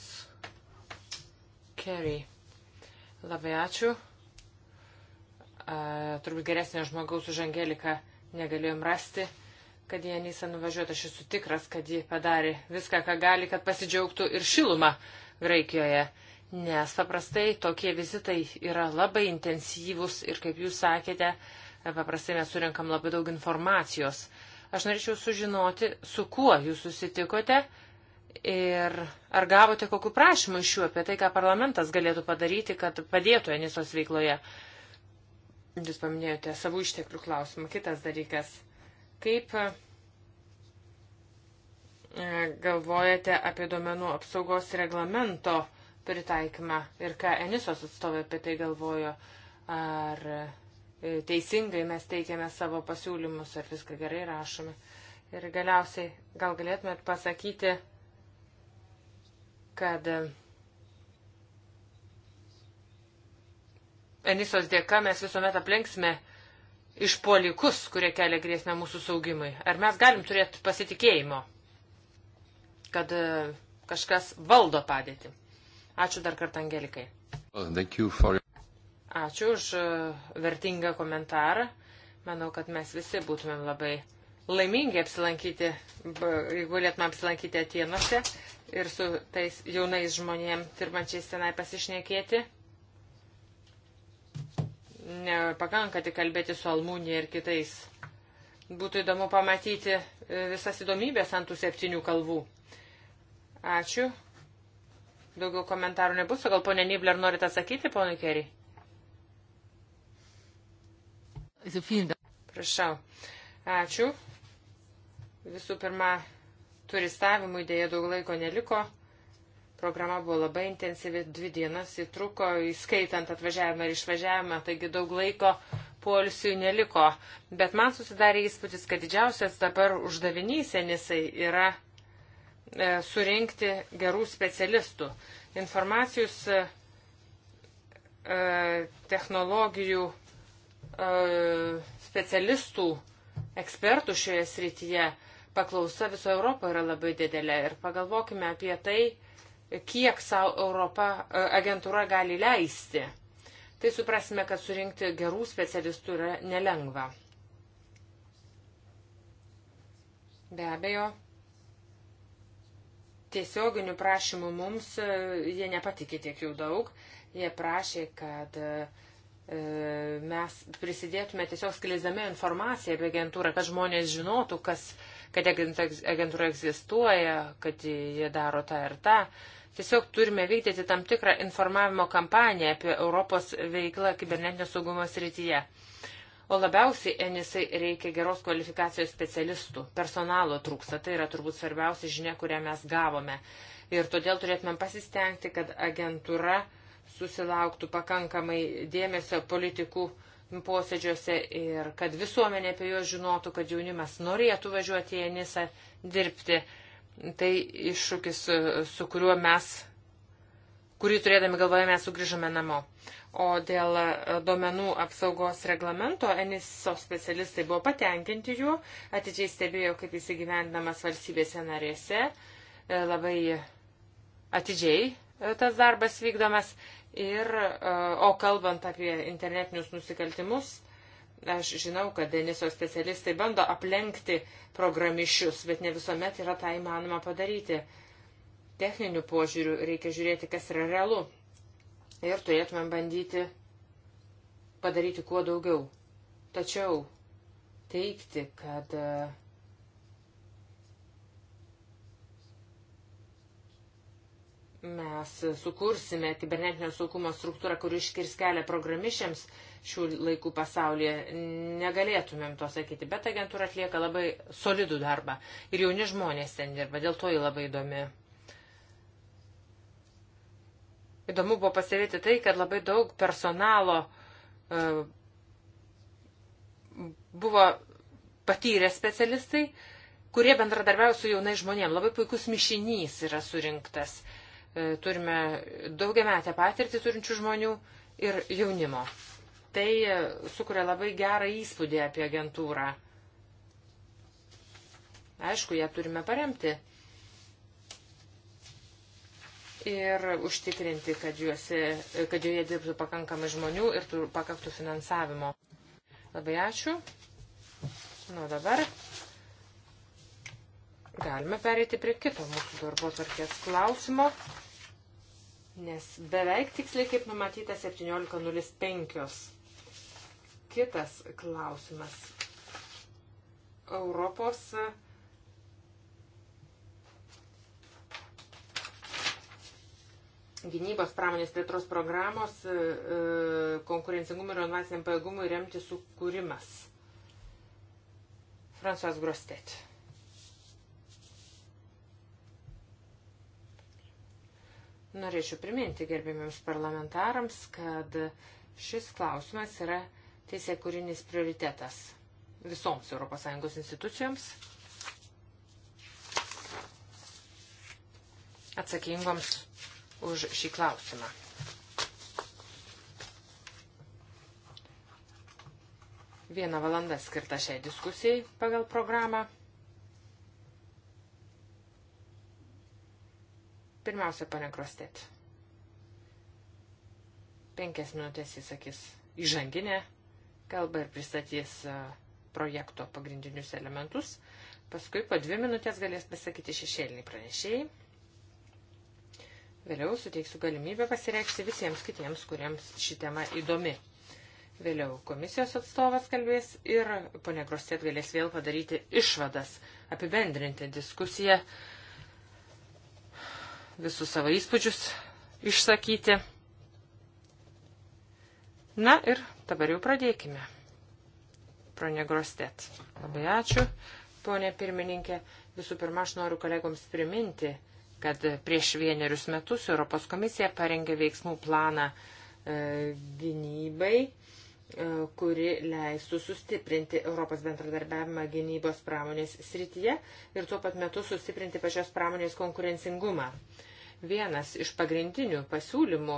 Kerry. Labai ačiū turbūt geresnio žmogaus už Angeliką negalėjom rasti, kad jie neįsa nuvažiuoti. Aš esu tikras, kad jie padarė viską, ką gali, kad pasidžiaugtų ir šilumą Graikijoje. Nes paprastai tokie vizitai yra labai intensyvūs ir, kaip jūs sakėte, paprastai mes surinkam labai daug informacijos. Aš norėčiau sužinoti, su kuo jūs susitikote ir ar gavote kokiu prašymu iš jų apie tai, ką parlamentas galėtų padaryti, kad padėtų Enisos veikloje. Jūs paminėjote savų išteklių klausimą. Kitas dalykas. Kaip e, galvojate apie duomenų apsaugos reglamento pritaikymą ir ką Enisos atstovai apie tai galvojo? Ar e, teisingai mes teikiame savo pasiūlymus, ar viską gerai rašome? Ir galiausiai gal galėtumėt pasakyti, kad Enisos dėka mes visuomet aplenksime išpolikus, kurie kelia grėsmę mūsų saugimui. Ar mes galim turėti pasitikėjimo, kad e, kažkas valdo padėtį? Ačiū dar kartą Angelikai. Ačiū už e, vertingą komentarą. Manau, kad mes visi būtumėm labai laimingi apsilankyti, jeigu galėtume apsilankyti Atenuose ir su tais jaunais žmonėm dirbančiais tenai pasišnekėti. Nepakanka tik kalbėti su Almūnija ir kitais. Būtų įdomu pamatyti e, visas įdomybės ant tų septynių kalvų. Ačiū. Daugiau komentarų nebus. Gal ponė Nibler norite atsakyti, ponė Kerry? Prašau. Ačiū. Visų pirma, turistavimui dėja daug laiko neliko. Programa buvo labai intensyvi, dvi dienas įtruko, įskaitant atvažiavimą ir išvažiavimą, taigi daug laiko poilsiui neliko. Bet man susidarė įspūdis, kad didžiausias dabar uždavinys senisai yra e, surinkti gerų specialistų. Informacijos e, e, technologijų e, specialistų, ekspertų šioje srityje paklausa viso Europoje yra labai didelė. Ir pagalvokime apie tai, kiek savo Europa e, agentūra gali leisti. Tai suprasime, kad surinkti gerų specialistų yra nelengva. Be abejo, tiesioginių prašymų mums e, jie nepatikė tiek jau daug. Jie prašė, kad e, mes prisidėtume tiesiog skleisdami informaciją apie agentūrą, kad žmonės žinotų, kas kad agentūra egzistuoja, kad jie daro tą ir tą. Tiesiog turime vykdyti tam tikrą informavimo kampaniją apie Europos veiklą kibernetinio saugumo srityje. O labiausiai Enisai reikia geros kvalifikacijos specialistų. Personalo trūksta. Tai yra turbūt svarbiausia žinia, kurią mes gavome. Ir todėl turėtumėm pasistengti, kad agentūra susilauktų pakankamai dėmesio politikų uh, posėdžiuose ir kad visuomenė apie juos žinotų, kad jaunimas norėtų važiuoti į Enisą dirbti. Tai iššūkis, e, su kuriuo mes, kurį turėdami galvoje, mes sugrįžome namo. O dėl e, duomenų apsaugos reglamento Eniso specialistai buvo patenkinti juo, atidžiai stebėjo, kaip jis įgyvendamas valstybėse narėse, e, labai atidžiai tas darbas vykdomas Ir, e, o kalbant apie internetinius nusikaltimus, aš žinau, kad Deniso specialistai bando aplenkti programišius, bet ne visuomet yra tą įmanoma padaryti. Techninių požiūrių reikia žiūrėti, kas yra realu. Ir turėtumėm bandyti padaryti kuo daugiau. Tačiau teikti, kad uh, Mes sukursime kibernetinio saugumo struktūrą, kuri iškirs kelią programišiams šių laikų pasaulyje. Negalėtumėm to sakyti, bet agentūra atlieka labai solidų darbą. Ir jauni žmonės ten dirba, dėl to ji labai įdomi. Įdomu buvo pastebėti tai, kad labai daug personalo uh, buvo patyrę specialistai, kurie bendradarbiavo su jaunai žmonėm. Labai puikus mišinys yra surinktas. Uh, E, turime daugiametę patirtį turinčių žmonių ir jaunimo. Tai e, sukuria labai gerą įspūdį apie agentūrą. Aišku, ją turime paremti ir užtikrinti, kad, juose, kad joje dirbtų pakankamai žmonių ir pakaktų finansavimo. Labai ačiū. Nu, dabar Galime pereiti prie kito mūsų darbo tvarkės klausimo, nes beveik tiksliai kaip numatyta 17.05. Kitas klausimas. Europos gynybos pramonės plėtros programos e, e, konkurencingumui ir inovaciniam pajėgumui remti sukūrimas. François Grostet. Norėčiau priminti gerbėmiams parlamentarams, kad šis klausimas yra teisėkūrinis prioritetas visoms ES institucijoms, atsakingoms už šį klausimą. Vieną valandą skirta šiai diskusijai pagal programą. Pirmiausia, pane Krostet. Penkias minutės jis sakys įžanginę kalbą ir pristatys e, projekto pagrindinius elementus. Paskui po dvi minutės galės pasakyti šešėliniai pranešėjai. Vėliau suteiksiu galimybę pasireikšti visiems kitiems, kuriems ši tema įdomi. Vėliau komisijos atstovas kalbės ir ponė Grostėt galės vėl padaryti išvadas, apibendrinti diskusiją visus savo įspūdžius išsakyti. Na ir dabar jau pradėkime. Pronegrostet. Labai ačiū, ponė pirmininkė. Visų pirma, aš noriu kolegoms priminti, kad prieš vienerius metus Europos komisija parengė veiksmų planą e, gynybai, e, kuri leistų sustiprinti Europos bendradarbiavimą gynybos pramonės srityje ir tuo pat metu sustiprinti pačios pramonės konkurencingumą. E, Vienas iš pagrindinių pasiūlymų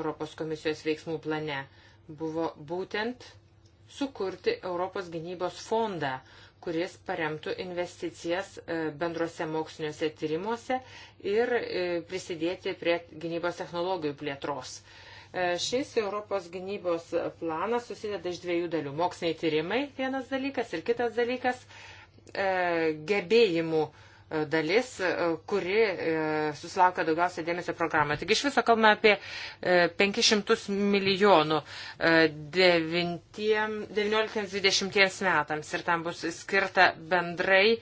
Europos komisijos veiksmų plane buvo būtent sukurti Europos gynybos fondą, kuris paremtų investicijas e, bendrose moksliniuose tyrimuose ir e, prisidėti prie gynybos technologijų plėtros. E, šis Europos gynybos planas susideda iš dviejų dalių. Moksliniai tyrimai vienas dalykas ir kitas dalykas gebėjimų uh, dalis, e, kuri e, susilaukia daugiausia dėmesio programą. Taigi iš viso kalbame apie 500 e, milijonų 19-20 metams ir tam bus skirta bendrai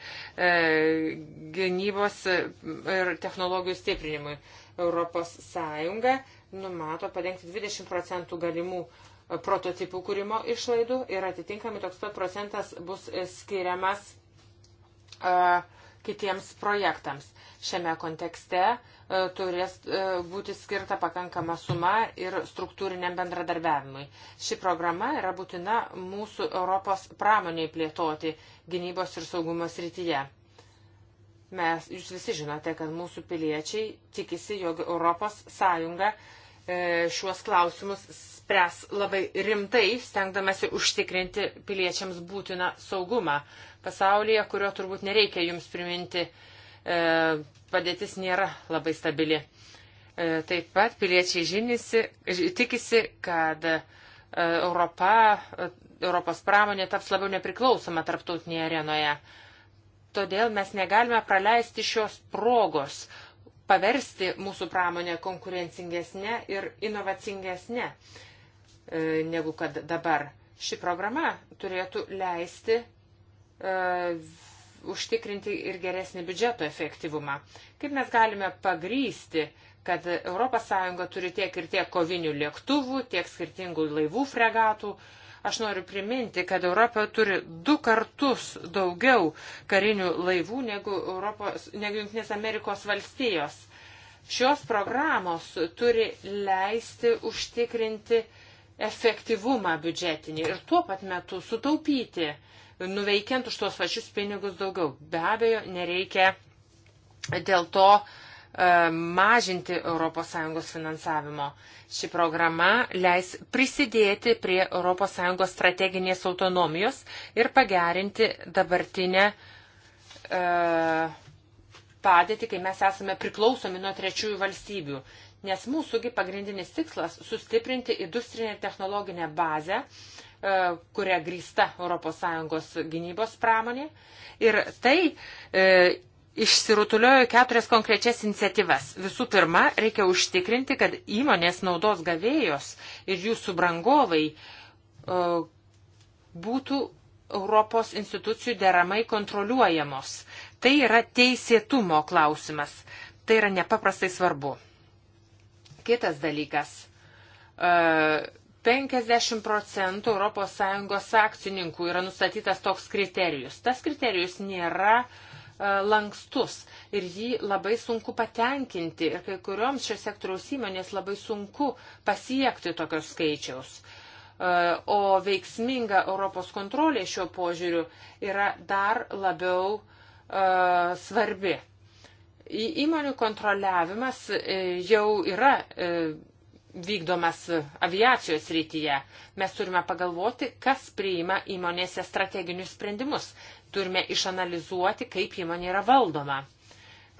gynybos ir technologijų stiprinimui. Europos Sąjunga numato padengti 20 procentų galimų prototipų kūrimo išlaidų ir atitinkamai toks pat procentas bus skiriamas uh, kitiems projektams. Šiame kontekste e, turės e, būti skirta pakankama suma ir struktūriniam bendradarbiavimui. Ši programa yra būtina mūsų Europos pramoniai plėtoti gynybos ir saugumo srityje. Mes, jūs visi žinote, kad mūsų piliečiai tikisi, jog Europos Sąjunga E, šiuos klausimus spręs labai rimtai, stengdamasi užtikrinti piliečiams būtiną saugumą. Pasaulyje, kurio turbūt nereikia jums priminti, e, padėtis nėra labai stabili. E, taip pat piliečiai žinisi, tikisi, kad Europa, Europos pramonė taps labiau nepriklausoma tarptautinėje arenoje. Todėl mes negalime praleisti šios progos uh, paversti mūsų pramonę konkurencingesnė ir inovacingesnė e, negu kad dabar. Ši programa turėtų leisti uh, užtikrinti ir geresnį biudžeto efektyvumą. Kaip mes galime pagrysti, kad ES turi tiek ir tiek kovinių lėktuvų, tiek skirtingų laivų fregatų, uh, Aš noriu priminti, kad Europa turi du kartus daugiau karinių laivų negu, Europos, negu Junktinės Amerikos valstijos. Šios programos turi leisti užtikrinti efektyvumą biudžetinį ir tuo pat metu sutaupyti, nuveikiant už tuos pačius pinigus daugiau. Be abejo, nereikia dėl to uh, E, mažinti ES finansavimo. Ši programa leis prisidėti prie ES strateginės autonomijos ir pagerinti dabartinę e, padėtį, kai mes esame priklausomi nuo trečiųjų valstybių. Nes mūsųgi pagrindinis tikslas - sustiprinti industrinę technologinę bazę, e, kuria grįsta ES gynybos pramonė. Ir tai išsirutuliojo keturias konkrečias iniciatyvas. Visų pirma, reikia užtikrinti, kad įmonės naudos gavėjos ir jų subrangovai e, būtų Europos institucijų deramai kontroliuojamos. Tai yra teisėtumo klausimas. Tai yra nepaprastai svarbu. Kitas dalykas. 50 e, procentų ES akcininkų yra nustatytas toks kriterijus. Tas kriterijus nėra uh, E, lankstus ir jį labai sunku patenkinti ir kai kurioms šio sektoriaus įmonės labai sunku pasiekti tokios skaičiaus. E, o veiksminga Europos kontrolė šiuo požiūriu yra dar labiau e, svarbi. Įmonių kontroliavimas jau yra vykdomas aviacijos rytyje. Mes turime pagalvoti, kas priima įmonėse strateginius sprendimus turime išanalizuoti, kaip įmonė yra valdoma.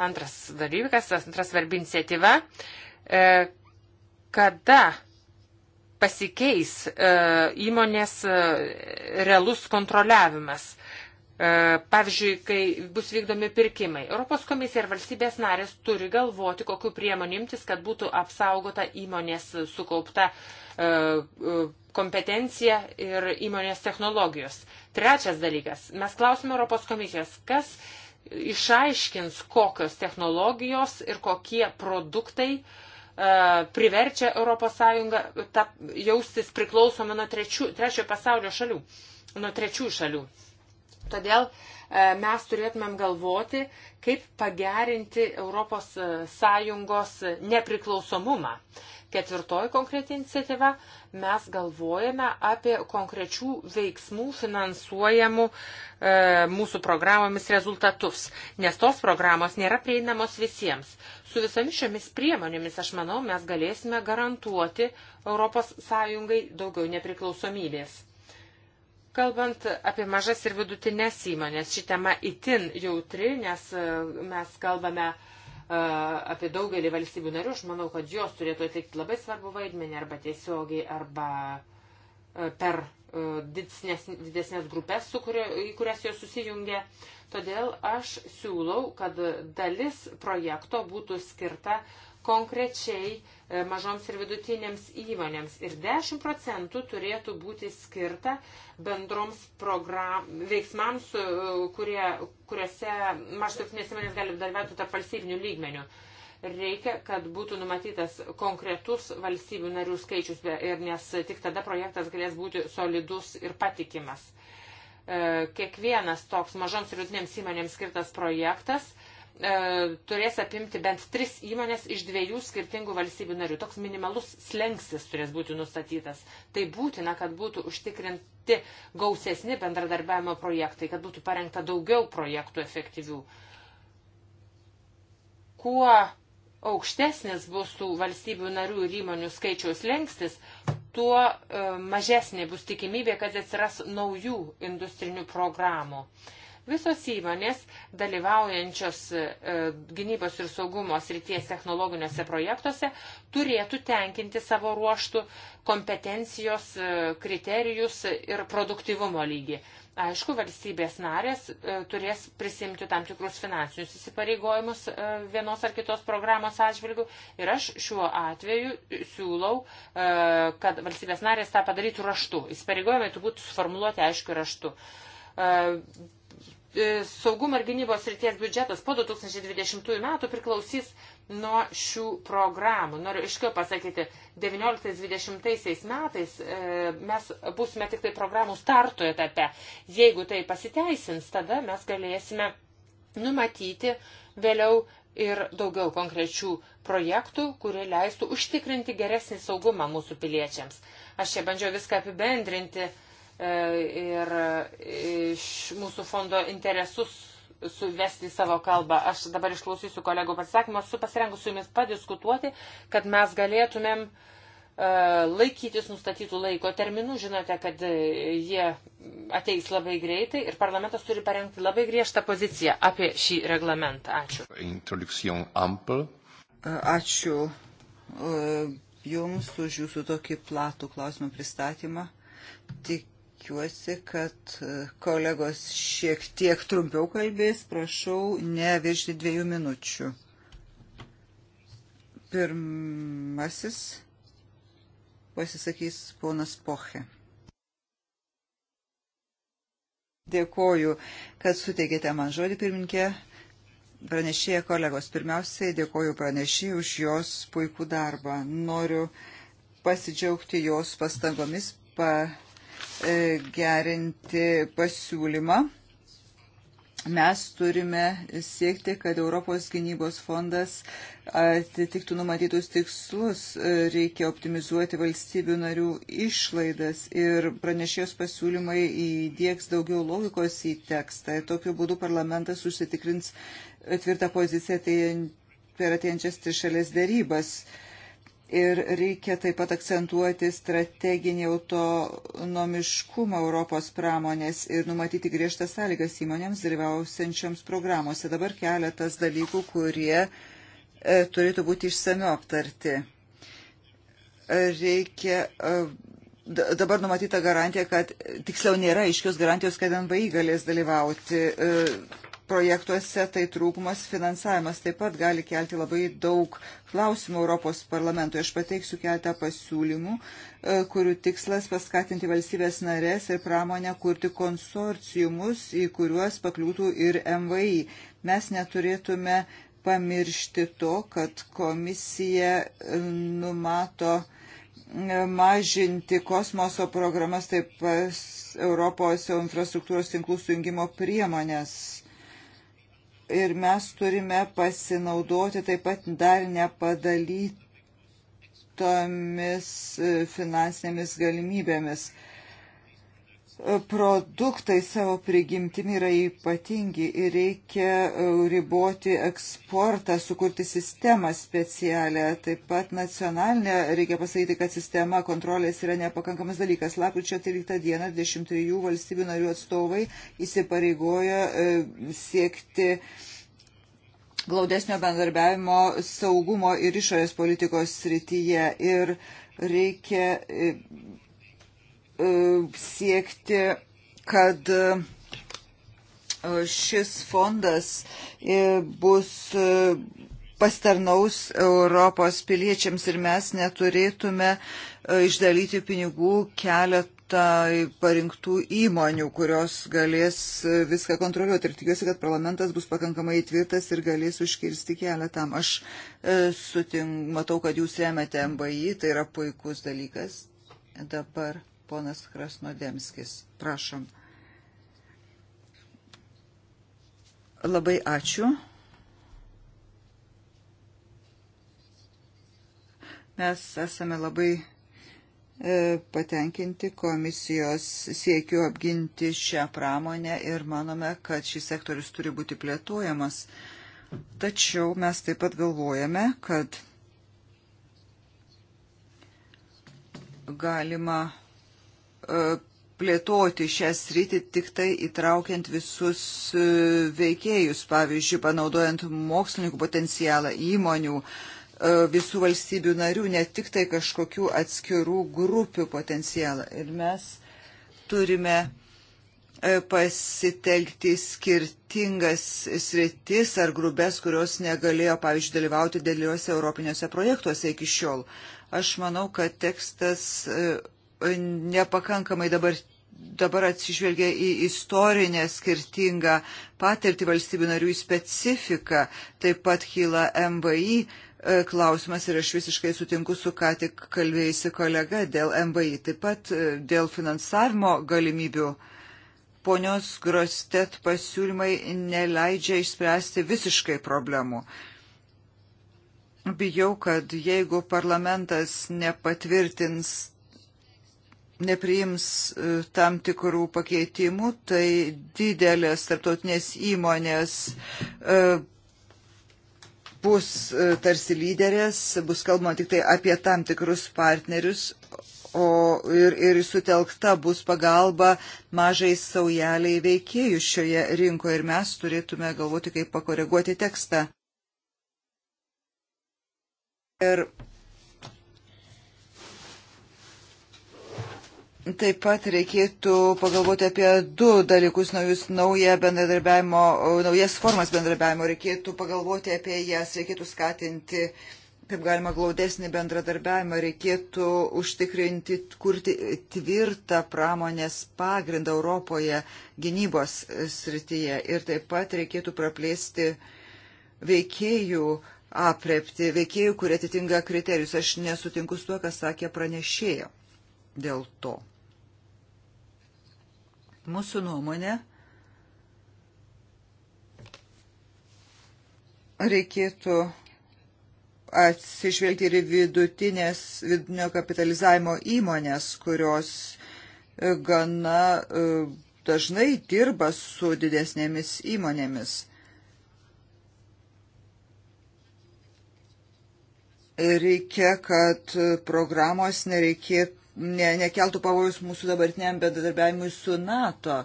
Antras dalykas, antras svarbi iniciatyva, e, kada pasikeis e, įmonės e, realus kontroliavimas. Pavyzdžiui, kai bus vykdomi pirkimai, Europos komisija ir valstybės narės turi galvoti, kokiu priemonimtis, kad būtų apsaugota įmonės sukaupta kompetencija ir įmonės technologijos. Trečias dalykas. Mes klausime Europos komisijos, kas išaiškins, kokios technologijos ir kokie produktai uh, priverčia ES jaustis priklausomą nuo trečių, trečiojo pasaulio šalių, nuo trečių šalių. Uh, Todėl e, mes turėtumėm galvoti, kaip pagerinti ES e, nepriklausomumą. Ketvirtoji konkreti iniciatyva - mes galvojame apie konkrečių veiksmų finansuojamų e, mūsų programomis rezultatus, nes tos programos nėra prieinamos visiems. Su visomis šiomis priemonėmis, aš manau, mes galėsime garantuoti ES daugiau nepriklausomybės. Kalbant apie mažas ir vidutinės įmonės, ši tema itin jautri, nes e, mes kalbame e, apie daugelį valstybių narių. Aš manau, kad jos turėtų atlikti labai svarbu vaidmenį arba tiesiogiai, arba e, per didesnės, didesnės grupės, kurio, į kurias jos susijungia. Todėl aš siūlau, kad dalis projekto būtų skirta konkrečiai E, mažoms ir vidutinėms įmonėms ir 10 procentų turėtų būti skirta bendroms program, veiksmams, e, kurie, kuriuose mažtutinės įmonės gali dalyvauti tarp valstybinių lygmenių. Reikia, kad būtų numatytas konkretus valstybių narių skaičius, ir nes tik tada projektas galės būti solidus ir patikimas. E, kiekvienas toks mažoms ir vidutinėms įmonėms skirtas projektas E, turės apimti bent tris įmonės iš dviejų skirtingų valstybių narių. Toks minimalus slengsis turės būti nustatytas. Tai būtina, kad būtų užtikrinti gausesni bendradarbiavimo projektai, kad būtų parengta daugiau projektų efektyvių. Kuo aukštesnis bus tų valstybių narių ir įmonių skaičiaus lengstis, tuo e, mažesnė bus tikimybė, kad atsiras naujų industrinių programų. Uh, Visos įmonės, dalyvaujančios e, gynybos ir saugumo srities technologiniuose projektuose, turėtų tenkinti savo ruoštų kompetencijos e, kriterijus ir produktivumo lygį. Aišku, valstybės narės e, turės prisimti tam tikrus finansinius įsipareigojimus vienos ar kitos programos atžvilgių ir aš šiuo atveju siūlau, kad valstybės narės tą padarytų raštu. Įsipareigojimai turbūt suformuluoti aišku raštu E, saugumo ir gynybos ryties biudžetas po 2020 metų priklausys nuo šių programų. Noriu iškiau pasakyti, 19-20 metais e, mes būsime tik tai programų starto etape. Jeigu tai pasiteisins, tada mes galėsime numatyti vėliau ir daugiau konkrečių projektų, kurie leistų užtikrinti geresnį saugumą mūsų piliečiams. Aš čia bandžiau viską apibendrinti E, ir iš mūsų fondo interesus suvesti savo kalbą. Aš dabar išklausysiu kolegų pasisakymą, esu pasirengus su jumis padiskutuoti, kad mes galėtumėm e, laikytis nustatytų laiko terminų. Žinote, kad e, jie ateis labai greitai ir parlamentas turi parengti labai griežtą poziciją apie šį reglamentą.
Ačiū. Ačiū Jums už Jūsų tokį platų klausimą pristatymą. Tik tikiuosi, kad e, kolegos šiek tiek trumpiau kalbės, prašau, ne virš dviejų minučių. Pirmasis pasisakys ponas Poche. Dėkoju, kad suteikėte man žodį, pirminkė. Pranešėja kolegos, pirmiausiai dėkoju pranešėjai už jos puikų darbą. Noriu pasidžiaugti jos pastangomis pa, E, gerinti pasiūlymą. Mes turime siekti, kad Europos gynybos fondas atitiktų numatytus tikslus, e, reikia optimizuoti valstybių narių išlaidas ir pranešėjos pasiūlymai įdėks daugiau logikos į tekstą. Ir tokiu būdu parlamentas susitikrins tvirtą poziciją tai per atėjančias trišalės dėrybas. Uh, ir reikia taip pat akcentuoti strateginį autonomiškumą Europos pramonės ir numatyti griežtas sąlygas įmonėms dalyvausiančioms programuose. Dabar keletas dalykų, kurie e, turėtų būti išsamiu aptarti. E, reikia. E, dabar numatyta garantija, kad tiksliau nėra aiškios garantijos, kad NVI galės dalyvauti e, projektuose, tai trūkumas finansavimas taip pat gali kelti labai daug klausimų Europos parlamentui. Aš pateiksiu keletą pasiūlymų, e, kurių tikslas paskatinti valstybės narės ir pramonę kurti konsorciumus, į kuriuos pakliūtų ir MVI. Mes neturėtume pamiršti to, kad komisija e, numato e, mažinti kosmoso programas, taip Europos infrastruktūros tinklų sujungimo priemonės ir mes turime pasinaudoti taip pat dar nepadalytomis e, finansinėmis galimybėmis produktai savo prigimtimi yra ypatingi ir reikia e, riboti eksportą, sukurti sistemą specialią. Taip pat nacionalinė, reikia pasakyti, kad sistema kontrolės yra nepakankamas dalykas. Lapkričio 13 dieną 23 valstybių narių atstovai įsipareigojo e, siekti glaudesnio bendarbiavimo saugumo ir išorės politikos srityje. Ir reikia e, E, siekti, kad e, šis fondas e, bus pastarnaus Europos piliečiams ir mes neturėtume išdalyti pinigų keletą keletą parinktų įmonių, kurios galės viską kontroliuoti. Ir tikiuosi, kad parlamentas bus pakankamai tvirtas ir galės užkirsti kelią tam. Aš sutink, matau, kad jūs remiate MBI, tai yra puikus dalykas. Dabar ponas Krasnodemskis. Prašom. Labai ačiū. Mes esame labai e, patenkinti komisijos siekiu apginti šią pramonę ir manome, kad šis sektorius turi būti plėtojamas. Tačiau mes taip pat galvojame, kad galima E, plėtoti šią sritį tik tai įtraukiant visus e, veikėjus, pavyzdžiui, panaudojant mokslininkų potencialą įmonių e, visų valstybių narių, ne tik tai kažkokių atskirų grupių potencialą. Ir mes turime pasitelkti skirtingas sritis ar grubės, kurios negalėjo, pavyzdžiui, dalyvauti dėliuose europiniuose projektuose iki šiol. Aš manau, kad tekstas nepakankamai dabar, dabar atsižvelgia į istorinę skirtingą patirtį valstybių narių, į specifiką, taip pat kyla MVI e, klausimas ir aš visiškai sutinku su ką tik kalbėjusi kolega dėl MVI, taip pat e, dėl finansavimo galimybių. Ponios Grostet pasiūlymai neleidžia išspręsti visiškai problemų. Bijau, kad jeigu parlamentas nepatvirtins nepriims e, tam tikrų pakeitimų, tai didelės tarptautinės įmonės e, bus e, tarsi lyderės, bus kalbama tik tai apie tam tikrus partnerius, o ir, ir sutelkta bus pagalba mažai saujeliai veikėjų šioje rinkoje ir mes turėtume galvoti, kaip pakoreguoti tekstą. Ir Taip pat reikėtų pagalvoti apie du dalykus naujus, naują bendradarbiavimo, naujas formas bendradarbiavimo. Reikėtų pagalvoti apie jas, reikėtų skatinti, kaip galima, glaudesnį bendradarbiavimą, reikėtų užtikrinti, kurti tvirtą pramonės pagrindą Europoje gynybos srityje. Ir taip pat reikėtų praplėsti veikėjų aprepti, veikėjų, kurie atitinka kriterijus. Aš nesutinku su tuo, kas sakė pranešėjo dėl to. Mūsų nuomonė reikėtų atsižvelgti ir vidutinės vidinio kapitalizavimo įmonės, kurios e, gana e, dažnai dirba su didesnėmis įmonėmis. Reikia, kad programos nereikėtų ne, nekeltų pavojus mūsų dabartiniam bendradarbiavimui su NATO.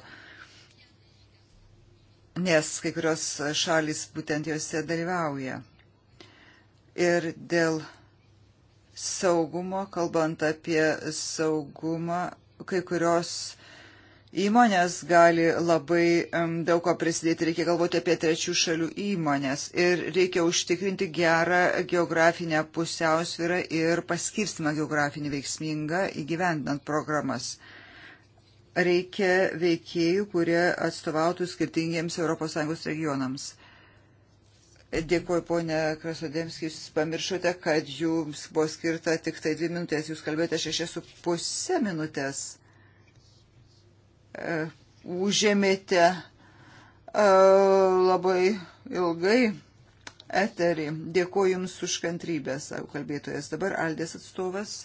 Nes kai kurios šalis būtent juose dalyvauja. Ir dėl saugumo, kalbant apie saugumą, kai kurios Įmonės gali labai daug ko prisidėti, reikia galvoti apie trečių šalių įmonės ir reikia užtikrinti gerą geografinę pusiausvyrą ir paskirstimą geografinį veiksmingą įgyvendinant programas. Reikia veikėjų, kurie atstovautų skirtingiems ES regionams. Dėkuoju, ponė Krasodemskis, jūs pamiršote, kad jums buvo skirta tik tai dvi minutės, jūs kalbėjote šešias su pusė minutės. E, užėmėte e, labai ilgai eterį. Dėkuoju Jums už kantrybę, savo kalbėtojas. Dabar Aldės atstovas.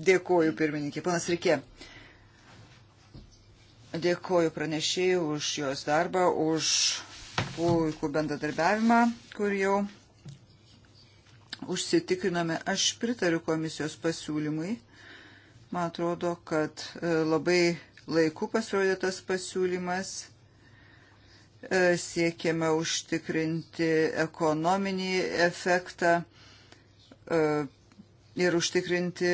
Dėkuoju, pirmininkė. Panas Rikė. Dėkuoju pranešėjai už jos darbą, už puikų bendradarbiavimą, kur jau užsitikrinome. Aš pritariu komisijos pasiūlymui Man atrodo, kad e, labai laiku pasirodė tas pasiūlymas. E, siekiame užtikrinti ekonominį efektą e, ir užtikrinti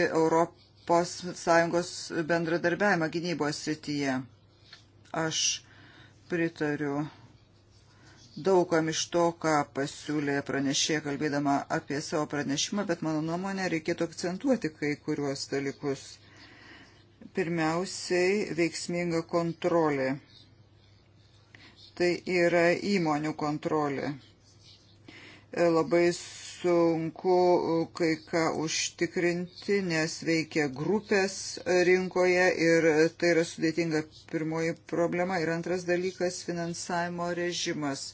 ES bendradarbiavimą gynybos srityje. Aš pritariu daugam iš to, ką pasiūlė pranešė, kalbėdama apie savo pranešimą, bet mano nuomonė reikėtų akcentuoti kai kuriuos dalykus pirmiausiai veiksminga kontrolė. Tai yra įmonių kontrolė. E, labai sunku e, kai ką užtikrinti, nes veikia grupės rinkoje ir tai yra sudėtinga pirmoji problema. Ir antras dalykas - finansavimo režimas.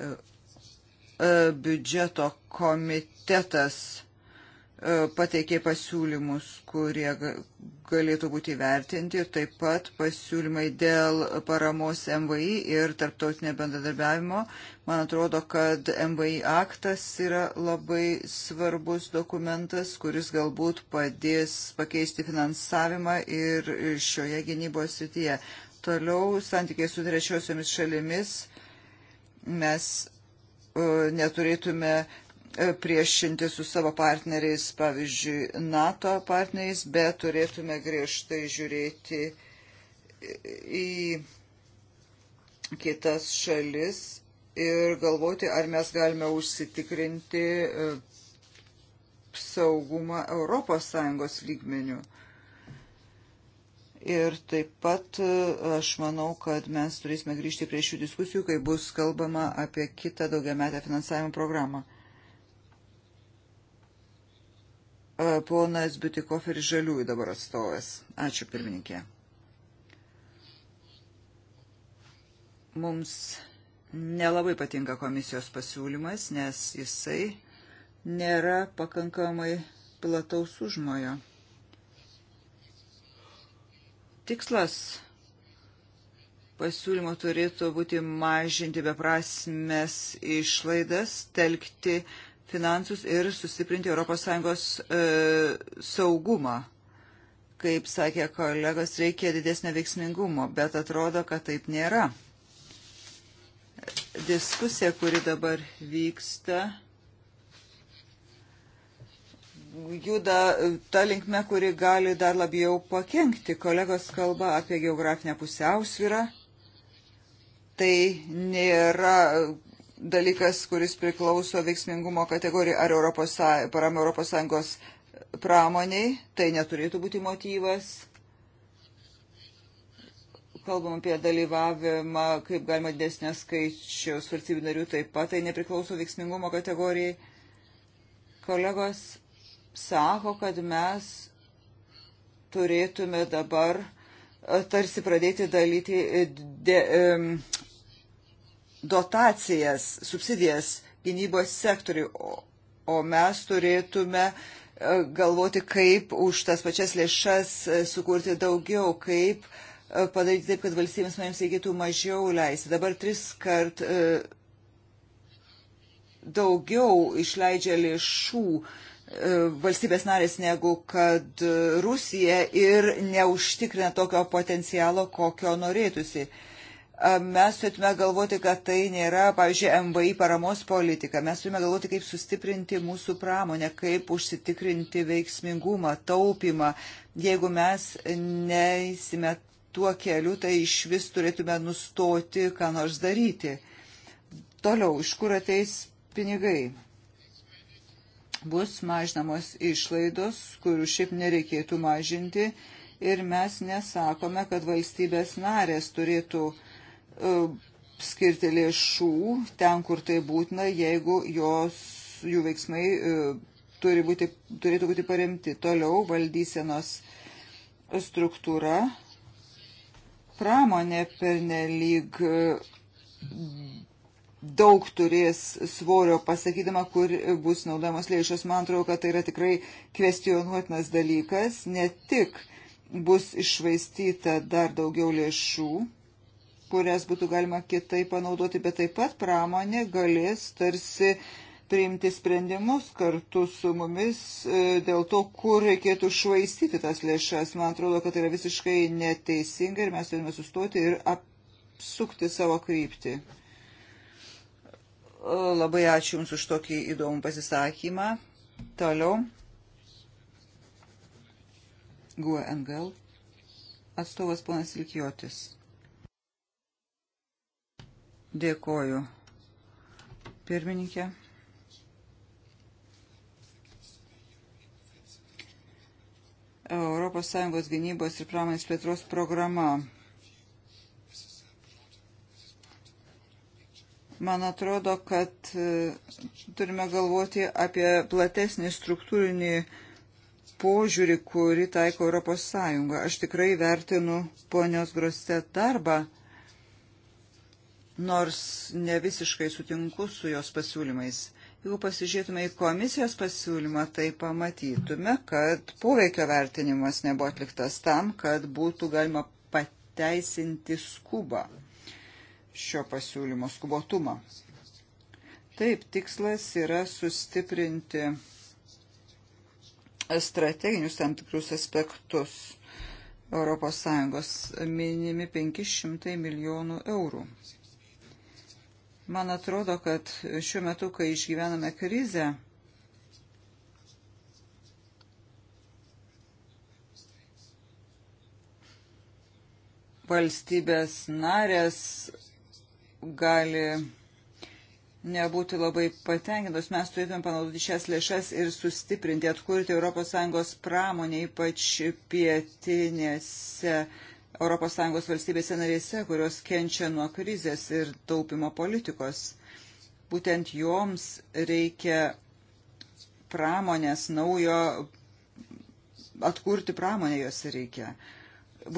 E, biudžeto komitetas E, pateikė pasiūlymus, kurie galėtų būti vertinti, taip pat pasiūlymai dėl paramos MVI ir tarptautinio bendradarbiavimo. Man atrodo, kad MVI aktas yra labai svarbus dokumentas, kuris galbūt padės pakeisti finansavimą ir šioje gynybos srityje. Toliau santykiai su trečiosiomis šalimis mes e, neturėtume priešinti su savo partneriais, pavyzdžiui, NATO partneriais, bet turėtume griežtai žiūrėti į kitas šalis ir galvoti, ar mes galime užsitikrinti e, saugumą ES lygmenių. Ir taip pat e, aš manau, kad mes turėsime grįžti prie šių diskusijų, kai bus kalbama apie kitą daugiametę finansavimo programą. Ponas Butikoferis Žaliųjų dabar atstovas. Ačiū pirmininkė. Mums nelabai patinka komisijos pasiūlymas, nes jisai nėra pakankamai plataus užmojo. Tikslas pasiūlymo turėtų būti mažinti beprasmes išlaidas, telkti uh, finansus ir sustiprinti ES e, saugumą. Kaip sakė kolegos, reikia didesnio veiksmingumo, bet atrodo, kad taip nėra. Diskusija, kuri dabar vyksta, juda ta linkme, kuri gali dar labiau pakengti. Kolegos kalba apie geografinę pusiausvyrą. Tai nėra dalykas, kuris priklauso veiksmingumo kategorijai ar Europos, parama ES pramoniai, tai neturėtų būti motyvas. Kalbam apie dalyvavimą, kaip galima didesnė skaičiaus valstybių narių taip pat, tai nepriklauso veiksmingumo kategorijai. Kolegos sako, kad mes turėtume dabar e, tarsi pradėti dalyti e, de, de, dotacijas, subsidijas gynybos sektoriui, o, o mes turėtume e, galvoti, kaip už tas pačias lėšas e, sukurti daugiau, kaip e, padaryti taip, kad valstybėms manėms reikėtų mažiau leisti. Dabar tris kart daugiau išleidžia lėšų valstybės narės negu kad Rusija ir neužtikrina tokio potencialo, kokio norėtųsi mes turėtume galvoti, kad tai nėra, pavyzdžiui, MVI paramos politika. Mes turime galvoti, kaip sustiprinti mūsų pramonę, kaip užsitikrinti veiksmingumą, taupimą. Jeigu mes neįsime tuo keliu, tai iš vis turėtume nustoti, ką nors daryti. Toliau, iš kur ateis pinigai? Bus mažinamos išlaidos, kurių šiaip nereikėtų mažinti. Ir mes nesakome, kad valstybės narės turėtų uh, E, skirti lėšų ten, kur tai būtina, jeigu jos, jų veiksmai e, turi būti, turėtų būti paremti. Toliau valdysenos struktūra. Pramonė pernelyg e, daug turės svorio pasakydama, kur bus naudojamos lėšos. Man atrodo, kad tai yra tikrai kvestionuotinas dalykas. Ne tik bus išvaistyta dar daugiau lėšų, kurias būtų galima kitai panaudoti, bet taip pat pramonė galės tarsi priimti sprendimus kartu su mumis e, dėl to, kur reikėtų švaistyti tas lėšas. Man atrodo, kad tai yra visiškai neteisinga ir mes turime sustoti ir apsukti savo kryptį. E, labai ačiū Jums už tokį įdomų pasisakymą. Toliau. Guengel. Atstovas ponas Ilkijotis. Dėkoju. Pirmininkė. ES gynybos ir pramonės plėtros programa. Man atrodo, kad e, turime galvoti apie platesnį struktūrinį požiūrį, kurį taiko ES. Aš tikrai vertinu ponios Groste darbą nors ne visiškai sutinku su jos pasiūlymais. Jeigu pasižiūrėtume į komisijos pasiūlymą, tai pamatytume, kad poveikio vertinimas nebuvo atliktas tam, kad būtų galima pateisinti skubą šio pasiūlymo skubotumą. Taip, tikslas yra sustiprinti strateginius tam tikrus aspektus ES minimi 500 milijonų eurų Man atrodo, kad šiuo metu, kai išgyvename krizę, valstybės narės gali nebūti labai patenkintos. Mes turėtume panaudoti šias lėšas ir sustiprinti, atkurti ES pramonę, ypač pietinėse ES valstybėse narėse, kurios kenčia nuo krizės ir taupimo politikos. Būtent joms reikia pramonės naujo, atkurti pramonę jos reikia.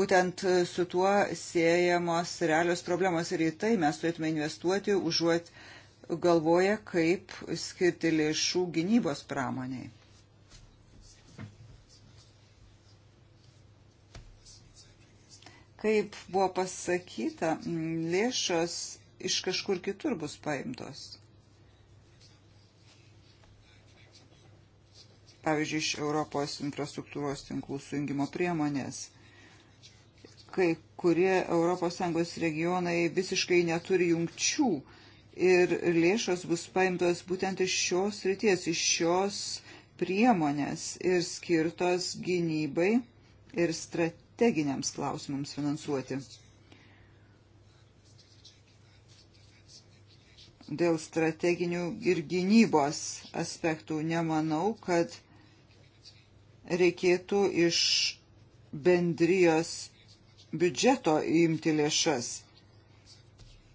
Būtent su tuo siejamos realios problemos ir į tai mes turėtume investuoti, užuot galvoja, kaip skirti lėšų gynybos pramoniai. Kaip buvo pasakyta, mm, lėšos iš kažkur kitur bus paimtos. Pavyzdžiui, iš Europos infrastruktūros tinklų sujungimo priemonės. Kai kurie ES regionai visiškai neturi jungčių ir lėšos bus paimtos būtent iš šios ryties, iš šios priemonės ir skirtos gynybai ir strategijai strateginiams klausimams finansuoti. Dėl strateginių ir gynybos aspektų nemanau, kad reikėtų iš bendrijos biudžeto imti lėšas.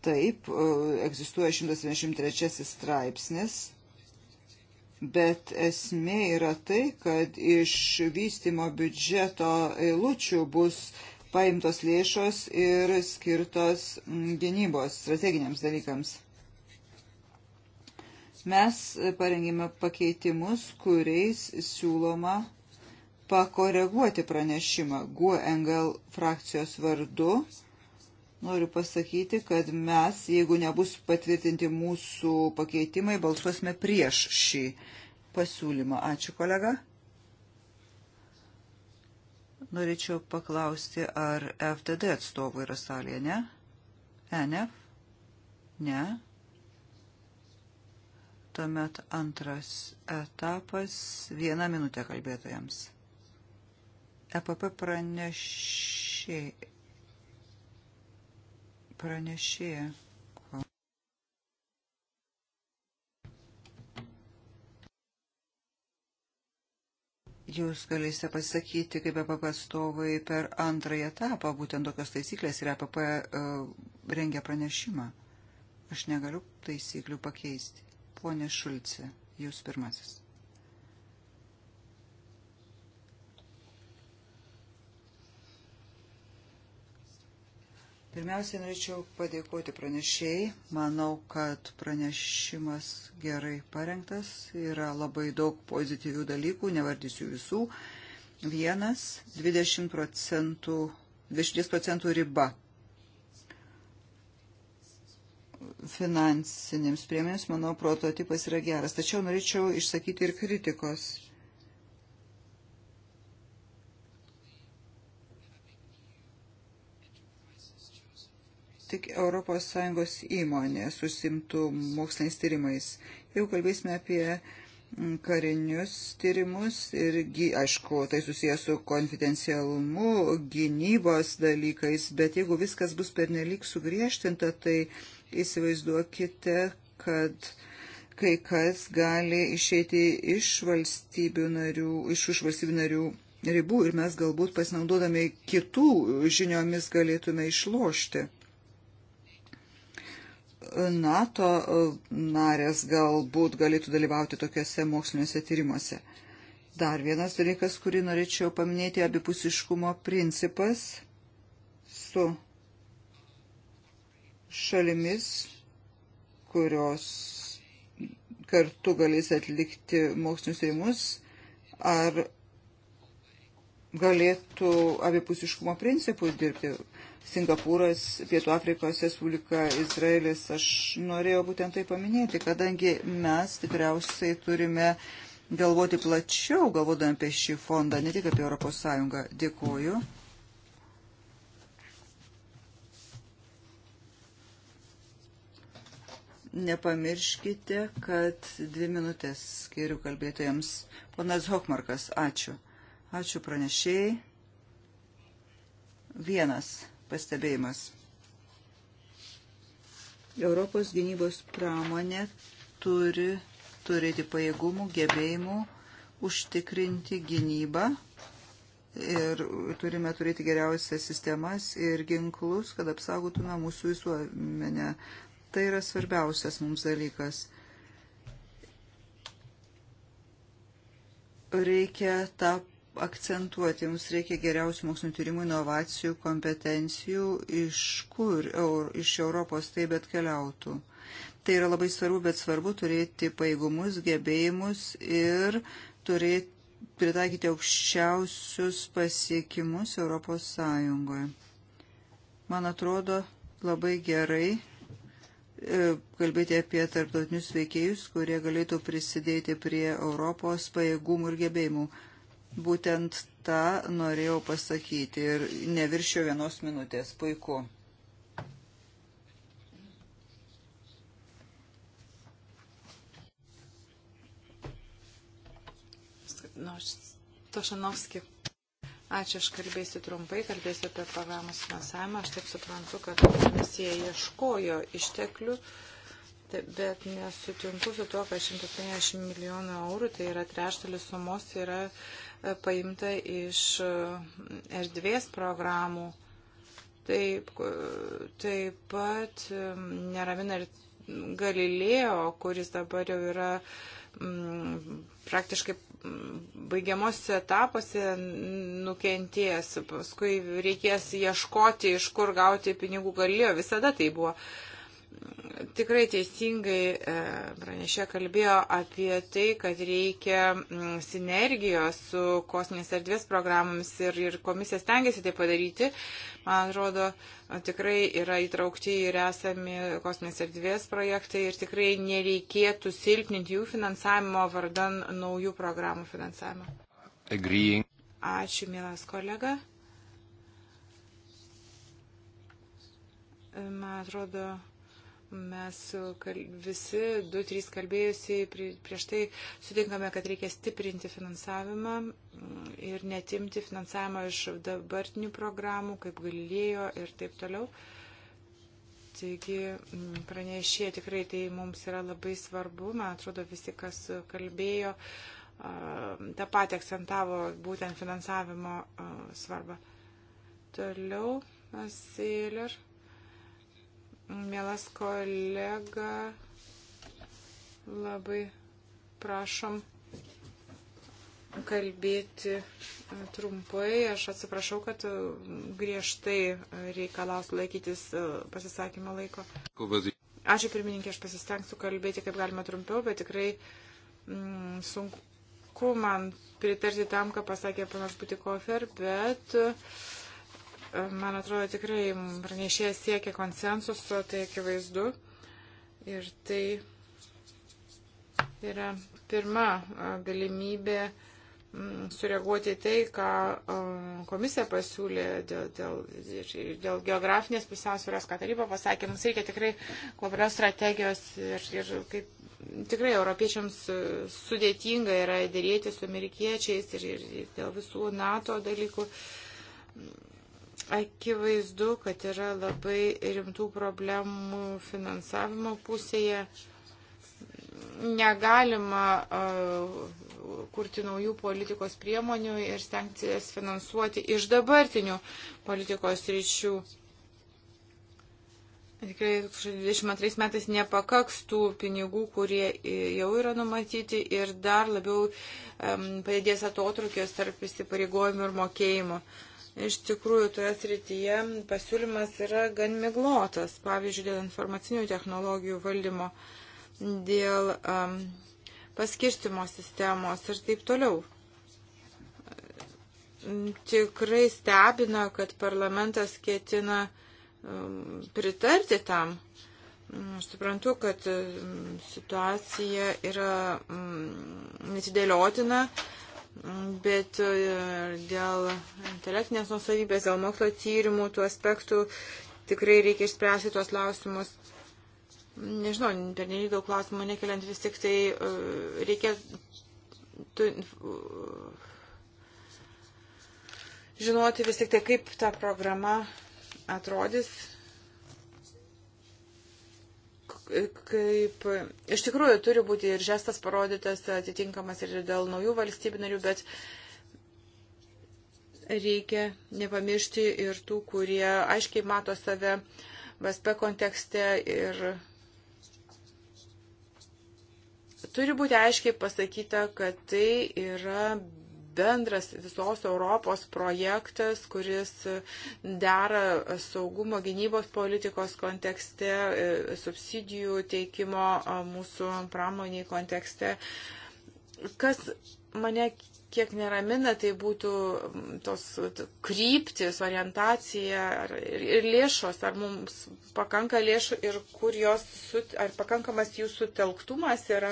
Taip, e, egzistuoja 173 straipsnis Bet esmė yra tai, kad iš vystimo biudžeto eilučių bus paimtos lėšos ir skirtos mm, gynybos strateginiams dalykams. Mes parengėme pakeitimus, kuriais siūloma pakoreguoti pranešimą GUE NGL frakcijos vardu Noriu pasakyti, kad mes, jeigu nebus patvirtinti mūsų pakeitimai, balsuosime prieš šį pasiūlymą. Ačiū, kolega. Norėčiau paklausti, ar FDD atstovų yra salėje, ne? NF? Ne. Tuomet antras etapas. Vieną minutę kalbėtojams. EPP pranešėjai pranešėja. Jūs galėsite pasakyti, kaip EPP atstovai per antrąją etapą, būtent tokios taisyklės ir EPP uh, e, rengia pranešimą. Aš negaliu taisyklių pakeisti. Pone Šulce, jūs pirmasis. Pirmiausiai norėčiau padėkoti pranešėjai. Manau, kad pranešimas gerai parengtas. Yra labai daug pozityvių dalykų, nevardysiu visų. Vienas 20 procentų, 20 procentų riba finansinėms priemonėms, manau, prototipas yra geras. Tačiau norėčiau išsakyti ir kritikos tik ES įmonės užsimtų moksliniais tyrimais. Jau kalbėsime apie mm, karinius tyrimus ir, aišku, tai susijęs su konfidencialumu, gynybos dalykais, bet jeigu viskas bus pernelyg sugriežtinta, tai įsivaizduokite, kad kai kas gali išeiti iš valstybių narių, iš už valstybių narių ribų ir mes galbūt pasinaudodami kitų žiniomis galėtume išlošti. NATO e, narės galbūt galėtų dalyvauti tokiuose moksliniuose tyrimuose. Dar vienas dalykas, kurį norėčiau paminėti, abipusiškumo principas su šalimis, kurios kartu galės atlikti mokslinius tyrimus, ar galėtų abipusiškumo principų dirbti Singapūras, Pietų Afrikos Respublika, Izraelis. Aš norėjau būtent tai paminėti, kadangi mes tikriausiai turime galvoti plačiau, galvodami apie šį fondą, ne tik apie Europos Sąjungą. Dėkuoju. Nepamirškite, kad dvi minutės skiriu kalbėtojams. Ponas Hokmarkas, ačiū. Ačiū pranešėjai. Vienas pastebėjimas. Europos gynybos pramonė turi turėti pajėgumų, gebėjimų užtikrinti gynybą ir turime turėti geriausias sistemas ir ginklus, kad apsaugotume mūsų visuomenę. Tai yra svarbiausias mums dalykas. Reikia tą akcentuoti, mums reikia geriausių mokslinio tyrimų, inovacijų, kompetencijų, iš kur eur, iš Europos tai bet keliautų. Tai yra labai svarbu, bet svarbu turėti paėgumus, gebėjimus ir turėti, pritaikyti aukščiausius pasiekimus Europos Sąjungoje. Man atrodo labai gerai e, kalbėti apie tarptautinius veikėjus, kurie galėtų prisidėti prie Europos pajėgumų ir gebėjimų. Būtent tą norėjau pasakyti ir neviršiau vienos minutės. Puiku.
Nors Tošanovski. Ačiū, aš kalbėsiu trumpai, kalbėsiu apie programos finansavimą. Aš taip suprantu, kad komisija ieškojo išteklių, tai, bet nesutinku su tuo, kad 150 milijonų eurų, tai yra trešdalis sumos, yra uh, paimta iš e, erdvės programų. Taip, e, taip pat e, neramina ir Galilėjo, kuris dabar jau yra m, mm, praktiškai mm, baigiamosios etapuose nukentėjęs, paskui reikės ieškoti, iš kur gauti pinigų galėjo, visada tai buvo. Uh, tikrai teisingai e, pranešė kalbėjo apie tai, kad reikia mm, sinergijos su kosminės erdvės programomis ir, ir komisija stengiasi tai padaryti. Man atrodo, tikrai yra įtraukti ir esami kosminės erdvės projektai ir tikrai nereikėtų silpninti jų finansavimo vardan naujų programų finansavimo. Agreeing. Ačiū, mielas kolega. E, man atrodo, Mes visi, du, trys kalbėjusiai, prieš tai sutinkame, kad reikia stiprinti finansavimą mm, ir netimti finansavimą iš dabartinių programų, kaip Galilėjo ir taip toliau. Taigi mm, pranešė tikrai tai mums yra labai svarbu, man atrodo visi, kas kalbėjo, tą patį akcentavo būtent finansavimo svarbą. Toliau, Seiler. Mielas kolega, labai prašom kalbėti trumpai. Aš atsiprašau, kad griežtai reikalaus laikytis e, pasisakymo laiko. Ačiū pirmininkė, aš pasistengsiu kalbėti kaip galima trumpiau, bet tikrai mm, sunku man pritarti tam, ką pasakė panas Butikofer, bet uh, man atrodo, tikrai pranešėjas siekia konsensuso, tai akivaizdu. Ir tai yra pirma galimybė sureaguoti į tai, ką komisija pasiūlė dėl, dėl, dėl geografinės pusiausvėros, ką taryba pasakė. Mums reikia tikrai globalios strategijos ir, ir kaip tikrai europiečiams e, sudėtinga yra dėrėti su amerikiečiais ir, ir, ir dėl visų NATO dalykų. Akivaizdu, kad yra labai rimtų problemų finansavimo pusėje. Negalima kurti naujų politikos priemonių ir stengtis finansuoti iš dabartinių politikos ryšių. Tikrai 2022 metais nepakaks tų pinigų, kurie jau yra numatyti ir dar labiau um, padidės atotrukės tarp įsipareigojimų ir mokėjimo. Uh, Iš tikrųjų, toje srityje pasiūlymas yra gan miglotas, pavyzdžiui, dėl informacinių technologijų valdymo, dėl um, paskirstimo sistemos ir taip toliau tikrai stebina, kad parlamentas ketina pritarti tam. Aš suprantu, kad situacija yra netidėliotina, bet e, dėl intelektinės nusavybės, dėl mokslo tyrimų, tų aspektų tikrai reikia išspręsti tuos klausimus. Nežinau, per nelik daug klausimų nekeliant vis tik tai e, reikia. Tu, žinoti vis tik tai, kaip ta programa atrodys kaip iš tikrųjų turi būti ir žestas parodytas atitinkamas ir dėl naujų valstybių narių, bet reikia nepamiršti ir tų, kurie aiškiai mato save VSP kontekste ir turi būti aiškiai pasakyta, kad tai yra bendras visos Europos projektas, kuris dera saugumo gynybos politikos kontekste, e, subsidijų teikimo mūsų pramoniai kontekste. Uh, Kas mane kiek neramina, tai būtų tos kryptis, orientacija ar, ir, ir lėšos, ar mums pakanka lėšų ir kur jos, ar pakankamas jų sutelktumas yra,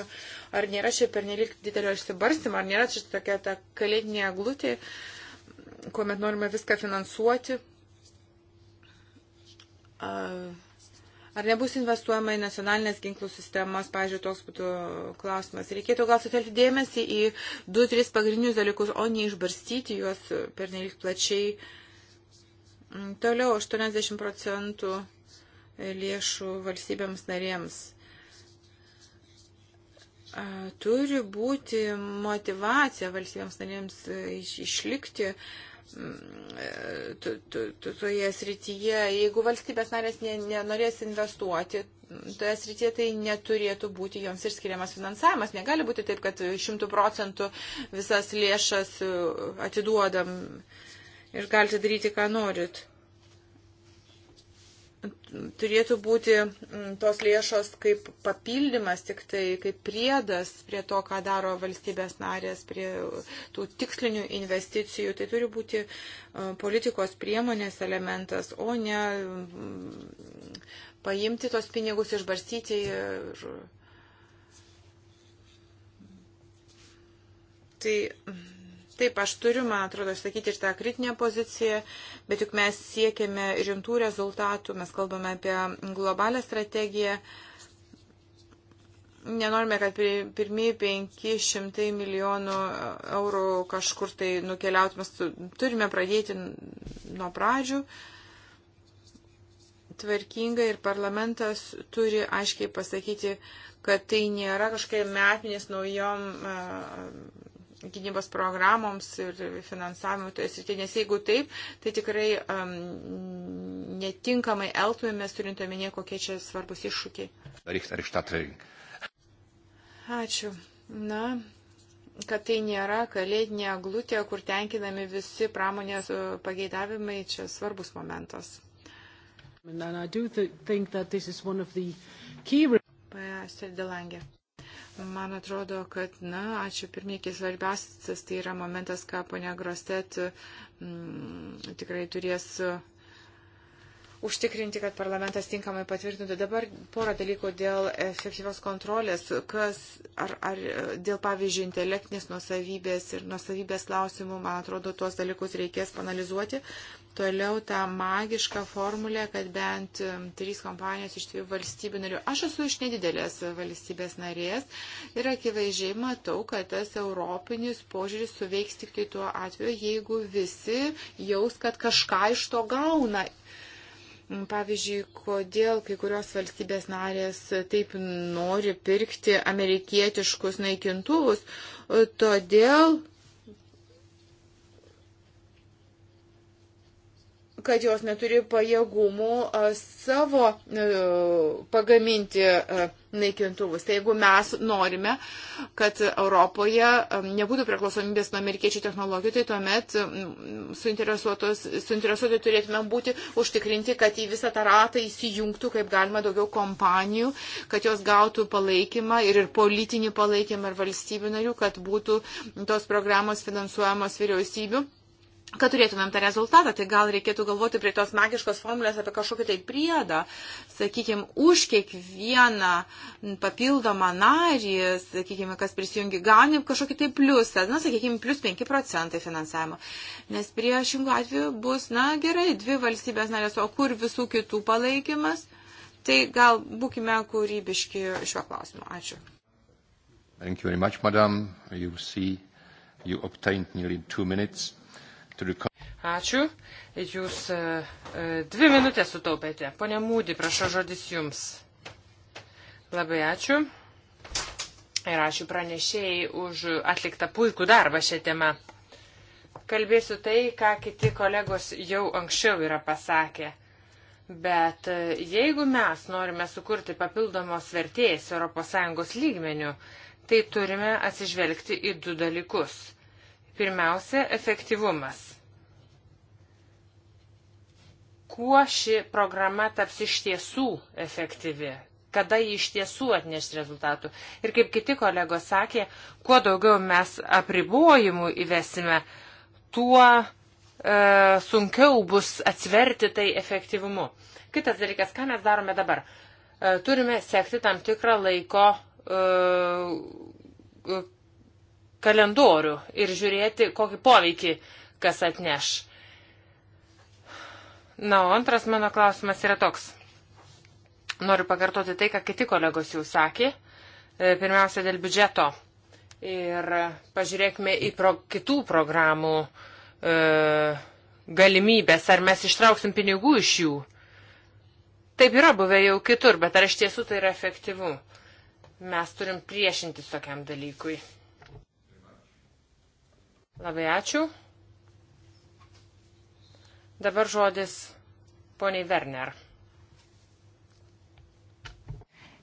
ar nėra čia pernelik didelio išsibarstimo, ar nėra čia tokia ta kalėdinė glutė, kuomet norime viską finansuoti. Uh Ar nebus investuojama į nacionalinės ginklų sistemas, pažiūrėjau, toks būtų klausimas. Reikėtų gal sutelkti dėmesį į du, tris pagrindinius dalykus, o ne išbarstyti juos pernelyg plačiai. Mm, toliau 80 procentų lėšų valstybėms narėms turi būti motivacija valstybėms narėms e, išlikti toje srityje, jeigu valstybės narės nenorės investuoti, toje srityje tai neturėtų būti joms ir skiriamas finansavimas. Negali būti taip, kad šimtų procentų visas lėšas atiduodam ir galite daryti, ką norit turėtų būti mm, tos lėšos kaip papildymas, tik tai kaip priedas prie to, ką daro valstybės narės, prie tų tikslinių investicijų. Tai turi būti e, politikos priemonės elementas, o ne mm, paimti tos pinigus, išbarstyti ir. Tai mm, Taip, aš turiu, man atrodo, išsakyti ir tą kritinę poziciją, bet juk mes siekiame rimtų rezultatų, mes kalbame apie globalią strategiją. Nenorime, kad pirmieji 500 milijonų eurų kažkur tai nukeliautų, mes turime pradėti nuo pradžių tvarkingai ir parlamentas turi aiškiai pasakyti, kad tai nėra kažkaip metminės naujom gynybos programoms ir finansavimui toje srityje, nes jeigu taip, tai tikrai um, netinkamai elgtumėmės turint omenyje, kokie čia svarbus iššūkiai. Ačiū. Na, kad tai nėra kalėdinė glūtė, kur tenkinami visi pramonės uh, pageidavimai, čia svarbus momentas. Pasir Delangė. Man atrodo, kad, na, ačiū pirmiekiai, svarbiausias tai yra momentas, ką ponia Grostet m, mm, tikrai turės. Uh, užtikrinti, kad parlamentas tinkamai patvirtintų. Dabar porą dalykų dėl efektyvios kontrolės, kas, ar, ar dėl, pavyzdžiui, intelektinės nusavybės ir nusavybės klausimų, man atrodo, tuos dalykus reikės panalizuoti. Toliau tą magišką formulę, kad bent trys kompanijos iš trijų valstybių narių. Aš esu iš nedidelės valstybės narės ir akivaizdžiai matau, kad tas europinis požiūris suveiks tik tai tuo atveju, jeigu visi jaus, kad kažką iš to gauna Mm, pavyzdžiui, kodėl kai kurios valstybės narės taip nori pirkti amerikietiškus naikintuvus, e, todėl, kad jos neturi pajėgumų e, savo e, pagaminti naikintuvus. Tai jeigu mes norime, kad Europoje nebūtų priklausomybės nuo amerikiečių technologijų, tai tuomet suinteresuoti turėtume būti užtikrinti, kad į visą tą ratą įsijungtų kaip galima daugiau kompanijų, kad jos gautų palaikymą ir, ir politinį palaikymą ir valstybių narių, kad būtų tos programos finansuojamos vyriausybių kad turėtumėm tą rezultatą, tai gal reikėtų galvoti prie tos magiškos formulės apie kažkokį tai priedą, sakykime, už kiekvieną papildomą narį, sakykime, kas prisijungi, gauni kažkokį tai pliusą, na, sakykime, plus 5 procentai finansavimo. Nes priešingų atveju bus, na, gerai, dvi valstybės narės, o kur visų kitų palaikymas, tai gal būkime kūrybiški šiuo klausimu. Ačiū.
Thank you very much, madam. You see, you obtained nearly two minutes. Ačiū. Jūs e, e, dvi minutės sutaupėte. Pone Mūdi, prašau žodis jums. Labai ačiū. Ir ačiū pranešėjai už atliktą puikų darbą šią temą. Kalbėsiu tai, ką kiti kolegos jau anksčiau yra pasakę. Bet e, jeigu mes norime sukurti papildomos vertės ES lygmenių, tai turime atsižvelgti į du dalykus. Pirmiausia, efektyvumas. Kuo ši programa taps iš tiesų efektyvi, kada ji iš tiesų atneš rezultatų. Ir kaip kiti kolegos sakė, kuo daugiau mes apribojimų įvesime, tuo e, sunkiau bus atsverti tai efektyvumu. Kitas dalykas, ką mes darome dabar? E, turime sekti tam tikrą laiko e, kalendorių ir žiūrėti, kokį poveikį kas atneš. Na, o antras mano klausimas yra toks. Noriu pakartoti tai, ką kiti kolegos jau sakė. E, pirmiausia, dėl biudžeto. Ir pažiūrėkime į pro, kitų programų e, galimybės, ar mes ištrauksim pinigų iš jų. Taip yra buvę jau kitur, bet ar iš tiesų tai yra efektyvu? Mes turim priešintis tokiam dalykui. Labai ačiū. Dabar žodis poniai Werner.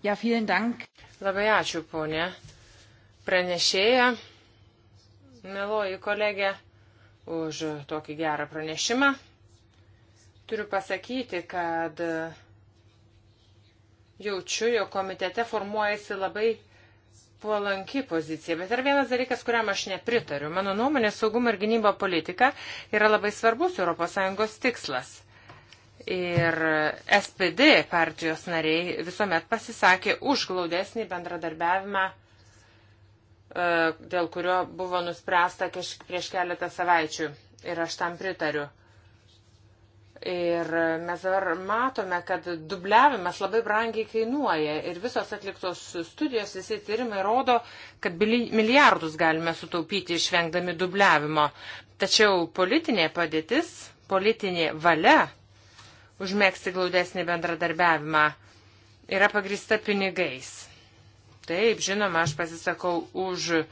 Ja, vielen Dank. Labai ačiū, ponė. Pranešėja, meloji kolegė, už tokį gerą pranešimą. Turiu pasakyti, kad jaučiu, jo komitete formuojasi labai palanki pozicija, bet yra vienas dalykas, kuriam aš nepritariu. Mano nuomonė, saugumo ir gynybo politika yra labai svarbus ES tikslas. Ir SPD partijos nariai visuomet pasisakė už glaudesnį bendradarbiavimą, e, dėl kurio buvo nuspręsta prieš keletą savaičių. Ir aš tam pritariu. Ir mes dabar matome, kad dubliavimas labai brangiai kainuoja ir visos atliktos studijos, visi tyrimai rodo, kad milijardus galime sutaupyti išvengdami dubliavimo. Tačiau politinė padėtis, politinė valia užmėgsti glaudesnį bendradarbiavimą yra pagrįsta pinigais. Taip, žinoma, aš pasisakau už e,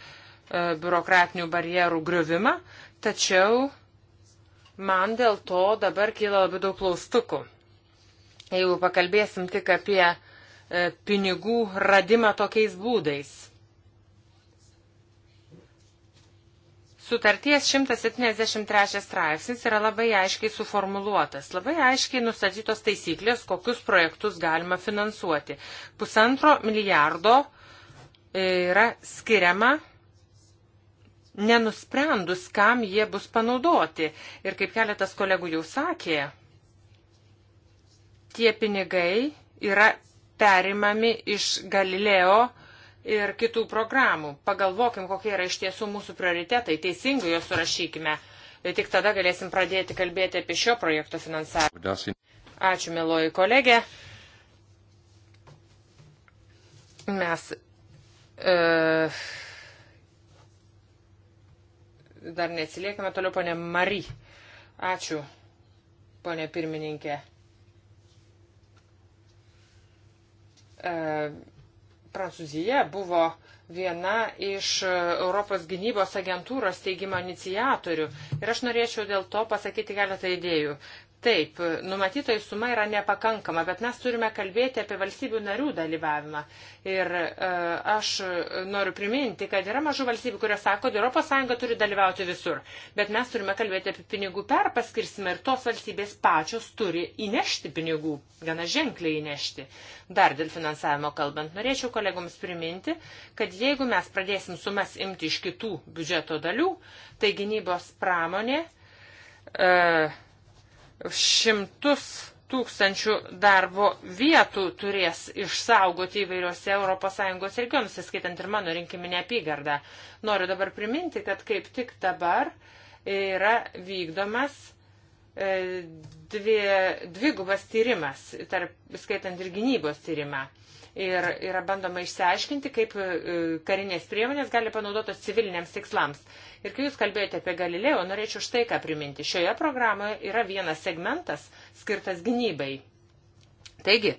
biurokratinių barjerų griovimą, tačiau Man dėl to dabar kyla labai daug klaustukų. Jeigu pakalbėsim tik apie e, pinigų radimą tokiais būdais. Sutarties 173 straipsnis yra labai aiškiai suformuluotas, labai aiškiai nustatytos taisyklės, kokius projektus galima finansuoti. Pusantro milijardo e, yra skiriama nenusprendus, kam jie bus panaudoti. Ir kaip keletas kolegų jau sakė, tie pinigai yra perimami iš Galileo ir kitų programų. Pagalvokim, kokie yra iš tiesų mūsų prioritetai, teisingai juos surašykime. Ir tai tik tada galėsim pradėti kalbėti apie šio projekto finansavimą. Ačiū, mėloji kolegė. Mes. Uh, e dar neatsiliekame. Toliau ponė Mari. Ačiū, ponė pirmininkė. E, Prancūzija buvo viena iš Europos gynybos agentūros steigimo inicijatorių. Ir aš norėčiau dėl to pasakyti keletą idėjų. Taip, numatytojų suma yra nepakankama, bet mes turime kalbėti apie valstybių narių dalyvavimą. Ir e, aš noriu priminti, kad yra mažų valstybių, kurios sako, kad ES turi dalyvauti visur. Bet mes turime kalbėti apie pinigų perpaskirstimą ir tos valstybės pačios turi įnešti pinigų, gana ženkliai įnešti. Dar dėl finansavimo kalbant, norėčiau kolegoms priminti, kad jeigu mes pradėsim sumas imti iš kitų biudžeto dalių, tai gynybos pramonė. E, šimtus tūkstančių darbo vietų turės išsaugoti įvairiuose ES regionuose, skaitant ir mano rinkiminę apygardą. Noriu dabar priminti, kad kaip tik dabar yra vykdomas e, dvi, dvigubas tyrimas, tarp, skaitant ir gynybos tyrimą ir yra bandoma išsiaiškinti, kaip e, karinės priemonės gali panaudotos civiliniams tikslams. Ir kai jūs kalbėjote apie Galileo, norėčiau štai ką priminti. Šioje programoje yra vienas segmentas skirtas gynybai. Taigi,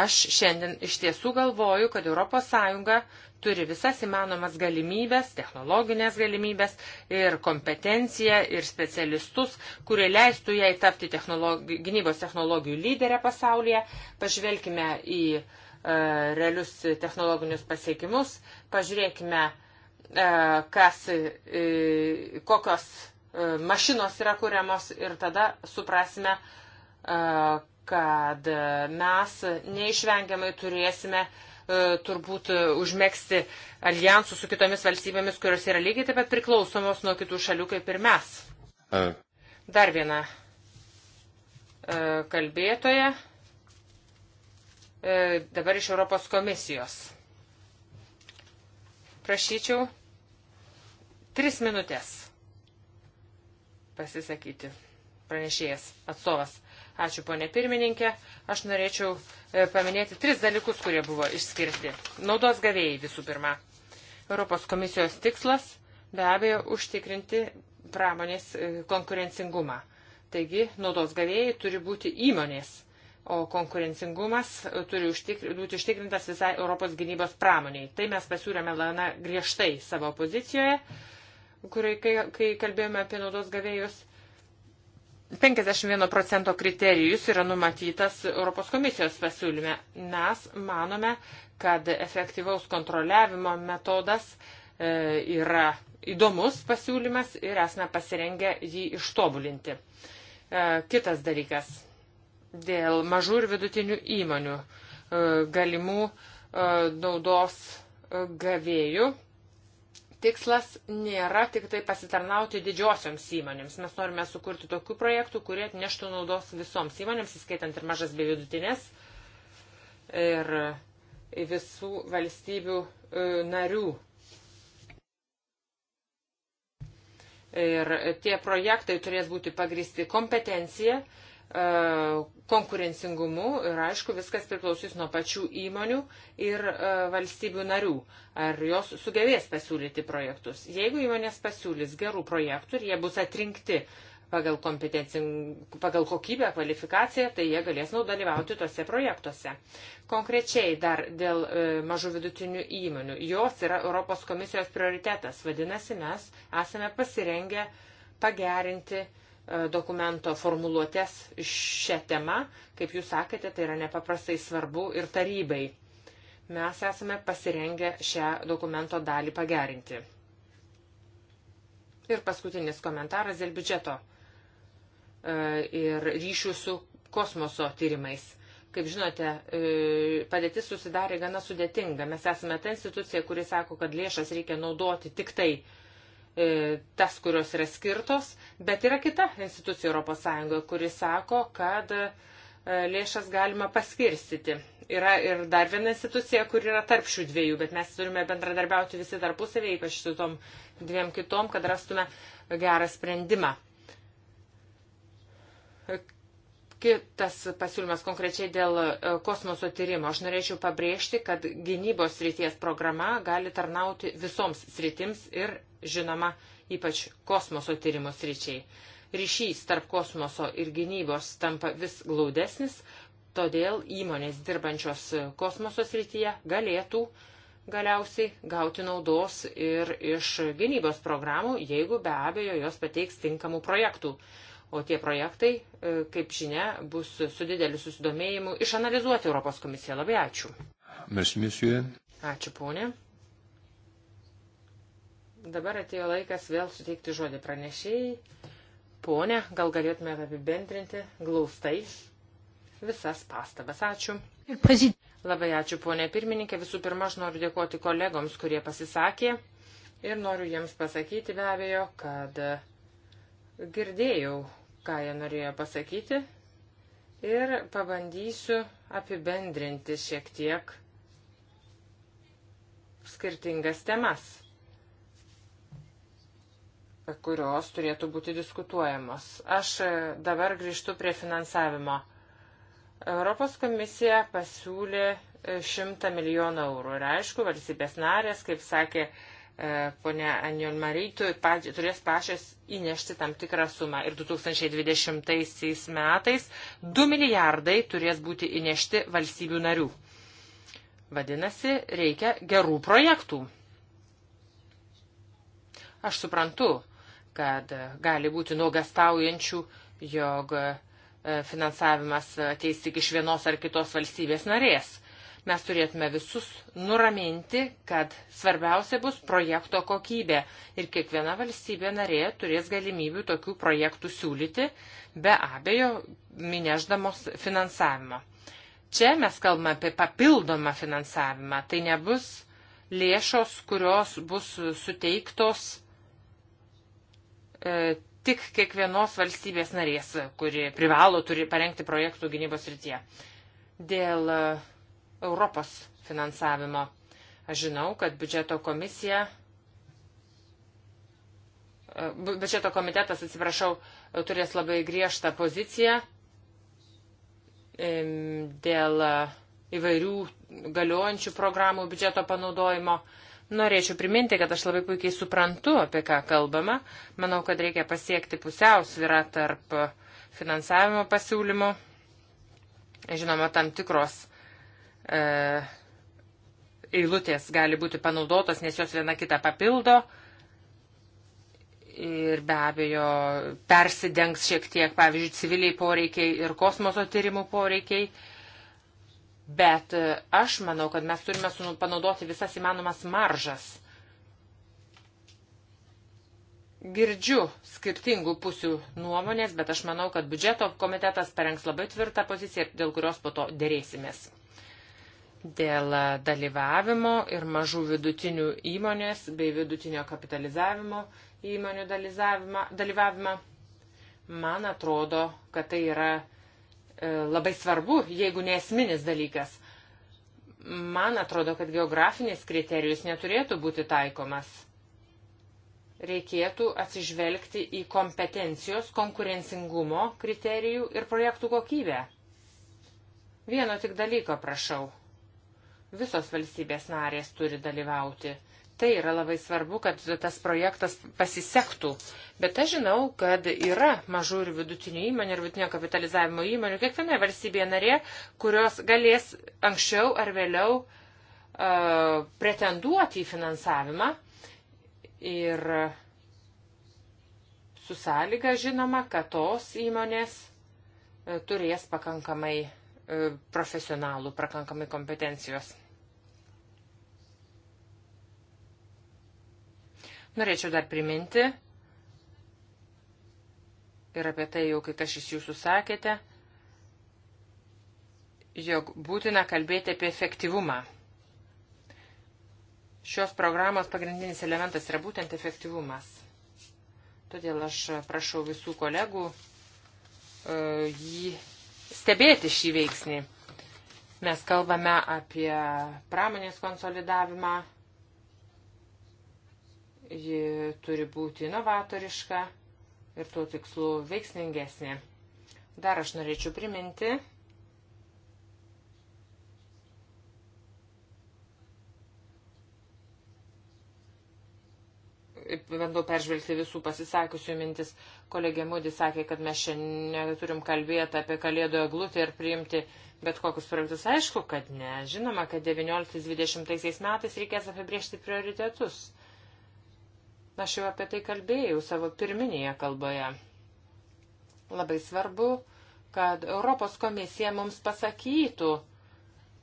aš šiandien iš tiesų galvoju, kad ES turi visas įmanomas galimybės, technologinės galimybės ir kompetenciją ir specialistus, kurie leistų jai tapti technologi gynybos technologijų lyderę pasaulyje. Pažvelkime į uh, E, realius technologinius pasiekimus. Pažiūrėkime, e, kas, e, kokios mašinos yra kuriamos ir tada suprasime, kad mes neišvengiamai turėsime turbūt užmėgsti alijansų su kitomis valstybėmis, kurios yra lygiai taip pat priklausomos nuo kitų šalių kaip ir mes. Dar viena kalbėtoja. E, dabar iš Europos komisijos. Prašyčiau tris minutės pasisakyti pranešėjas atstovas. Ačiū, ponė pirmininkė. Aš norėčiau e, paminėti tris dalykus, kurie buvo išskirti. Naudos gavėjai visų pirma. Europos komisijos tikslas be abejo užtikrinti pramonės e, konkurencingumą. Taigi, naudos gavėjai turi būti įmonės o konkurencingumas turi užtikri, būti užtikrintas visai Europos gynybos pramoniai. Tai mes pasiūlėme lana griežtai savo pozicijoje, kuriai, kai, kai kalbėjome apie naudos gavėjus. 51 procento kriterijus yra numatytas Europos komisijos pasiūlyme. Mes manome, kad efektyvaus kontroliavimo metodas e, yra įdomus pasiūlymas ir esame pasirengę jį ištobulinti. E, kitas dalykas dėl mažų ir vidutinių įmonių e, galimų e, naudos e, gavėjų. Tikslas nėra tik tai pasitarnauti didžiosioms įmonėms. Mes norime sukurti tokių projektų, kurie atneštų naudos visoms įmonėms, įskaitant ir mažas bei vidutinės ir visų valstybių narių Ir tie projektai turės būti pagristi kompetencija E, konkurencingumu ir aišku viskas priklausys nuo pačių įmonių ir e, valstybių narių, ar jos sugebės pasiūlyti projektus. Jeigu įmonės pasiūlys gerų projektų ir jie bus atrinkti pagal, pagal kokybę, kvalifikaciją, tai jie galės naudalyvauti tose projektuose. Konkrečiai dar dėl e, mažų vidutinių įmonių. Jos yra Europos komisijos prioritetas. Vadinasi, mes esame pasirengę pagerinti e, E, dokumento formuluotės šią temą, kaip jūs sakėte, tai yra nepaprastai svarbu ir tarybai. Mes esame pasirengę šią dokumento dalį pagerinti. Ir paskutinis komentaras dėl biudžeto e, ir ryšių su kosmoso tyrimais. Kaip žinote, e, padėtis susidarė gana sudėtinga. Mes esame ta institucija, kuri sako, kad lėšas reikia naudoti tik tai uh, E, tas, kurios yra skirtos, bet yra kita institucija ES, kuri sako, kad e, lėšas galima paskirstyti. Yra ir dar viena institucija, kur yra tarp šių dviejų, bet mes turime bendradarbiauti visi tarpusavėje, ypač su tom dviem kitom, kad rastume gerą sprendimą Kitas pasiūlymas konkrečiai dėl e, kosmoso tyrimo. Aš norėčiau pabrėžti, kad gynybos srities programa gali tarnauti visoms sritims ir, žinoma, ypač kosmoso tyrimo sričiai. Ryšys tarp kosmoso ir gynybos tampa vis glaudesnis, todėl įmonės dirbančios kosmoso srityje galėtų galiausiai gauti naudos ir iš gynybos programų, jeigu be abejo jos pateiks tinkamų projektų. O tie projektai, e, kaip žinia, bus su dideliu susidomėjimu išanalizuoti Europos komisiją. Labai ačiū.
Merci, monsieur.
Ačiū, ponė. Dabar atėjo laikas vėl suteikti žodį pranešėjai. Pone, gal galėtumėte apibendrinti glaustai visas pastabas. Ačiū. Labai ačiū, ponė pirmininkė. Visų pirma, aš noriu dėkoti kolegoms, kurie pasisakė ir noriu jiems pasakyti be abejo, kad girdėjau ką jie norėjo pasakyti ir pabandysiu apibendrinti šiek tiek skirtingas temas, kurios turėtų būti diskutuojamos. Aš dabar grįžtu prie finansavimo. Europos komisija pasiūlė 100 milijonų eurų ir aišku, valstybės narės, kaip sakė E, ponia Anion Marytui turės pašės įnešti tam tikrą sumą. Ir 2020 metais 2 milijardai turės būti įnešti valstybių narių. Vadinasi, reikia gerų projektų. Aš suprantu, kad gali būti nuogastaujančių, jog e, finansavimas ateis tik iš vienos ar kitos valstybės narės. Mes turėtume visus nuraminti, kad svarbiausia bus projekto kokybė ir kiekviena valstybė narė turės galimybių tokių projektų siūlyti, be abejo, minėždamos finansavimo. Čia mes kalbame apie papildomą finansavimą. Tai nebus lėšos, kurios bus suteiktos e, tik kiekvienos valstybės narės, kuri privalo turi parengti projektų gynybos rytie. Dėl e, Europos finansavimo. Aš žinau, kad biudžeto komisija, e, biudžeto komitetas, atsiprašau, turės labai griežtą poziciją dėl e, įvairių galiojančių programų biudžeto panaudojimo. Norėčiau priminti, kad aš labai puikiai suprantu, apie ką kalbama. Manau, kad reikia pasiekti pusiausvyrą tarp finansavimo pasiūlymų, žinoma, tam tikros E, eilutės gali būti panaudotos, nes jos viena kitą papildo ir be abejo persidengs šiek tiek, pavyzdžiui, civiliai poreikiai ir kosmoso tyrimų poreikiai. Bet e, aš manau, kad mes turime panaudoti visas įmanomas maržas. Girdžiu skirtingų pusių nuomonės, bet aš manau, kad biudžeto komitetas parengs labai tvirtą poziciją, dėl kurios po to dėrėsimės dėl dalyvavimo ir mažų vidutinių įmonės bei vidutinio kapitalizavimo įmonių dalyvavimą. Man atrodo, kad tai yra e, labai svarbu, jeigu nesminis dalykas. Man atrodo, kad geografinis kriterijus neturėtų būti taikomas. Reikėtų atsižvelgti į kompetencijos, konkurencingumo kriterijų ir projektų kokybę. Vieno tik dalyko prašau Visos valstybės narės turi dalyvauti. Tai yra labai svarbu, kad tas projektas pasisektų. Bet aš žinau, kad yra mažų ir vidutinių įmonių ir vidutinio kapitalizavimo įmonių kiekvienoje valstybėje narė, kurios galės anksčiau ar vėliau uh, pretenduoti į finansavimą. Ir su sąlyga žinoma, kad tos įmonės e, turės pakankamai e, profesionalų, pakankamai kompetencijos. Norėčiau dar priminti, ir apie tai jau kai kas iš jūsų sakėte, jog būtina kalbėti apie efektyvumą. Šios programos pagrindinis elementas yra būtent efektyvumas. Todėl aš prašau visų kolegų uh, jį stebėti šį veiksnį. Mes kalbame apie pramonės konsolidavimą, ji turi būti inovatoriška ir tuo tikslu veiksmingesnė. Dar aš norėčiau priminti, bandau peržvelgti visų pasisakiusių mintis. Kolegė Mūdi sakė, kad mes šiandien turim kalbėti apie kalėdų eglutę ir priimti bet kokius projektus. Aišku, kad ne. Žinoma, kad 19-20 metais reikės apibriežti prioritetus. Aš jau apie tai kalbėjau savo pirminėje kalboje. Labai svarbu, kad Europos komisija mums pasakytų,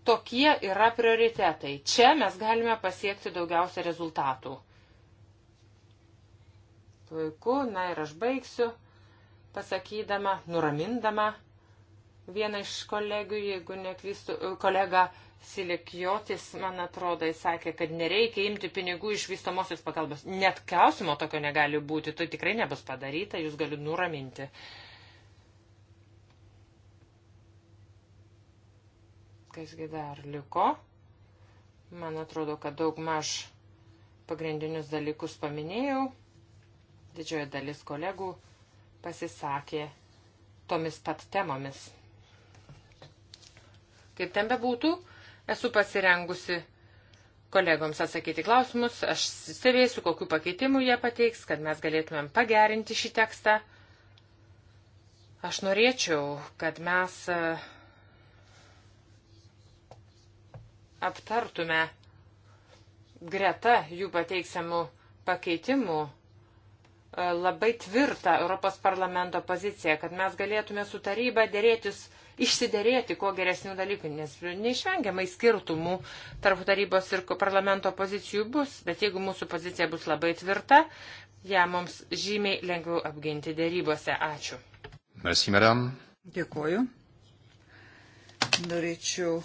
tokie yra prioritetai. Čia mes galime pasiekti daugiausia rezultatų. Puiku, na ir aš baigsiu, pasakydama, nuramindama vieną iš kolegų, jeigu neklystu, kolegą Silikiotis, man atrodo, jis sakė, kad nereikia imti pinigų iš vystomosios pagalbos. Net klausimo tokio negali būti, tai tikrai nebus padaryta, jūs galiu nuraminti. Kasgi dar liko? Man atrodo, kad daug maž pagrindinius dalykus paminėjau. Didžioji dalis kolegų pasisakė tomis pat temomis. Kaip ten bebūtų, būtų, Esu pasirengusi kolegoms atsakyti klausimus, aš stebėsiu, kokiu pakeitimu jie pateiks, kad mes galėtumėm pagerinti šį tekstą. Aš norėčiau, kad mes e, aptartume greta jų pateiksiamų pakeitimų e, labai tvirtą Europos parlamento poziciją, kad mes galėtume su taryba dėrėtis išsiderėti kuo geresnių dalykų, nes neišvengiamai skirtumų tarp tarybos ir parlamento pozicijų bus, bet jeigu mūsų pozicija bus labai tvirta, ją mums žymiai lengviau apginti dėrybose. Ačiū.
Merci, madame. Dėkuoju. Norėčiau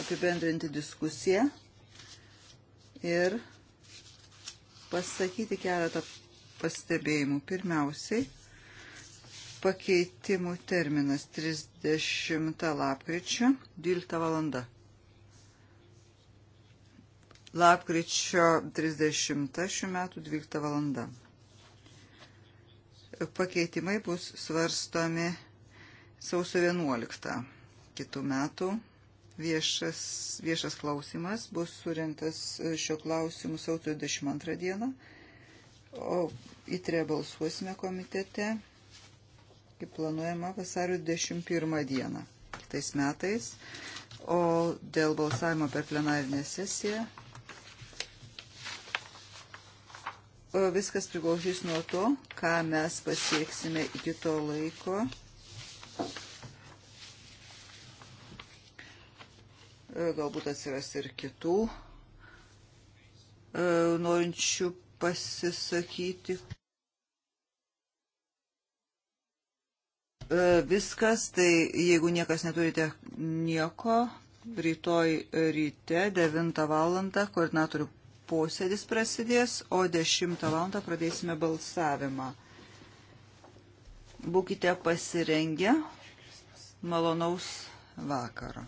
apibendrinti diskusiją ir pasakyti keletą pastebėjimų. Pirmiausiai, Pakeitimų terminas 30 lapkričio 12 valanda. Lapkričio 30 šių metų 12 valanda. Pakeitimai bus svarstomi sausio 11 kitų metų viešas, viešas klausimas bus surinktas šio klausimu sausio 22 dieną, o įtre balsuosime komitete kaip planuojama vasario 21 dieną kitais metais. O dėl balsavimo per plenarinę sesiją viskas priklausys nuo to, ką mes pasieksime iki to laiko. E, galbūt atsiras ir kitų e, norinčių pasisakyti. E, viskas, tai jeigu niekas neturite nieko, rytoj ryte 9 val. koordinatorių posėdis prasidės, o 10 val. pradėsime balsavimą. Būkite pasirengę malonaus vakaro.